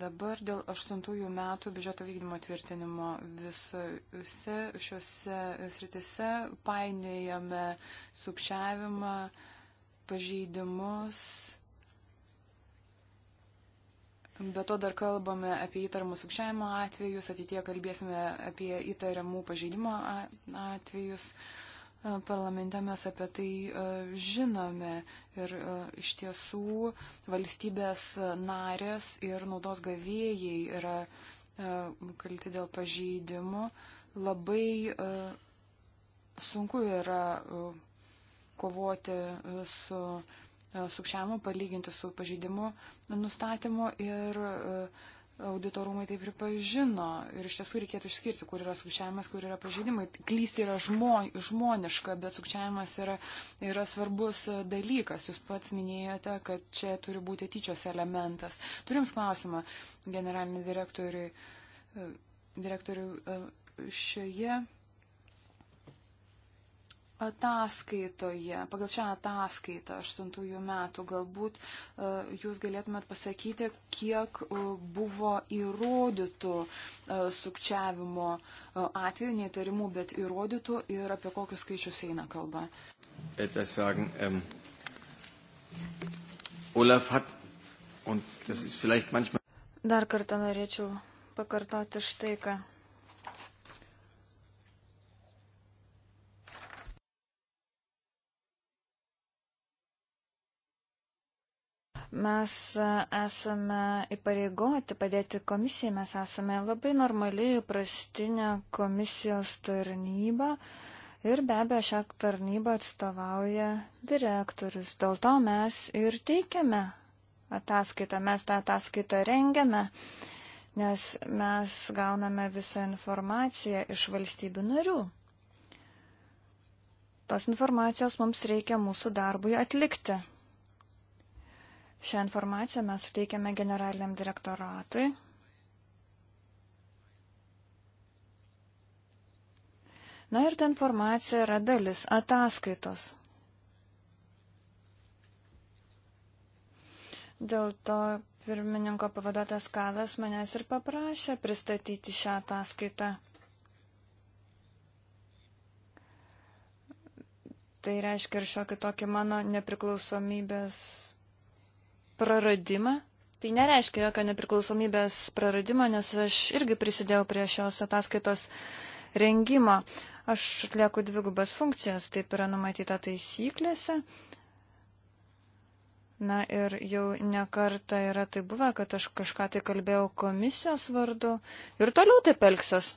Dabar dėl 8 metų biudžeto vykdymo tvirtinimo visose šiuose sritise painiojame sukčiavimą, pažeidimus. Be to dar kalbame apie įtariamų sukčiavimo atvejus, ateitie kalbėsime apie įtariamų pažeidimo atvejus. Uh, parlamente mes apie tai žinome ir iš tiesų valstybės narės ir naudos gavėjai yra kalti dėl pažeidimų. Labai sunku yra kovoti su sukčiavimu, palyginti su pažeidimu nustatymu ir uh, auditorumai tai pripažino ir iš tiesų reikėtų išskirti, kur yra sukčiavimas, kur yra pažeidimai. Klysti yra žmo, žmoniška, bet sukčiavimas yra, yra svarbus dalykas. Jūs pats minėjote, kad čia turi būti tyčios elementas. Turim klausimą generalinį direktorių, e, direktorių e, šioje ataskaitoje, pagal šią ataskaitą 8 metų, galbūt e, jūs galėtumėt pasakyti, kiek e, buvo įrodytų e, sukčiavimo atveju, neįtarimų, bet įrodytų ir apie kokius skaičius eina kalba. Sagen, ähm, Olaf hat, und das ist vielleicht manchmal. Dar kartą norėčiau pakartoti štai ką. Mes e, esame įpareigoti padėti komisijai, mes esame labai normaliai įprastinė komisijos tarnyba ir be abejo šią tarnybą atstovauja direktorius. Dėl to mes ir teikiame ataskaitą, mes tą ataskaitą rengiame, nes mes gauname visą informaciją iš valstybių narių. Tos informacijos mums reikia mūsų darbui atlikti. Šią informaciją mes suteikiame generaliniam direktoratui. Na ir ta informacija yra dalis ataskaitos. Dėl to pirmininko pavaduotas kalas manęs ir paprašė pristatyti šią ataskaitą. Tai reiškia ir šiokį tokį mano nepriklausomybės praradimą. Tai nereiškia jokio nepriklausomybės praradimo, nes aš irgi prisidėjau prie šios ataskaitos rengimo. Aš atlieku dvigubas funkcijas, taip yra numatyta taisyklėse. Na ir jau nekarta yra tai buvę, kad aš kažką tai kalbėjau komisijos vardu ir toliau taip elgsiuos.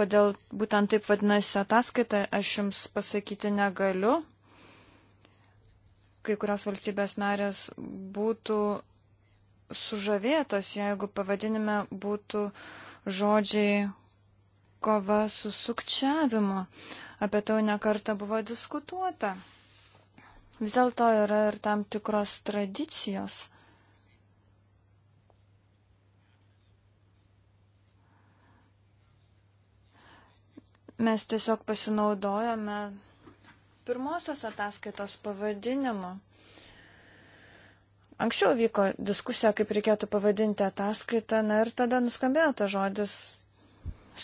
Kodėl būtent taip vadinasi ataskaita, aš jums pasakyti negaliu, kai kurios valstybės narės būtų sužavėtos, jeigu pavadinime būtų žodžiai kova su sukčiavimu. Apie tai nekarta buvo diskutuota. Vis dėlto yra ir tam tikros tradicijos. Mes tiesiog pasinaudojame pirmosios ataskaitos pavadinimu. Anksčiau vyko diskusija, kaip reikėtų pavadinti ataskaitą, na ir tada nuskambėjo ta žodis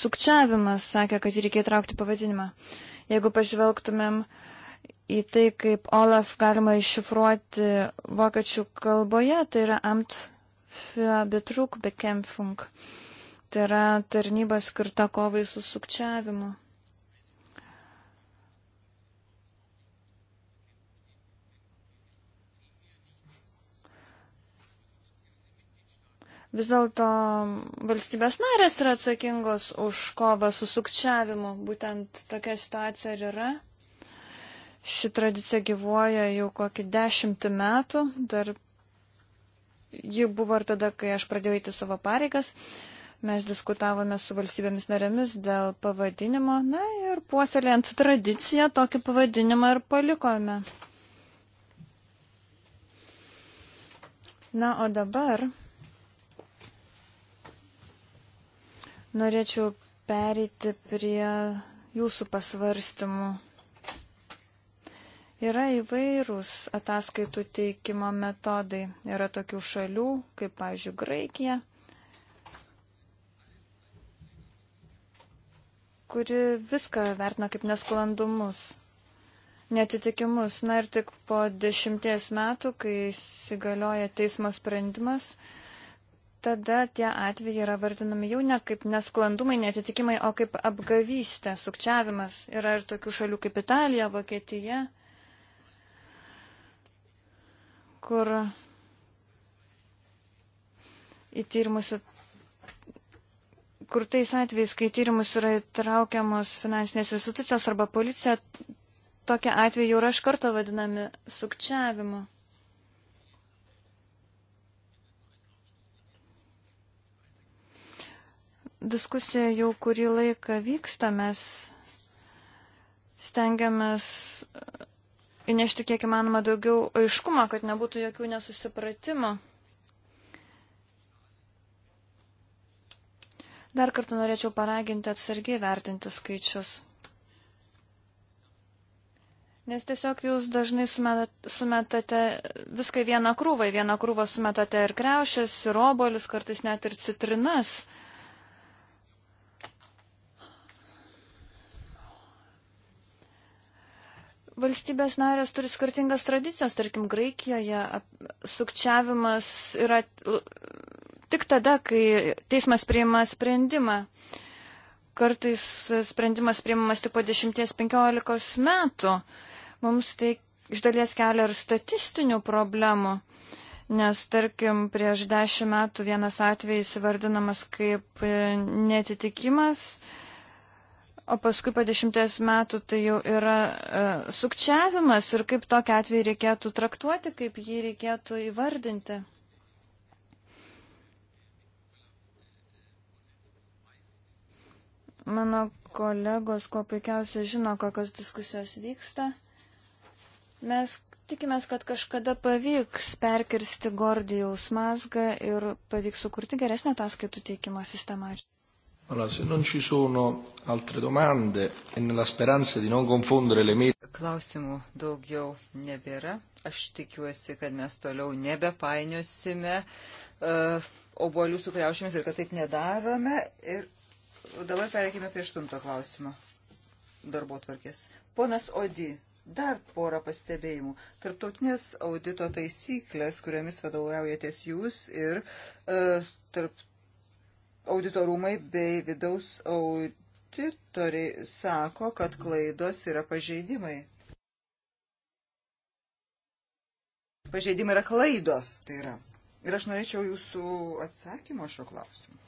sukčiavimas, sakė, kad jį reikia įtraukti pavadinimą. Jeigu pažvelgtumėm į tai, kaip Olaf galima iššifruoti vokiečių kalboje, tai yra amt für Betrug Bekämpfung. Tai yra tarnyba skirta kovai su sukčiavimu. Vis dėlto valstybės narės yra atsakingos už kovą su sukčiavimu. Būtent tokia situacija ir yra. Ši tradicija gyvuoja jau kokį dešimtį metų. Dar ji buvo ir tada, kai aš pradėjau įti savo pareigas. Mes diskutavome su valstybėmis narėmis dėl pavadinimo. Na ir puoselėjant tradiciją, tokį pavadinimą ir palikome. Na, o dabar Norėčiau pereiti prie jūsų pasvarstymų. Yra įvairūs ataskaitų teikimo metodai. Yra tokių šalių, kaip, pavyzdžiui, Graikija, kuri viską vertina kaip nesklandumus, netitikimus. Na ir tik po dešimties metų, kai įsigalioja teismo sprendimas, tada tie atvejai yra vardinami jau ne kaip nesklandumai, netitikimai, o kaip apgavystė, sukčiavimas. Yra ir tokių šalių kaip Italija, Vokietija, kur į tyrimus, kur tais atvejais, kai tyrimus yra įtraukiamos finansinės institucijos arba policija, tokia atveju yra iš karto vadinami sukčiavimu. diskusija jau kurį laiką vyksta, mes stengiamės e, įnešti kiek įmanoma daugiau aiškumo, kad nebūtų jokių nesusipratimų. Dar kartą norėčiau paraginti atsargiai vertinti skaičius. Nes tiesiog jūs dažnai sumetate viską į vieną krūvą, į vieną krūvą sumetate ir kreušės, ir obolius, kartais net ir citrinas. valstybės narės turi skirtingas tradicijas, tarkim, Graikijoje sukčiavimas yra tik tada, kai teismas priima sprendimą. Kartais sprendimas priimamas tik po 10-15 metų. Mums tai iš dalies kelia ir statistinių problemų, nes, tarkim, prieš 10 metų vienas atvejis įvardinamas kaip netitikimas, o paskui po dešimties metų tai jau yra uh, sukčiavimas ir kaip tokia atveju reikėtų traktuoti, kaip jį reikėtų įvardinti. Mano kolegos, kuo puikiausiai žino, kokios diskusijos vyksta. Mes tikimės, kad kažkada pavyks perkirsti Gordijaus mazgą ir pavyks sukurti geresnę ataskaitų teikimo sistemą. Ačiū. Allora, se non ci sono altre domande e nella speranza di non confondere le mie... Klausimų daugiau nebėra. Aš tikiuosi, kad mes toliau nebepainiosime uh, obolių su kriaušėmis ir kad taip nedarome. Ir dabar pereikime prie aštunto klausimo darbo tvarkės. Ponas Odi, dar porą pastebėjimų. Tarptautinės audito taisyklės, kuriomis vadovaujatės jūs ir uh, tarptautinės auditorumai bei vidaus auditoriai sako, kad klaidos yra pažeidimai. Pažeidimai yra klaidos, tai yra. Ir aš norėčiau jūsų atsakymo šio klausimu.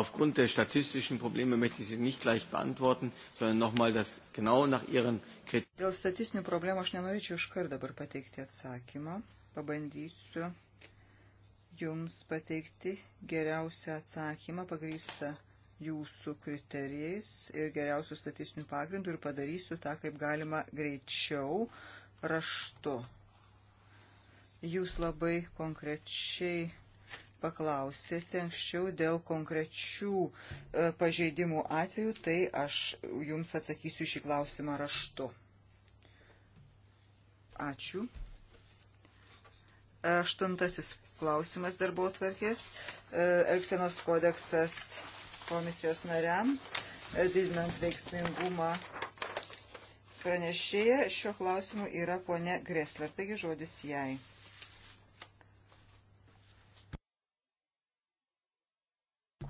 Aufgrund der statistischen Probleme möchte ich Sie nicht gleich beantworten, sondern nochmal das genau nach Ihren Kriterien. Dėl statistinių problemų aš nenorėčiau iš karto dabar pateikti atsakymą. Pabandysiu jums pateikti geriausią atsakymą pagrįstą jūsų kriterijais ir geriausių statistinių pagrindų ir padarysiu tą kaip galima greičiau raštu. Jūs labai konkrečiai paklausėte anksčiau dėl konkrečių e, pažeidimų atvejų, tai aš jums atsakysiu šį klausimą raštu. Ačiū. Aštuntasis klausimas darbo tvarkės. E, Elksenos kodeksas komisijos nariams, e, didinant veiksmingumą pranešėja šio klausimu yra ponė Gresler, taigi žodis jai.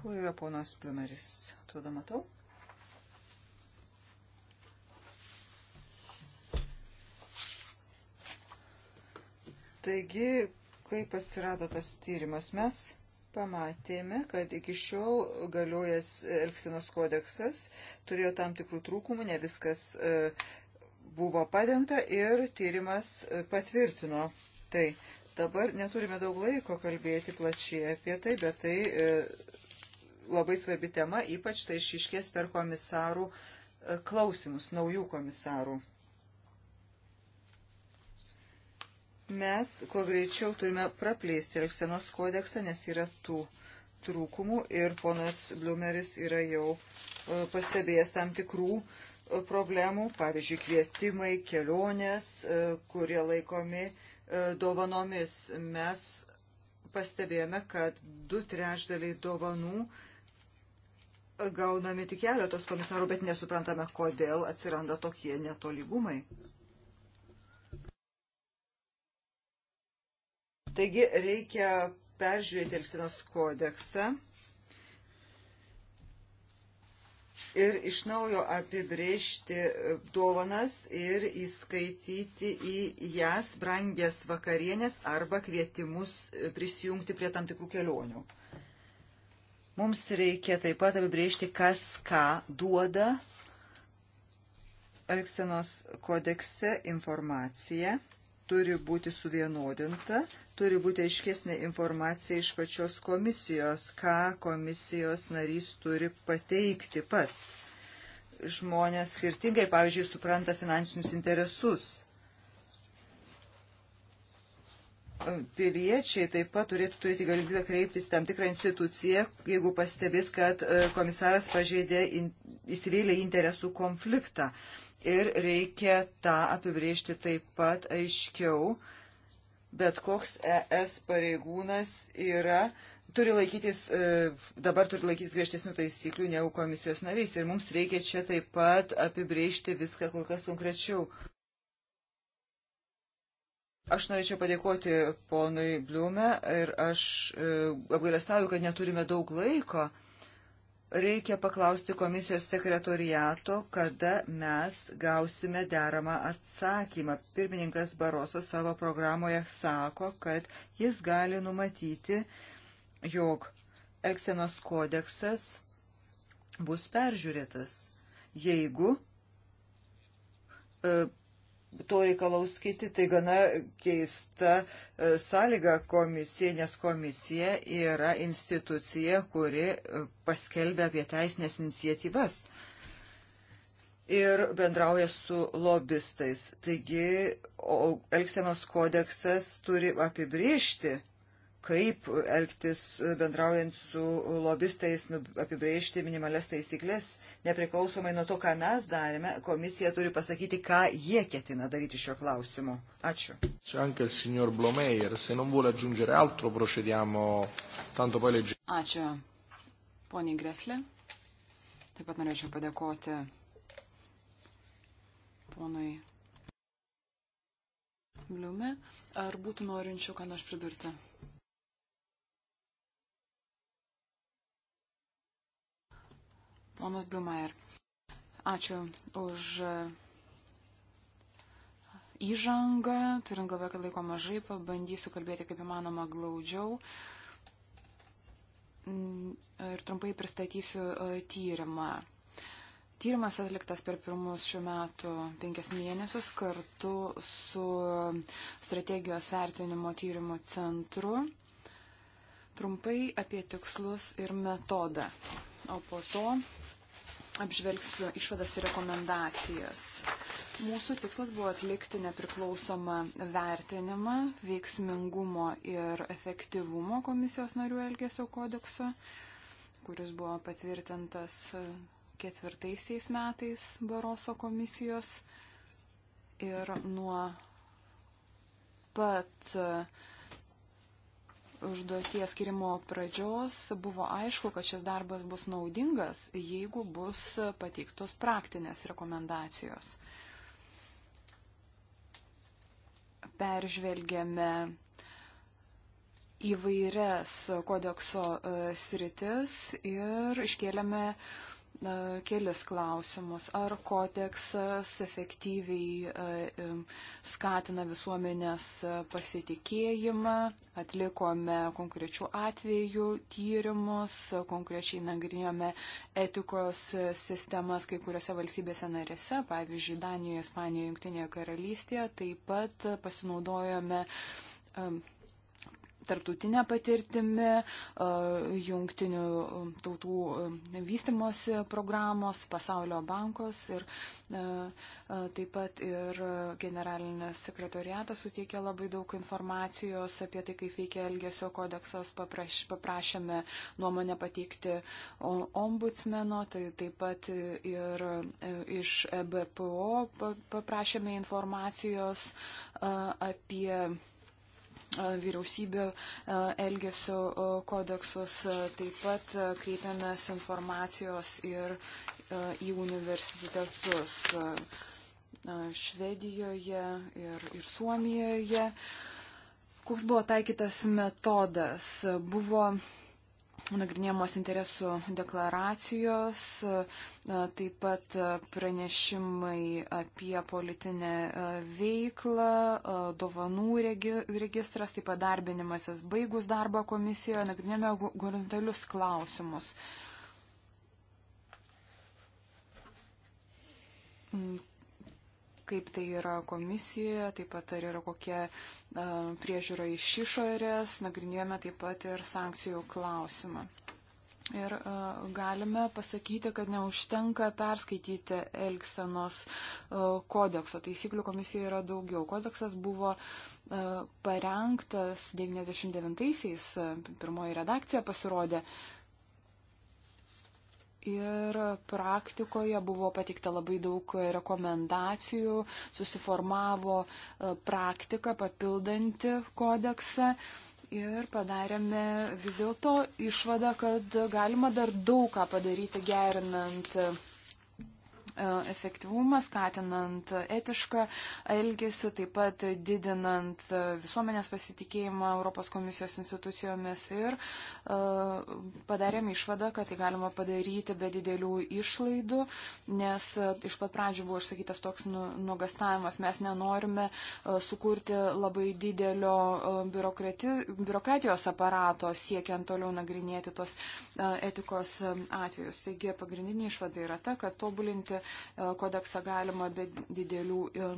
Kuo yra ponas Pliumeris? Atrodo, matau. Taigi, kaip atsirado tas tyrimas. Mes pamatėme, kad iki šiol galiojęs Elksinos kodeksas turėjo tam tikrų trūkumų, ne viskas e, buvo padengta ir tyrimas e, patvirtino tai. Dabar neturime daug laiko kalbėti plačiai apie tai, bet tai e, labai svarbi tema, ypač tai išiškės per komisarų klausimus, naujų komisarų. Mes kuo greičiau turime praplėsti Elksenos kodeksą, nes yra tų trūkumų ir ponas Blumeris yra jau e, pastebėjęs tam tikrų e, problemų, pavyzdžiui, kvietimai, kelionės, e, kurie laikomi dovanomis. Mes pastebėjome, kad du trečdaliai dovanų gaunami tik keletos komisarų, bet nesuprantame, kodėl atsiranda tokie netolygumai. Taigi reikia peržiūrėti Elsinos kodeksą ir iš naujo apibrėžti dovanas ir įskaityti į jas brangias vakarienės arba kvietimus prisijungti prie tam tikrų kelionių. Mums reikia taip pat apibrėžti, kas ką duoda Elksenos kodekse informacija turi būti suvienodinta, turi būti aiškesnė informacija iš pačios komisijos, ką komisijos narys turi pateikti pats. Žmonės skirtingai, pavyzdžiui, supranta finansinius interesus. piliečiai taip pat turėtų turėti galimybę kreiptis tam tikrą instituciją, jeigu pastebės, kad e, komisaras pažeidė, įsivėlė interesų konfliktą ir reikia tą apibriežti taip pat aiškiau. Bet koks ES pareigūnas yra, turi laikytis, e, dabar turi laikytis griežtesnių taisyklių negu komisijos narys ir mums reikia čia taip pat apibriežti viską kur kas konkrečiau. Aš norėčiau padėkoti ponui Bliume ir aš e, apgailestauju, kad neturime daug laiko. Reikia paklausti komisijos sekretoriato, kada mes gausime deramą atsakymą. Pirmininkas Baroso savo programoje sako, kad jis gali numatyti, jog Elksenos kodeksas bus peržiūrėtas, jeigu e, to reikalaus kiti. Tai gana keista e, sąlyga komisija, nes komisija yra institucija, kuri e, paskelbia apie teisinės iniciatyvas ir bendrauja su lobistais. Taigi, Elksenos kodeksas turi apibriežti kaip elgtis e, bendraujant su lobistais, nu, apibrėžti minimales taisyklės, nepriklausomai nuo to, ką mes darėme, komisija turi pasakyti, ką jie ketina daryti šiuo klausimu. Ačiū. Ačiū. Poniai Greslė, taip pat norėčiau padėkoti ponui Bliume. Ar būtų norinčių ką nors pridurti? Ponas Biumajer, ačiū už e, įžangą. Turint galvoje, kad laiko mažai, pabandysiu kalbėti kaip įmanoma glaudžiau. Mm, ir trumpai pristatysiu e, tyrimą. Tyrimas atliktas per pirmus šių metų penkias mėnesius kartu su strategijos vertinimo tyrimo centru. Trumpai apie tikslus ir metodą o po to apžvelgsiu išvadas ir rekomendacijas. Mūsų tikslas buvo atlikti nepriklausomą vertinimą veiksmingumo ir efektyvumo komisijos narių elgesio kodekso, kuris buvo patvirtintas ketvirtaisiais metais Baroso komisijos. Ir nuo pat užduoties skirimo pradžios buvo aišku, kad šis darbas bus naudingas, jeigu bus pateiktos praktinės rekomendacijos. Peržvelgėme įvairias kodekso e, sritis ir iškėlėme uh, kelis klausimus. Ar kodeksas efektyviai e, e, skatina visuomenės pasitikėjimą, atlikome konkrečių atvejų tyrimus, konkrečiai nagrinėjome etikos sistemas kai kuriuose valstybėse narėse, pavyzdžiui, Danijoje, Ispanijoje, Junktinėje karalystėje, taip pat pasinaudojome tarptautinė patirtimi, jungtinių um, tautų um, vystimosi programos, pasaulio bankos ir taip pat ir generalinės sekretoriatas suteikė labai daug informacijos apie tai, kaip veikia Elgesio kodeksas, papraš, paprašėme nuomonę pateikti ombudsmeno, tai taip pat ir e, iš EBPO paprašėme informacijos apie vyriausybių elgesio kodeksus, taip pat kreipiamės informacijos ir į universitetus Švedijoje ir, ir Suomijoje. Koks buvo taikytas metodas? Buvo nagrinėjamos interesų deklaracijos, e, taip pat e, pranešimai apie politinę e, veiklą, dovanų registras, taip pat darbinimasis baigus darbą komisijoje, nagrinėjame horizontalius klausimus. Mm, kaip tai yra komisijoje, taip pat ar yra kokia priežiūra iš išorės, nagrinėjome taip pat ir sankcijų klausimą. Ir galime pasakyti, kad neužtenka perskaityti Elksenos kodekso. Taisyklių komisija yra daugiau. Kodeksas buvo parengtas 99-aisiais, pirmoji redakcija pasirodė Ir praktikoje buvo pateikta labai daug rekomendacijų, susiformavo e, praktika papildanti kodeksą ir padarėme vis dėlto išvadą, kad galima dar daug ką padaryti gerinant E, efektyvumą, skatinant etišką elgesį, taip pat didinant e, visuomenės pasitikėjimą Europos komisijos institucijomis ir e, padarėm išvadą, kad tai galima padaryti be didelių išlaidų, nes iš pat pradžių buvo išsakytas toks nu, nuogastavimas, mes nenorime sukurti labai didelio biurokratijos aparato siekiant toliau nagrinėti tos etikos atvejus. Taigi pagrindinė išvada yra ta, kad tobulinti E, kodeksą galima be didelių e,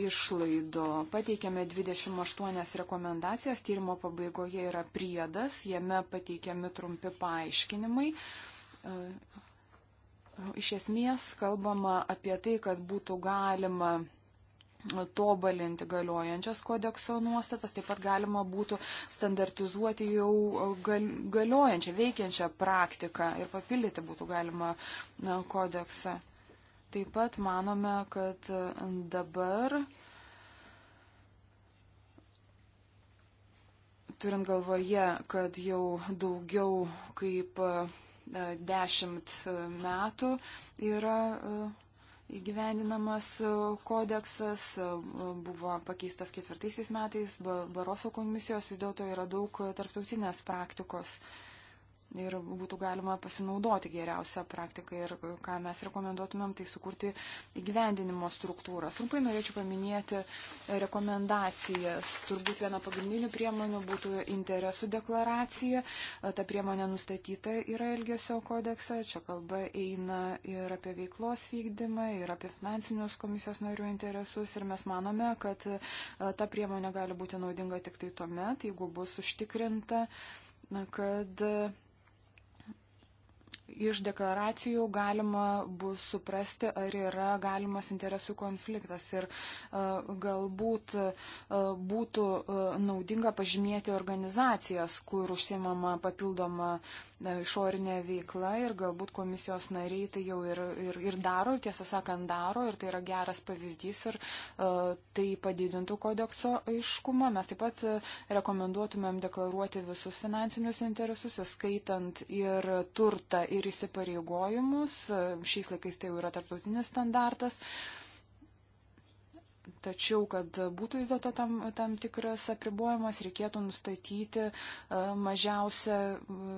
išlaidų. Pateikėme 28 rekomendacijas, tyrimo pabaigoje yra priedas, jame pateikiami trumpi paaiškinimai. E, iš esmės kalbama apie tai, kad būtų galima tobalinti galiojančias kodekso nuostatas, taip pat galima būtų standartizuoti jau galiojančią, veikiančią praktiką ir papildyti būtų galima kodeksą. Taip pat manome, kad dabar turint galvoje, kad jau daugiau kaip e, dešimt e, metų yra e, įgyvendinamas e, kodeksas, e, buvo pakeistas ketvirtaisiais metais Baroso komisijos, vis dėlto yra daug tarptautinės praktikos. Uh, ir būtų galima pasinaudoti geriausią praktiką ir ką mes rekomenduotumėm, tai sukurti įgyvendinimo struktūrą. Trumpai norėčiau paminėti rekomendacijas. Turbūt viena pagrindinių priemonių būtų interesų deklaracija. Ta priemonė nustatyta yra Elgesio kodekse. Čia kalba eina ir apie veiklos vykdymą, ir apie finansinius komisijos narių interesus. Ir mes manome, kad e, ta priemonė gali būti naudinga tik tai tuo met, jeigu bus užtikrinta na, kad iš deklaracijų galima bus suprasti, ar yra galimas interesų konfliktas. Ir e, galbūt e, būtų e, naudinga pažymėti organizacijas, kur užsimama papildoma išorinė veikla ir galbūt komisijos nariai tai jau ir, ir, ir daro, tiesą sakant, daro ir tai yra geras pavyzdys ir tai padidintų kodekso aiškumą. Mes taip pat rekomenduotumėm deklaruoti visus finansinius interesus, įskaitant ir turtą ir įsipareigojimus. Šiais laikais tai jau yra tarptautinis standartas. Tačiau, kad būtų vis dėlto tam, tam tikras apribojimas, reikėtų nustatyti e, mažiausią, e,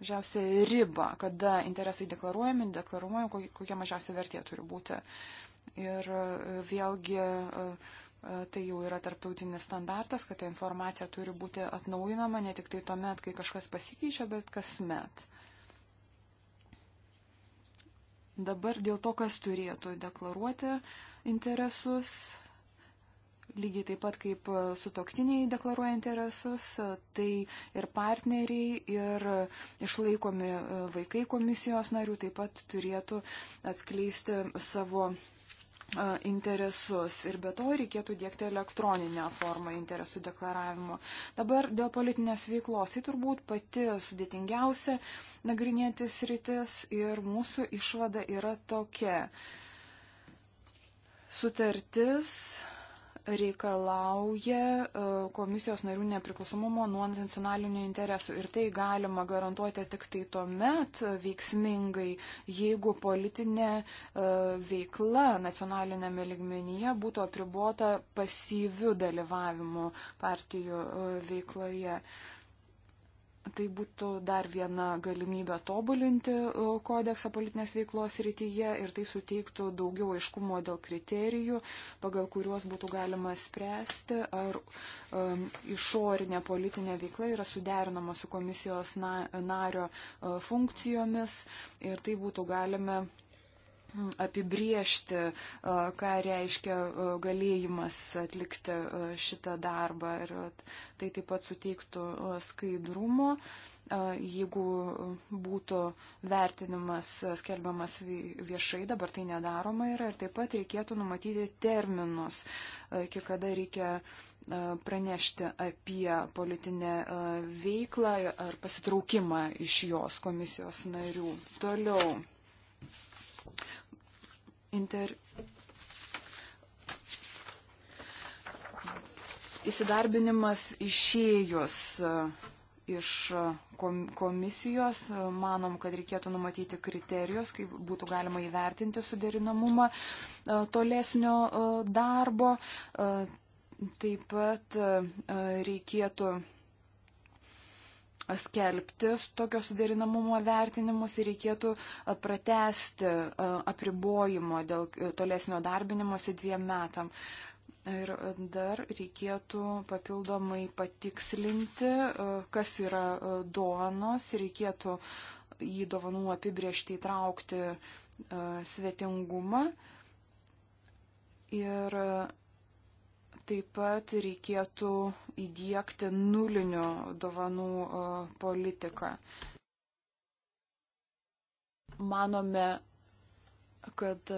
mažiausią ribą, kada interesai deklaruojami, deklaruojami, kokia mažiausia vertė turi būti. Ir e, vėlgi tai jau yra tarptautinis standartas, kad ta informacija turi būti atnaujinama ne tik tai tuomet, kai kažkas pasikeičia, bet kasmet. Dabar dėl to, kas turėtų deklaruoti interesus, lygiai taip pat kaip sutoktiniai deklaruoja interesus, tai ir partneriai, ir išlaikomi vaikai komisijos narių taip pat turėtų atskleisti savo interesus ir be to reikėtų dėkti elektroninę formą interesų deklaravimo. Dabar dėl politinės veiklos tai turbūt pati sudėtingiausia nagrinėtis rytis ir mūsų išvada yra tokia. Sutartis reikalauja e, komisijos narių nepriklausomumo nuo nacionalinių interesų. Ir tai galima garantuoti tik tai tuo met veiksmingai, jeigu politinė e, veikla nacionalinėme ligmenyje būtų apribuota pasyviu dalyvavimu partijų e, veikloje. Uh, Tai būtų dar viena galimybė tobulinti e, kodeksą politinės veiklos rytyje ir tai suteiktų daugiau aiškumo dėl kriterijų, pagal kuriuos būtų galima spręsti, ar um, išorinė politinė veikla yra suderinama su komisijos na, nario uh, funkcijomis ir tai būtų galima apibriežti, ką reiškia galėjimas atlikti šitą darbą ir tai taip pat suteiktų skaidrumo, jeigu būtų vertinimas skelbiamas viešai, dabar tai nedaroma yra ir taip pat reikėtų numatyti terminus, iki kada reikia pranešti apie politinę veiklą ar pasitraukimą iš jos komisijos narių. Toliau inter... įsidarbinimas išėjus e, iš e, komisijos. E, manom, kad reikėtų numatyti kriterijus, kaip būtų galima įvertinti suderinamumą tolesnio darbo. Taip pat reikėtų skelbti tokio suderinamumo vertinimus ir reikėtų pratesti apribojimo dėl e, tolesnio darbinimuose dviem metam. Ir dar reikėtų papildomai patikslinti, kas yra dovanos, reikėtų į dovanų apibriežtį įtraukti svetingumą. Ir Taip pat reikėtų įdėkti nulinių dovanų e, politiką. Manome, kad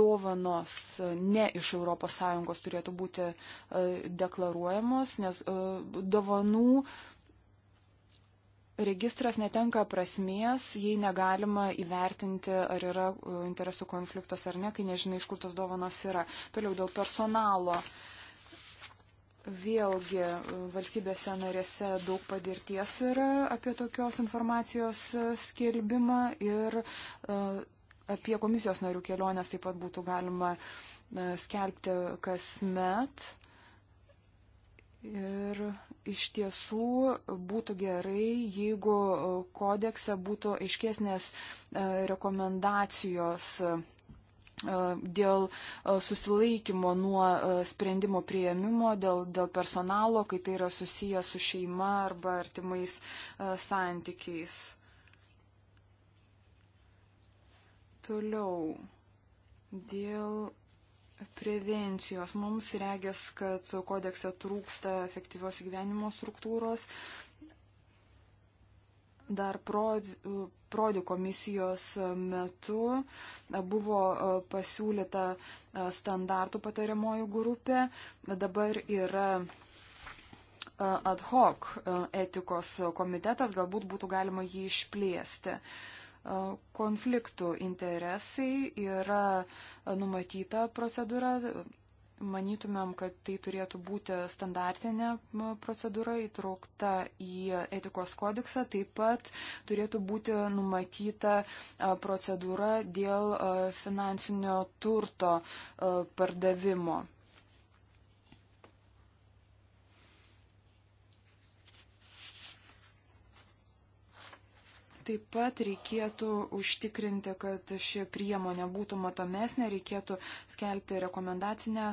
dovanos ne iš ES turėtų būti e, deklaruojamos, nes e, dovanų registras netenka prasmės, jei negalima įvertinti, ar yra interesų konfliktas ar ne, kai nežinai, iš kur tos dovanos yra. Toliau dėl personalo. Uh, Vėlgi, valstybėse narėse daug padirties yra apie tokios informacijos e, skelbimą ir e, apie komisijos narių keliones taip pat būtų galima e, skelbti kasmet. Ir iš tiesų būtų gerai, jeigu kodekse būtų aiškesnės rekomendacijos E, dėl e, susilaikymo nuo e, sprendimo prieimimo, dėl, dėl personalo, kai tai yra susiję su šeima arba artimais santykiais. Toliau. Dėl prevencijos. Mums regės, kad kodekse trūksta efektyvios gyvenimo struktūros, dar prodi, prodi komisijos metu buvo e, pasiūlyta e, standartų patariamojų grupė, dabar yra e, ad hoc etikos komitetas, galbūt būtų galima jį išplėsti. Konfliktų interesai yra numatyta procedūra, Manytumėm, kad tai turėtų būti standartinė procedūra įtraukta į etikos kodeksą. Taip pat turėtų būti numatyta procedūra dėl finansinio turto pardavimo. Taip pat reikėtų užtikrinti, kad ši priemonė būtų matomesnė, reikėtų skelbti rekomendacinę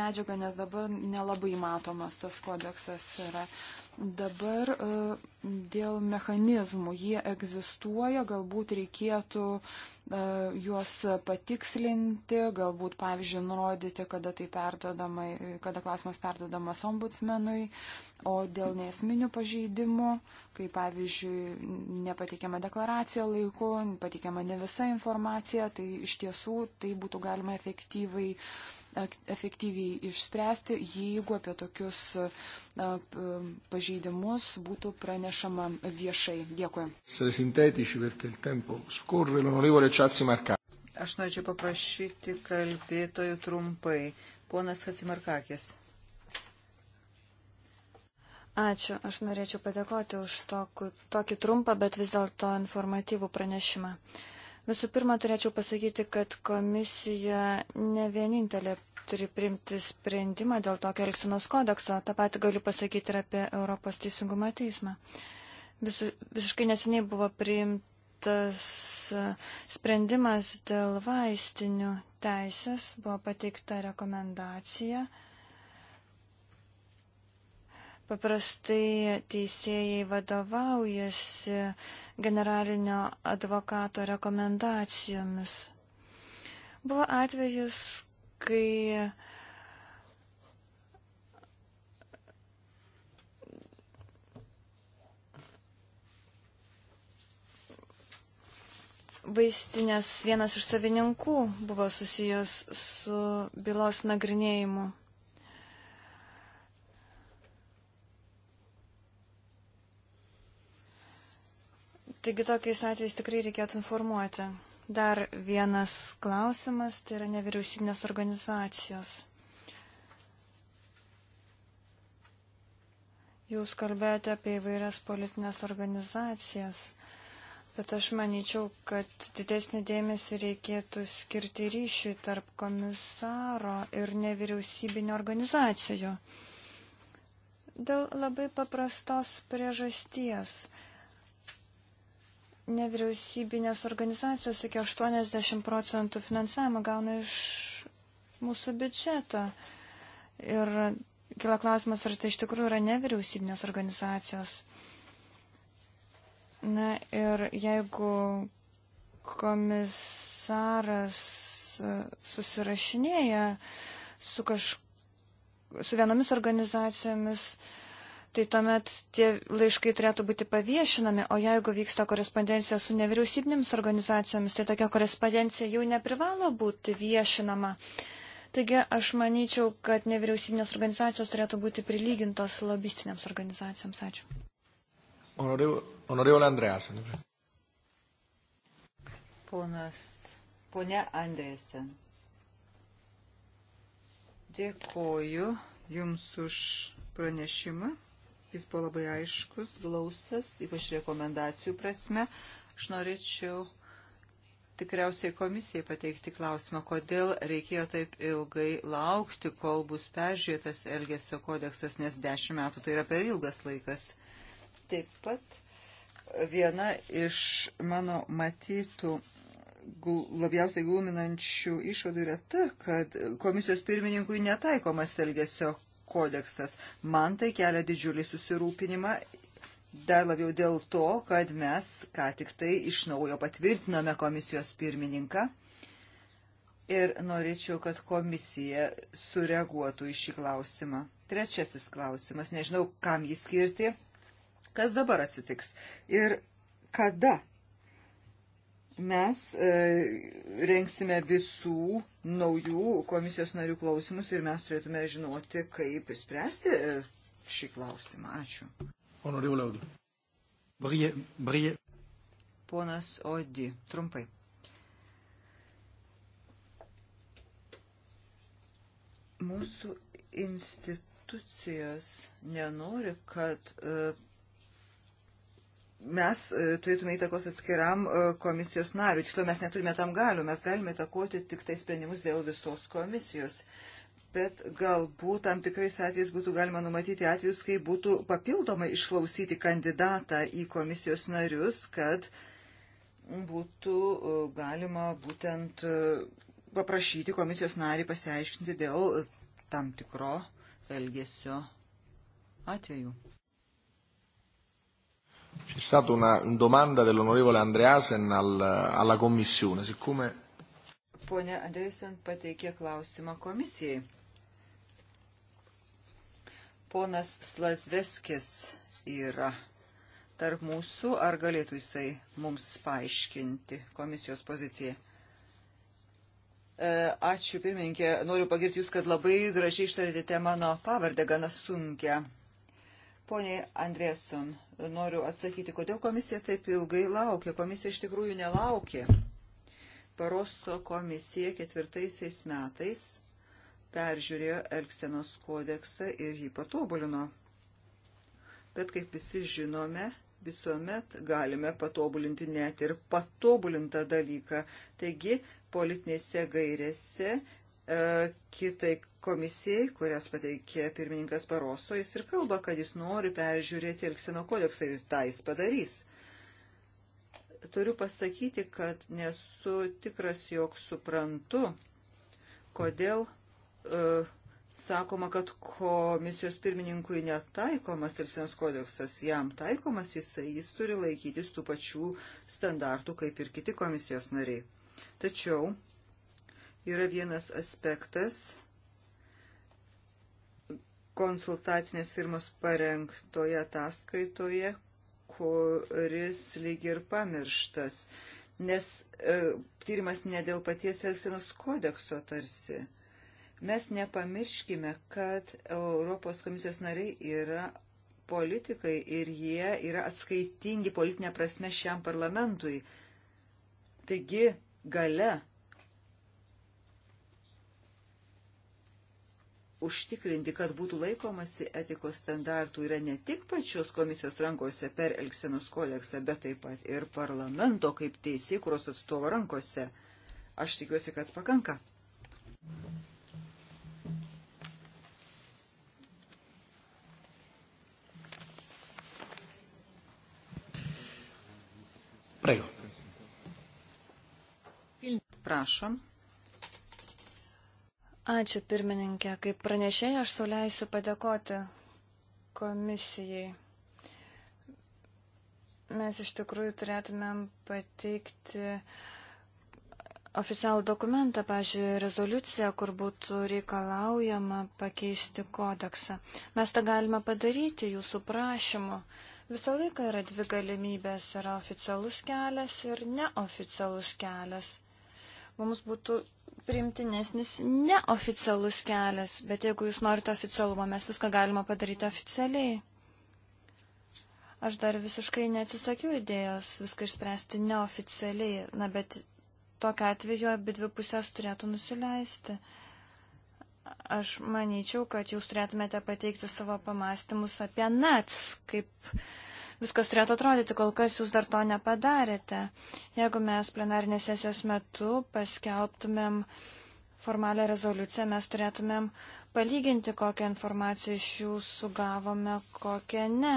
medžiagą, nes dabar nelabai matomas tas kodeksas yra. Dabar e, dėl mechanizmų. Jie egzistuoja, galbūt reikėtų e, juos patikslinti, galbūt, pavyzdžiui, nurodyti, kada, tai kada klausimas perdodamas ombudsmenui, o dėl nesminių pažeidimų, kai, pavyzdžiui, nepateikiama deklaracija laiku, pateikiama ne visa informacija, tai iš tiesų tai būtų galima efektyviai efektyviai išspręsti, jeigu apie tokius pažeidimus būtų pranešama viešai. Dėkui. Aš norėčiau paprašyti kalbėtojų trumpai. Ponas Hasimarkakis. Ačiū. Aš norėčiau padėkoti už tokį, tokį trumpą, bet vis dėlto informatyvų pranešimą. Uh, Visų pirma, turėčiau pasakyti, kad komisija ne vienintelė turi primti sprendimą dėl tokio elgsenos kodekso. Ta pati galiu pasakyti ir apie Europos teisingumo teismą. Visu, visiškai neseniai buvo priimtas sprendimas dėl vaistinių teisės, buvo pateikta rekomendacija. Uh, Paprastai teisėjai vadovaujasi generalinio advokato rekomendacijomis. Buvo atvejis, kai vaistinės vienas iš savininkų buvo susijęs su bylos nagrinėjimu. Taigi tokiais atvejais tikrai reikėtų informuoti. Dar vienas klausimas, tai yra nevyriausybinės organizacijos. Jūs kalbėjote apie įvairias politinės organizacijas, bet aš manyčiau, kad didesnį dėmesį reikėtų skirti ryšiui tarp komisaro ir nevyriausybinio organizacijų. Dėl labai paprastos priežasties nevyriausybinės organizacijos iki 80 procentų finansavimą gauna iš mūsų biudžeto. Ir kila klausimas, ar tai iš tikrųjų yra nevyriausybinės organizacijos. Na ir jeigu komisaras e, susirašinėja su, kaž... su vienomis organizacijomis, uh, tai tuomet tie laiškai turėtų būti paviešinami, o jeigu vyksta korespondencija su nevyriausybinėms organizacijomis, tai tokia korespondencija jau neprivalo būti viešinama. Taigi aš manyčiau, kad nevyriausybinės organizacijos turėtų būti prilygintos lobistinėms organizacijoms. Ačiū. Honorevole Andreasen. Ponas, ponia Andresen. Dėkoju Jums už pranešimą. Jis buvo labai aiškus, glaustas, ypač rekomendacijų prasme. Aš norėčiau tikriausiai komisijai pateikti klausimą, kodėl reikėjo taip ilgai laukti, kol bus peržiūrėtas Elgesio kodeksas, nes dešimt metų tai yra per ilgas laikas. Taip pat viena iš mano matytų labiausiai gluminančių išvadų yra ta, kad komisijos pirmininkui netaikomas elgesio kodeksas. Man tai kelia didžiulį susirūpinimą. Dar labiau dėl to, kad mes ką tik tai iš naujo patvirtinome komisijos pirmininką ir norėčiau, kad komisija sureaguotų į šį klausimą. Trečiasis klausimas, nežinau, kam jį skirti, kas dabar atsitiks ir kada Mes e, rengsime visų naujų komisijos narių klausimus ir mes turėtume žinoti, kaip spręsti e, šį klausimą. Ačiū. Honorėjau liaudį. Brie, brie. Ponas Odi, trumpai. Mūsų institucijos nenori, kad e, mes e, turėtume įtakos atskiram e, komisijos nariui. Tiksliau, mes neturime tam galių, mes galime įtakoti tik tai sprendimus dėl visos komisijos. Bet galbūt tam tikrais atvejais būtų galima numatyti atvejus, kai būtų papildomai išklausyti kandidatą į komisijos narius, kad būtų e, galima būtent paprašyti komisijos narį pasiaiškinti dėl tam tikro elgesio atveju. C'è stata una domanda dell'onorevole Andreasen al, alla Commissione. Siccome... Pone Andreasen pateikė klausimą komisijai. Ponas Slazveskis yra tarp mūsų, ar galėtų jisai mums paaiškinti komisijos poziciją? E, ačiū, pirmininkė. Noriu pagirti Jūs, kad labai gražiai ištarėte mano pavardę, gana sunkia. Pone Andreson, noriu atsakyti, kodėl komisija taip ilgai laukia. Komisija iš tikrųjų nelaukė. Paroso komisija ketvirtaisiais metais peržiūrėjo Elksenos kodeksą ir jį patobulino. Bet kaip visi žinome, visuomet galime patobulinti net ir patobulintą dalyką. Taigi, politinėse gairėse E, kitai komisijai, kurias pateikė pirmininkas Baroso, jis ir kalba, kad jis nori peržiūrėti Elksino kodeksą ir jis tą jis padarys. Turiu pasakyti, kad nesu tikras, jog suprantu, kodėl uh, sakoma, kad komisijos pirmininkui netaikomas Elksinos kodeksas, jam taikomas jisai, jis turi laikytis tų pačių standartų kaip ir kiti komisijos nariai. Tačiau Yra vienas aspektas konsultacinės firmos parengtoje ataskaitoje, kuris lyg ir pamirštas, nes e, tyrimas ne dėl paties Elsinos kodekso tarsi. Mes nepamirškime, kad Europos komisijos nariai yra politikai ir jie yra atskaitingi politinė prasme šiam parlamentui. Taigi, gale užtikrinti, kad būtų laikomasi etikos standartų yra ne tik pačios komisijos rankose per Elksenos kodeksą, bet taip pat ir parlamento kaip teisėkuros atstovo rankose. Aš tikiuosi, kad pakanka. Prego. Prašom. Ačiū pirmininkė. Kaip pranešėjai, aš suleisiu padėkoti komisijai. Mes iš tikrųjų turėtumėm pateikti oficialų dokumentą, pažiūrėjau, rezoliuciją, kur būtų reikalaujama pakeisti kodeksą. Mes tą galime padaryti jūsų prašymu. Visą laiką yra dvi galimybės - yra oficialus kelias ir neoficialus kelias mums būtų primtinesnis neoficialus kelias, bet jeigu jūs norite oficialumą, mes viską galima padaryti oficialiai. Aš dar visiškai neatsisakiau idėjos viską išspręsti neoficialiai, na bet tokia atveju abi dvi pusės turėtų nusileisti. Aš manyčiau, kad jūs turėtumėte pateikti savo pamastymus apie NATS, kaip uh, viskas turėtų atrodyti, kol kas jūs dar to nepadarėte. Jeigu mes plenarinės sesijos metu paskelbtumėm formalią rezoliuciją, mes turėtumėm palyginti, kokią informaciją iš jūsų gavome, kokią ne.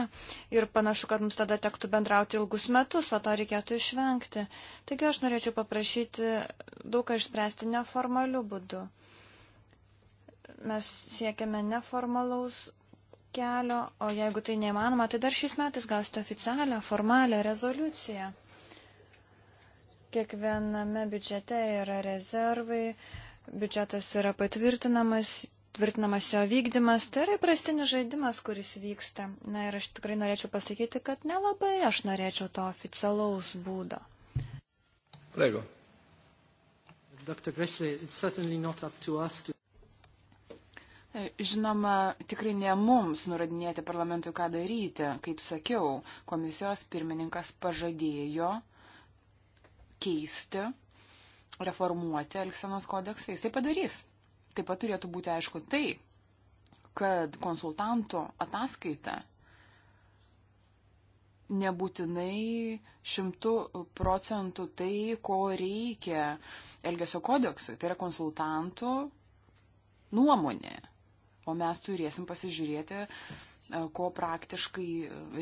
Ir panašu, kad mums tada tektų bendrauti ilgus metus, o to reikėtų išvengti. Taigi aš norėčiau paprašyti daug ką išspręsti neformaliu būdu. Mes siekiame neformalaus kelio, o jeigu tai neįmanoma, tai dar šiais metais gausite oficialią, formalią rezoliuciją. Kiekviename biudžete yra rezervai, biudžetas yra patvirtinamas, tvirtinamas jo vykdymas, tai yra įprastinis žaidimas, kuris vyksta. Na ir aš tikrai norėčiau pasakyti, kad nelabai aš norėčiau to oficialaus būdo. Prego. Dr. Gresley, it's certainly not up to us to... E, žinoma, tikrai ne mums nuradinėti parlamentui, ką daryti. Kaip sakiau, komisijos pirmininkas pažadėjo keisti, reformuoti Elksenos kodeksą. Jis tai padarys. Taip pat turėtų būti aišku tai, kad konsultantų ataskaita nebūtinai šimtų procentų tai, ko reikia Elgesio kodeksui. Tai yra konsultantų nuomonė O mes turėsim pasižiūrėti, e, ko praktiškai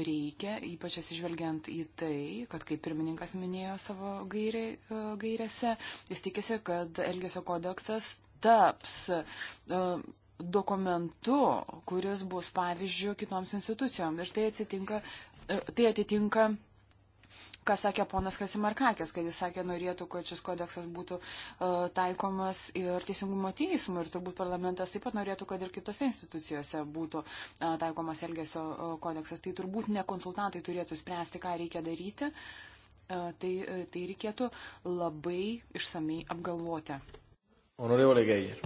reikia, ypač atsižvelgiant į tai, kad kaip pirmininkas minėjo savo gairė, e, gairėse, jis tikisi, kad Elgesio kodeksas taps e, dokumentu, kuris bus pavyzdžių kitoms institucijom. Ir tai, atsitinka, tai atitinka ką sakė ponas Krasimarkakis, kad jis sakė, norėtų, kad šis kodeksas būtų uh, taikomas ir teisingumo teismui. Ir turbūt parlamentas taip pat norėtų, kad ir kitose institucijose būtų uh, taikomas elgesio uh, kodeksas. Tai turbūt ne konsultantai turėtų spręsti, ką reikia daryti. Uh, tai, uh, tai reikėtų labai išsamei apgalvoti. Honorevole Geijer.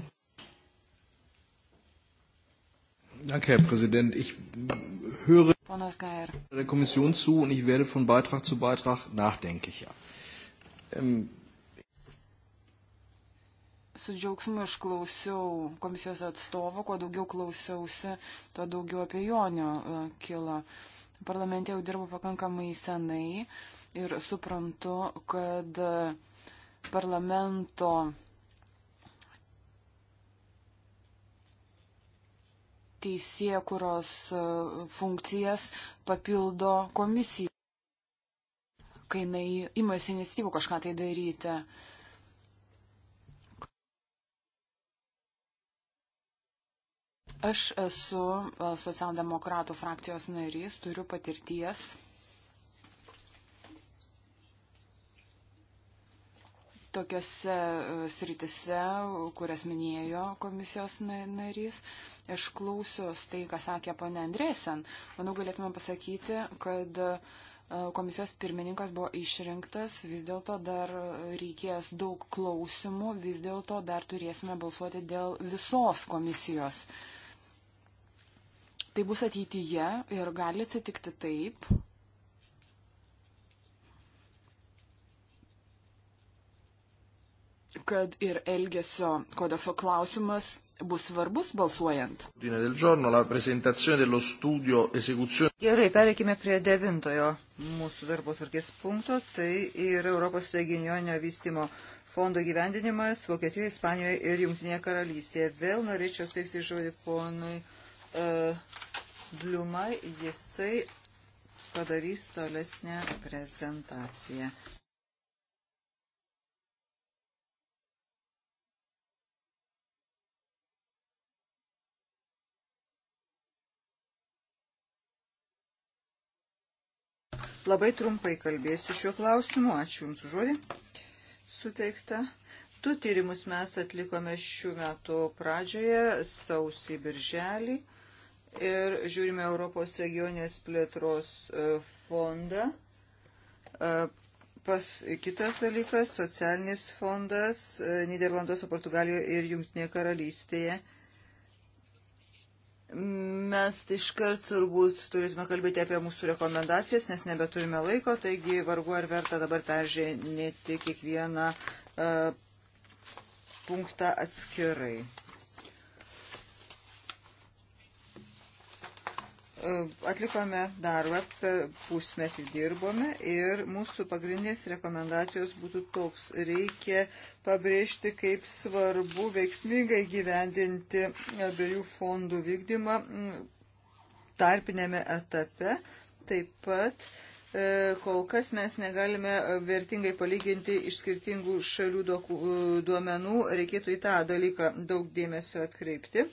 Danke, Herr Präsident. Ich höre. Ponas Gair. Der Kommission zu und ich werde von Beitrag zu Beitrag nachdenklicher. Ähm. Su džiaugsmu išklausiau komisijos atstovo, kuo daugiau klausiausi, tuo daugiau apie Jonio e, kilo. Parlamente jau dirbu pakankamai senai ir suprantu, kad e, parlamento teisėkuros e, funkcijas papildo komisija, kai jinai imasi iniciatyvų kažką tai daryti. Aš esu e, socialdemokratų frakcijos narys, turiu patirties tokiose e, sritise, kurias minėjo komisijos narys. Aš klausius tai, ką sakė ponė Andresen. Manau, galėtume pasakyti, kad e, komisijos pirmininkas buvo išrinktas, vis dėlto dar reikės daug klausimų, vis dėlto dar turėsime balsuoti dėl visos komisijos. Tai bus ateityje ir gali atsitikti taip, kad ir Elgesio kodekso klausimas bus svarbus balsuojant. Gerai, pereikime prie devintojo mūsų darbo tvarkės punkto. Tai yra Europos regioninio vystimo fondo gyvendinimas Vokietijoje, Ispanijoje ir Junktinėje karalystėje. Vėl norėčiau steigti žodį ponui uh, Bliumai. Jisai padarys tolesnę prezentaciją. Labai trumpai kalbėsiu šiuo klausimu. Ačiū Jums žodį. Suteikta. Du tyrimus mes atlikome šių metų pradžioje, sausį birželį. Ir žiūrime Europos regionės plėtros e, fondą. E, pas kitas dalykas - socialinis fondas e, Niderlanduose, Portugalijoje ir Junktinėje karalystėje Mes iškart turbūt turėtume kalbėti apie mūsų rekomendacijas, nes nebeturime laiko, taigi vargu ar verta dabar peržiūrėti kiekvieną uh, punktą atskirai. E, atlikome darbą, per pusmetį dirbome ir mūsų pagrindinės rekomendacijos būtų toks, reikia pabrėžti, kaip svarbu veiksmingai gyvendinti abiejų fondų vykdymą tarpinėme etape. Taip pat e, kol kas mes negalime vertingai palyginti iš skirtingų šalių duomenų, reikėtų į tą dalyką daug dėmesio atkreipti.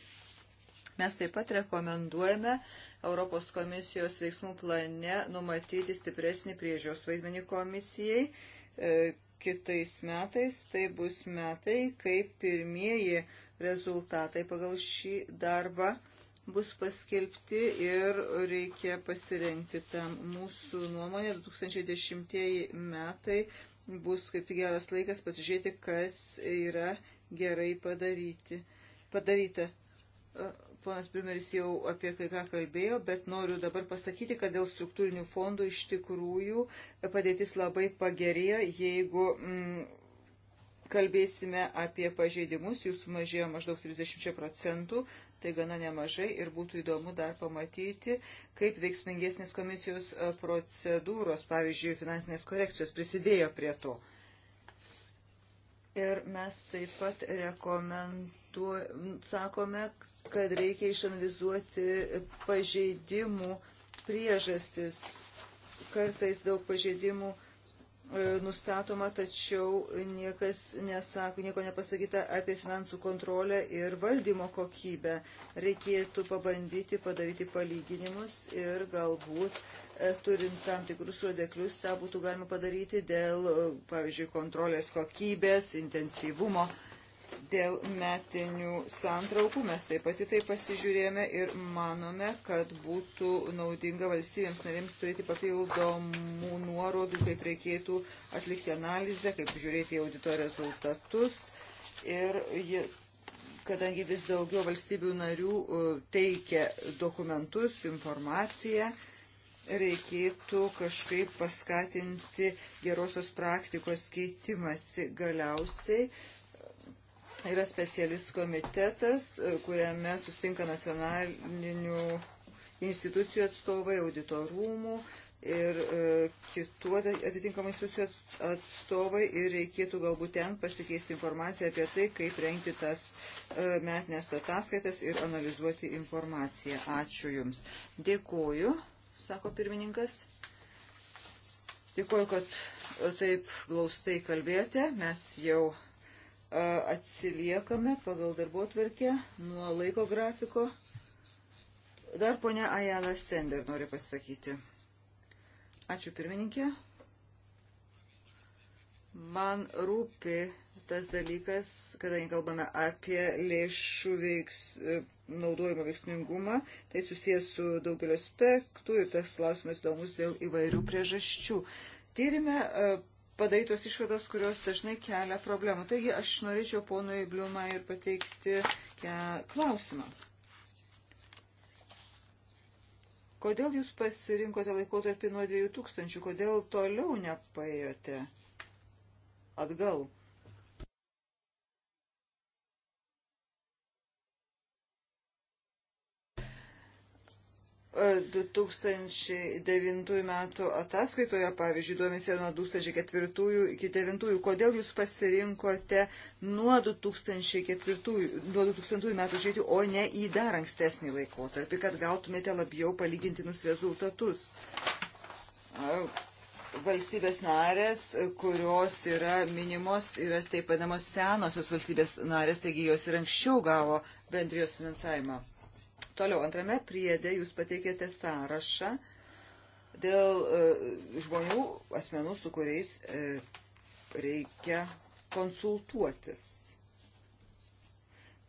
Mes taip pat rekomenduojame Europos komisijos veiksmų plane numatyti stipresnį priežiūros vaidmenį komisijai E, kitais metais. Tai bus metai, kai pirmieji rezultatai pagal šį darbą bus paskelbti ir reikia pasirengti tam mūsų nuomonė. 2010 metai bus kaip tik geras laikas pasižiūrėti, kas yra gerai padaryti. padaryta. E, Ponas Primeris jau apie kai ką kalbėjo, bet noriu dabar pasakyti, kad dėl struktūrinių fondų iš tikrųjų padėtis labai pagerėjo, jeigu mm, kalbėsime apie pažeidimus, jų sumažėjo maždaug 30 procentų, tai gana nemažai ir būtų įdomu dar pamatyti, kaip veiksmingesnės komisijos e, procedūros, pavyzdžiui, finansinės korekcijos prisidėjo prie to. Ir mes taip pat rekomenduojame, sakome, kad reikia išanalizuoti pažeidimų priežastis. Kartais daug pažeidimų e, nustatoma, tačiau niekas nesako, nieko nepasakyta apie finansų kontrolę ir valdymo kokybę. Reikėtų pabandyti padaryti palyginimus ir galbūt e, turint tam tikrus rodiklius, tą būtų galima padaryti dėl, e, pavyzdžiui, kontrolės kokybės, intensyvumo. Dėl metinių santraukų mes taip pat į tai pasižiūrėjome ir manome, kad būtų naudinga valstybėms narėms turėti papildomų nuorodų, kaip reikėtų atlikti analizę, kaip žiūrėti audito rezultatus. Ir jie, kadangi vis daugiau valstybių narių e, teikia dokumentus, informaciją, reikėtų kažkaip paskatinti gerosios praktikos keitimasi galiausiai Yra specialis komitetas, e, kuriame sustinka nacionalinių institucijų atstovai, auditorumų ir e, kitų atitinkamų institucijų atstovai ir reikėtų galbūt ten pasikeisti informaciją apie tai, kaip rengti tas e, metinės ataskaitas ir analizuoti informaciją. Ačiū Jums. Dėkuoju, sako pirmininkas. Dėkuoju, kad taip glaustai kalbėjote. Mes jau atsiliekame pagal darbo tvarkę nuo laiko grafiko. Dar ponia Ajala Sender nori pasakyti. Ačiū pirmininkė. Man rūpi tas dalykas, kadangi kalbame apie lėšų veiks, e, naudojimo veiksmingumą, tai susijęs su daugeliu aspektų ir tas klausimas įdomus dėl įvairių priežasčių. Tyrime e, padarytos išvados, kurios dažnai kelia problemų. Taigi aš norėčiau ponui Bliumai ir pateikti klausimą. Kodėl jūs pasirinkote laikotarpį nuo 2000? Kodėl toliau nepaėjote atgal? 2009 metų ataskaitoje, pavyzdžiui, duomenys nuo 2004 iki 2009. Kodėl jūs pasirinkote nuo 2004, nuo 2000 metų žiūrėti, o ne į dar ankstesnį laikotarpį, kad gautumėte labiau palygintinus rezultatus? Valstybės narės, kurios yra minimos, yra taip vadinamos senosios valstybės narės, taigi jos ir anksčiau gavo bendrijos finansavimą. Toliau, antrame priedė jūs pateikėte sąrašą dėl e, žmonių, asmenų, su kuriais e, reikia konsultuotis.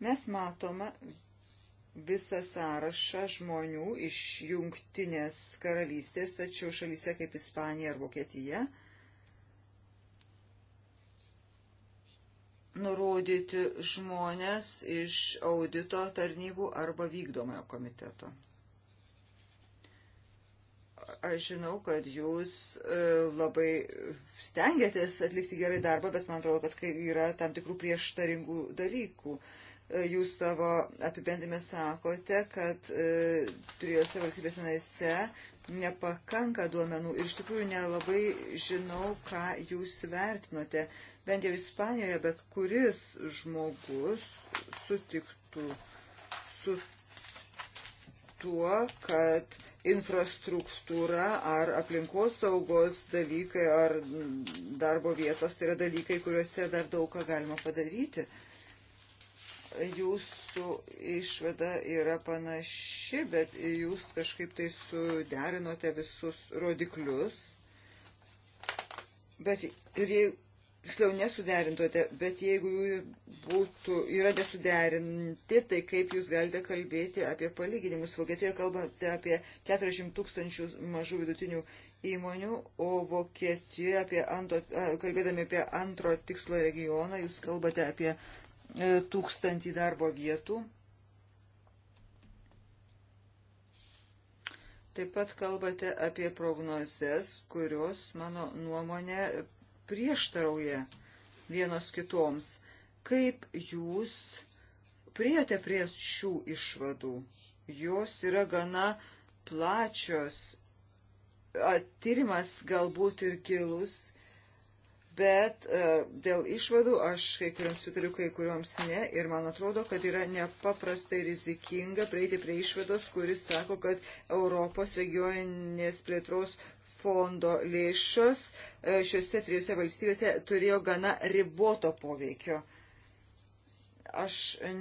Mes matome visą sąrašą žmonių iš jungtinės karalystės, tačiau šalyse kaip Ispanija ar Vokietija – nurodyti žmonės iš audito tarnybų arba vykdomojo komiteto. Aš žinau, kad jūs e, labai stengiatės atlikti gerai darbą, bet man atrodo, kad yra tam tikrų prieštaringų dalykų e, jūs savo apibendrime sakote, kad e, trijose valstybės narėse nepakanka duomenų ir iš tikrųjų nelabai žinau, ką jūs vertinote bent jau Ispanijoje, bet kuris žmogus sutiktų su tuo, kad infrastruktūra ar aplinkos saugos dalykai ar darbo vietos tai yra dalykai, kuriuose dar daug ką galima padaryti. Jūsų išvada yra panaši, bet jūs kažkaip tai suderinote visus rodiklius. Bet ir jeigu tiksliau nesuderintote, bet jeigu jų būtų, yra nesuderinti, tai kaip jūs galite kalbėti apie palyginimus? Vokietijoje kalbate apie 40 tūkstančių mažų vidutinių įmonių, o Vokietijoje apie antro, kalbėdami apie antro tikslo regioną, jūs kalbate apie e, tūkstantį darbo vietų. Taip pat kalbate apie prognozes, kurios, mano nuomonė, prieštarauja vienos kitoms. Kaip jūs priejote prie šių išvadų? Jos yra gana plačios, tyrimas galbūt ir gilus, bet e, dėl išvadų aš kai kuriams pritariu, kai kuriams ne. Ir man atrodo, kad yra nepaprastai rizikinga prieiti prie išvados, kuris sako, kad Europos regioninės plėtros fondo lėšos e, šiuose trijose valstybėse turėjo gana riboto poveikio. Aš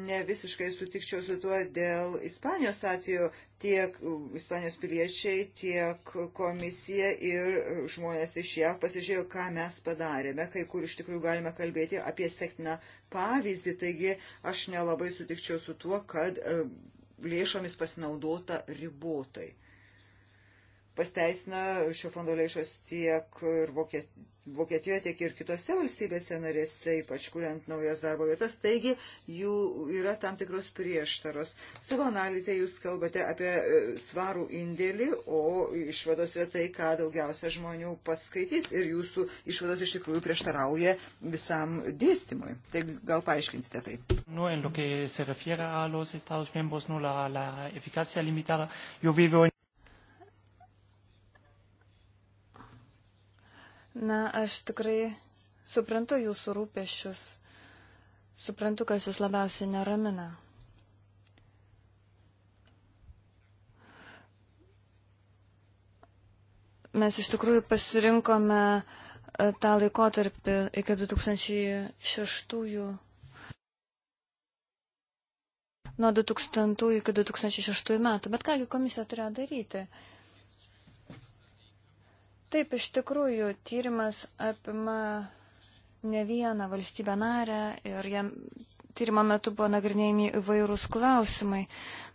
ne visiškai sutikčiau su tuo dėl Ispanijos atveju, tiek Ispanijos piliečiai, tiek komisija ir žmonės iš JAV pasižiūrėjo, ką mes padarėme, kai kur iš tikrųjų galime kalbėti apie sektiną pavyzdį, taigi aš nelabai sutikčiau su tuo, kad e, lėšomis pasinaudota ribotai pasteisina šio fondo lėšos tiek ir Vokietijoje, tiek ir kitose valstybėse narėse, ypač kuriant naujas darbo vietas. Taigi jų yra tam tikros prieštaros. Savo analizė jūs kalbate apie e, svarų indėlį, o išvados yra tai, ką daugiausia žmonių paskaitys ir jūsų išvados iš tikrųjų prieštarauja visam dėstymui. Tai gal paaiškinsite tai. No, en lo que se refiere a los Estados miembros, no la, la eficacia limitada. Yo vivo en Na, aš tikrai suprantu jūsų rūpešius, suprantu, kas jūs labiausiai neramina. Mes iš tikrųjų pasirinkome e, tą laikotarpį iki 2006 nuo 2000 iki 2006 metų. Bet kągi komisija turėjo daryti? Taip, iš tikrųjų, tyrimas apima ne vieną valstybę narę ir jam tyrimo metu buvo nagrinėjami įvairūs klausimai.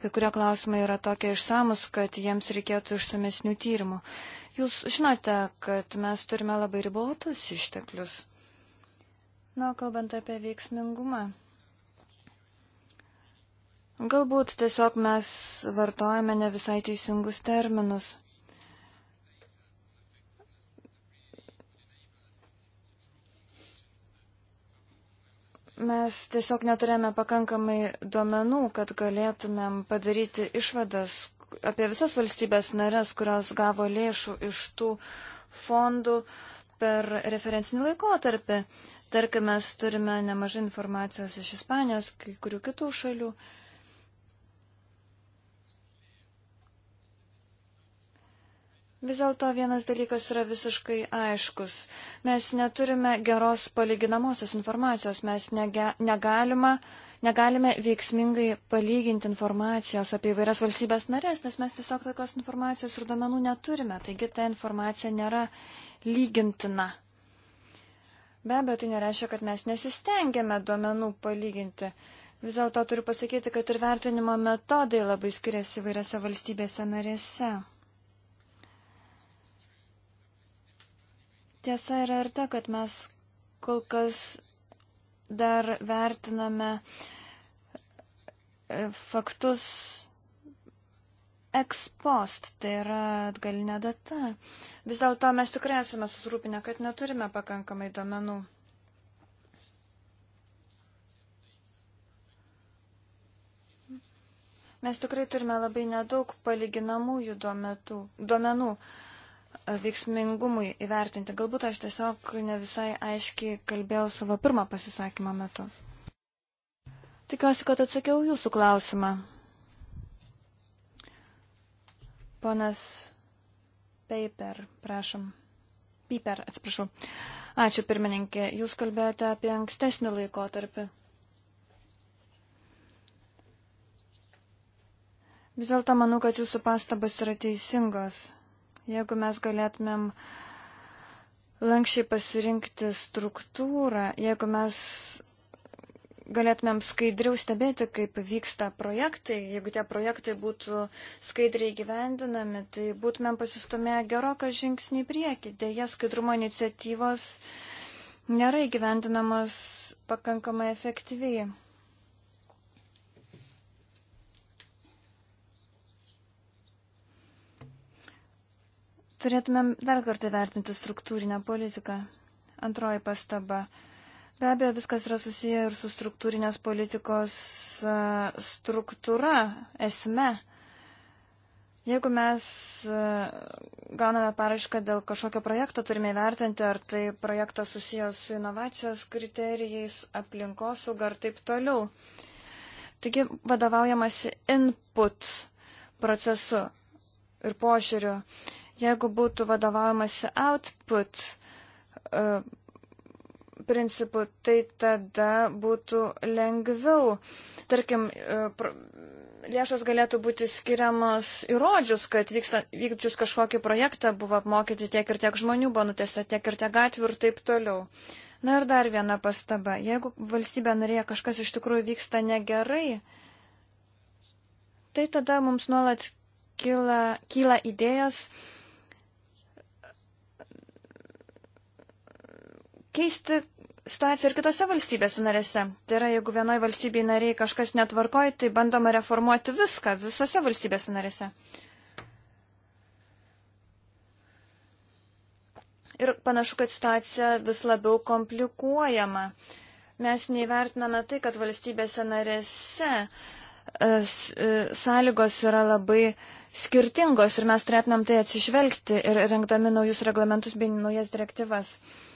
Kai kurie klausimai yra tokie išsamus, kad jiems reikėtų išsamesnių tyrimų. Jūs žinote, kad mes turime labai ribotus išteklius. Na, kalbant apie veiksmingumą. Galbūt tiesiog mes vartojame ne visai teisingus terminus. Mes tiesiog neturėjome pakankamai duomenų, kad galėtumėm padaryti išvadas apie visas valstybės narės, kurios gavo lėšų iš tų fondų per referencinį laikotarpį. Tarkime, mes turime nemažai informacijos iš Ispanijos, kai kurių kitų šalių. Uh, Vis dėlto vienas dalykas yra visiškai aiškus. Mes neturime geros palyginamosios informacijos, mes nege, negalima, negalime veiksmingai palyginti informacijos apie įvairias valstybės narės, nes mes tiesiog tokios informacijos ir domenų neturime, taigi ta informacija nėra lygintina. Be abejo, tai nereiškia, kad mes nesistengėme duomenų palyginti. Vis dėlto turiu pasakyti, kad ir vertinimo metodai labai skiriasi įvairiose valstybėse narėse. Tiesa yra ir ta, kad mes kol kas dar vertiname e, faktus ex post, tai yra atgalinė data. Vis dėlto mes tikrai esame susirūpinę, kad neturime pakankamai duomenų. Mes tikrai turime labai nedaug palyginamųjų duometų, duomenų. duomenų veiksmingumui įvertinti. Galbūt aš tiesiog ne visai aiškiai kalbėjau savo pirmą pasisakymą metu. Tikiuosi, kad atsakiau jūsų klausimą. Ponas Paper, prašom. Piper, atsiprašau. Ačiū, pirmininkė. Jūs kalbėjote apie ankstesnį laikotarpį. Vis dėlto manau, kad jūsų pastabas yra teisingos. Jeigu mes galėtumėm lankščiai pasirinkti struktūrą, jeigu mes galėtumėm skaidriau stebėti, kaip vyksta projektai, jeigu tie projektai būtų skaidriai gyvendinami, tai būtumėm pasistumėję geroką žingsnį į priekį. Deja, skaidrumo iniciatyvos nėra įgyvendinamos pakankamai efektyviai. Turėtumėm dar kartą vertinti struktūrinę politiką. Antroji pastaba. Be abejo, viskas yra susiję ir su struktūrinės politikos e, struktūra, esme. Jeigu mes e, gauname parašką dėl kažkokio projekto, turime įvertinti, ar tai projektas susijęs su inovacijos kriterijais, aplinkosauga ar taip toliau. Taigi vadovaujamasi input procesu ir požiūriu. Jeigu būtų vadovaujamasi output uh, principu, tai tada būtų lengviau. Tarkim, uh, lėšos galėtų būti skiriamos įrodžius, kad vyksta, vykdžius kažkokį projektą buvo apmokyti tiek ir tiek žmonių, buvo nutesta tiek ir tiek gatvių ir taip toliau. Na ir dar viena pastaba. Jeigu valstybė narėje kažkas iš tikrųjų vyksta negerai, tai tada mums nuolat kyla, kyla idėjas, keisti situaciją ir kitose valstybėse narėse. Tai yra, jeigu vienoje valstybėje nariai kažkas netvarkoja, tai bandoma reformuoti viską visose valstybėse narėse. Ir panašu, kad situacija vis labiau komplikuojama. Mes neįvertiname tai, kad valstybėse narėse e, e, sąlygos yra labai skirtingos ir mes turėtumėm tai atsižvelgti ir rengdami naujus reglamentus bei naujas direktyvas. Uh,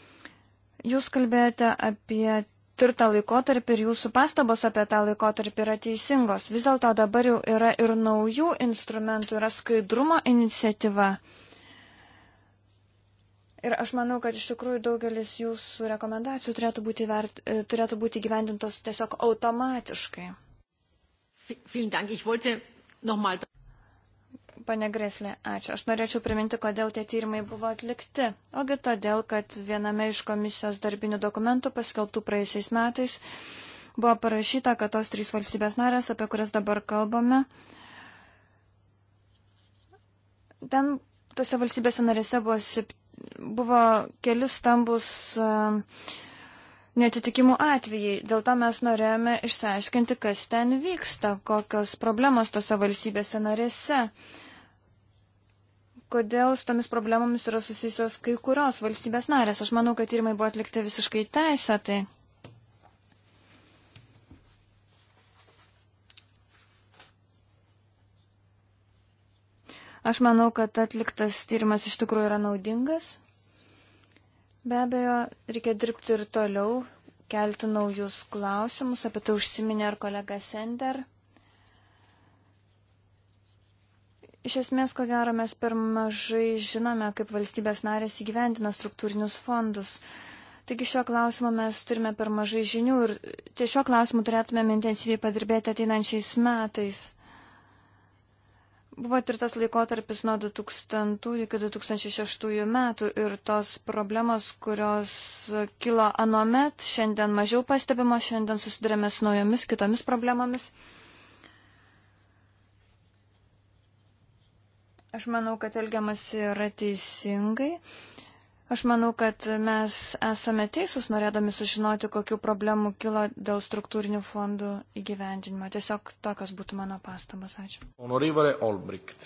Jūs kalbėjote apie tirtą laikotarpį ir jūsų pastabos apie tą laikotarpį yra teisingos. Vis dėlto dabar jau yra ir naujų instrumentų, yra skaidrumo iniciatyva. Ir aš manau, kad iš tikrųjų daugelis jūsų rekomendacijų turėtų būti, vert, e, turėtų būti gyvendintos tiesiog automatiškai. Vielen Dank. Ich wollte nochmal Pane Greslė, ačiū. Aš norėčiau priminti, kodėl tie tyrimai buvo atlikti. Ogi todėl, kad viename iš komisijos darbinių dokumentų paskelbtų praeisiais metais buvo parašyta, kad tos trys valstybės narės, apie kurias dabar kalbame, ten tose valstybėse narėse buvo, sip, buvo kelis stambus uh, e, netitikimų atvejai. Dėl to mes norėjome išsiaiškinti, kas ten vyksta, kokios problemos tose valstybėse narėse. Uh, kodėl su tomis problemomis yra susijusios kai kurios valstybės narės. Aš manau, kad tyrimai buvo atlikti visiškai teisėtai. Aš manau, kad atliktas tyrimas iš tikrųjų yra naudingas. Be abejo, reikia dirbti ir toliau, kelti naujus klausimus, apie tai užsiminė ir kolega Sender. Iš esmės, ko gero, mes per mažai žinome, kaip valstybės narės įgyvendina struktūrinius fondus. Taigi šio klausimo mes turime per mažai žinių ir ties šio klausimu turėtumėm intensyviai padirbėti ateinančiais metais. Buvo tirtas laikotarpis nuo 2000 iki 2006 metų ir tos problemos, kurios kilo anomet, šiandien mažiau pastebimo, šiandien susidurėme su naujomis kitomis problemomis. Aš manau, kad elgiamas yra teisingai. Aš manau, kad mes esame teisūs, norėdami sužinoti, kokiu problemu kilo dėl struktūrinių fondų įgyvendinimo. Tiesiog tokios būtų mano pastabas. Ačiū. Honorivare Olbricht.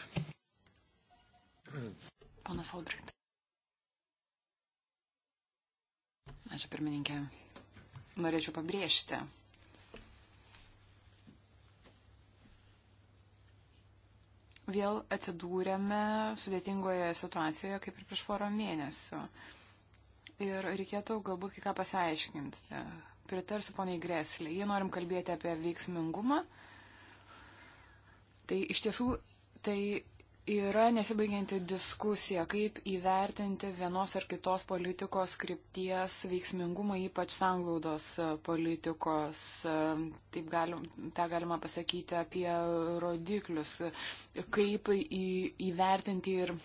Ponas Olbricht. Ačiū pirmininkė. Norėčiau pabrėžti, vėl atsidūrėme sudėtingoje situacijoje kaip ir prieš porą mėnesių. Ir reikėtų galbūt kai ką pasiaiškinti. Pritarsiu poniai Greslį. Jei norim kalbėti apie veiksmingumą, tai iš tiesų tai yra nesibaigianti diskusija, kaip įvertinti vienos ar kitos politikos krypties veiksmingumą, ypač sanglaudos e, politikos. E, taip galim, tą galima pasakyti apie rodiklius, kaip į, įvertinti ir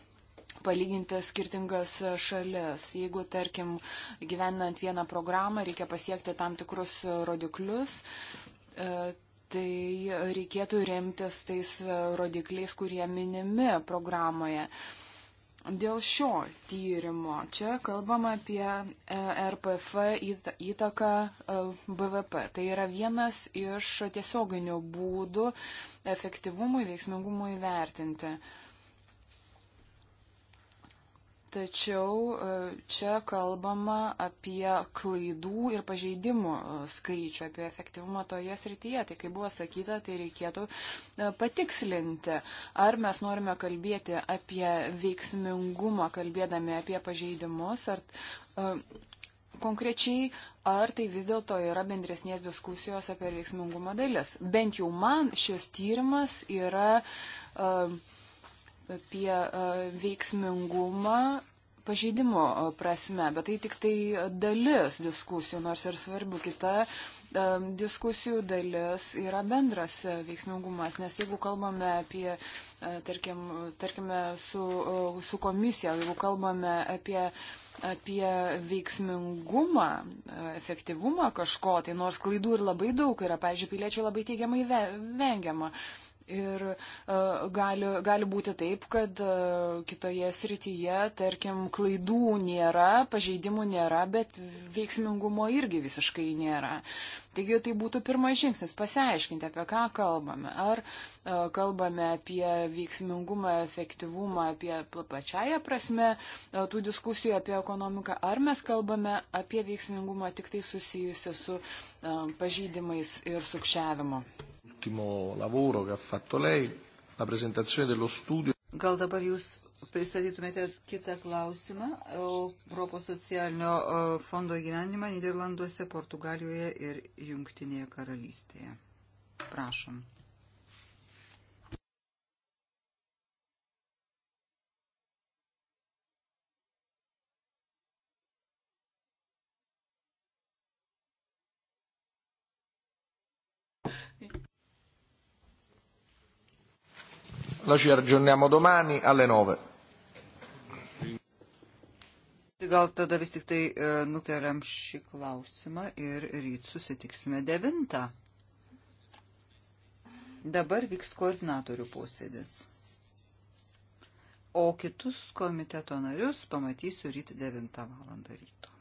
palyginti skirtingas šalis. Jeigu, tarkim, gyvenant vieną programą reikia pasiekti tam tikrus rodiklius, e, tai reikėtų remtis tais rodikliais, kurie minimi programoje. Dėl šio tyrimo čia kalbam apie e, RPF įtaką e, BVP. Tai yra vienas iš tiesioginių būdų efektyvumui, veiksmingumui vertinti. Uh, Tačiau e, čia kalbama apie klaidų ir pažeidimų e, skaičių, apie efektyvumą toje srityje. Tai kaip buvo sakyta, tai reikėtų e, patikslinti, ar mes norime kalbėti apie veiksmingumą, kalbėdami apie pažeidimus, ar konkrečiai, ar tai vis dėlto yra bendresnės diskusijos apie veiksmingumo dalis. Bent jau man šis tyrimas yra. Uh, apie e, veiksmingumą pažeidimo e, prasme, bet tai tik tai dalis diskusijų, nors ir svarbu kita e, diskusijų dalis yra bendras veiksmingumas, nes jeigu kalbame apie, tarkim, tarkime, su, su komisija, jeigu kalbame apie, apie veiksmingumą, efektyvumą kažko, tai nors klaidų ir labai daug yra, pavyzdžiui, piliečių labai teigiamai vengiama. Ve Ir e, gali, gali būti taip, kad e, kitoje srityje, tarkim, klaidų nėra, pažeidimų nėra, bet veiksmingumo irgi visiškai nėra. Taigi tai būtų pirmas žingsnis - pasiaiškinti, apie ką kalbame. Ar e, kalbame apie veiksmingumą, efektyvumą, apie plačiają prasme tų diskusijų apie ekonomiką, ar mes kalbame apie veiksmingumą tik tai susijusią su pažydimais ir sukčiavimu l'ultimo lavoro che ha fatto lei, la presentazione dello studio. Gal dabar jūs pristatytumėte kitą klausimą Europos socialinio fondo gyvenimą Niderlanduose, Portugalijoje ir Jungtinėje karalystėje. Prašom. la ci aggiorniamo domani alle 9. Gal tada vis tik tai e, nukeliam šį klausimą ir ryt susitiksime devintą. Dabar vyks koordinatorių posėdis. O kitus komiteto narius pamatysiu ryt 9 val. ryto.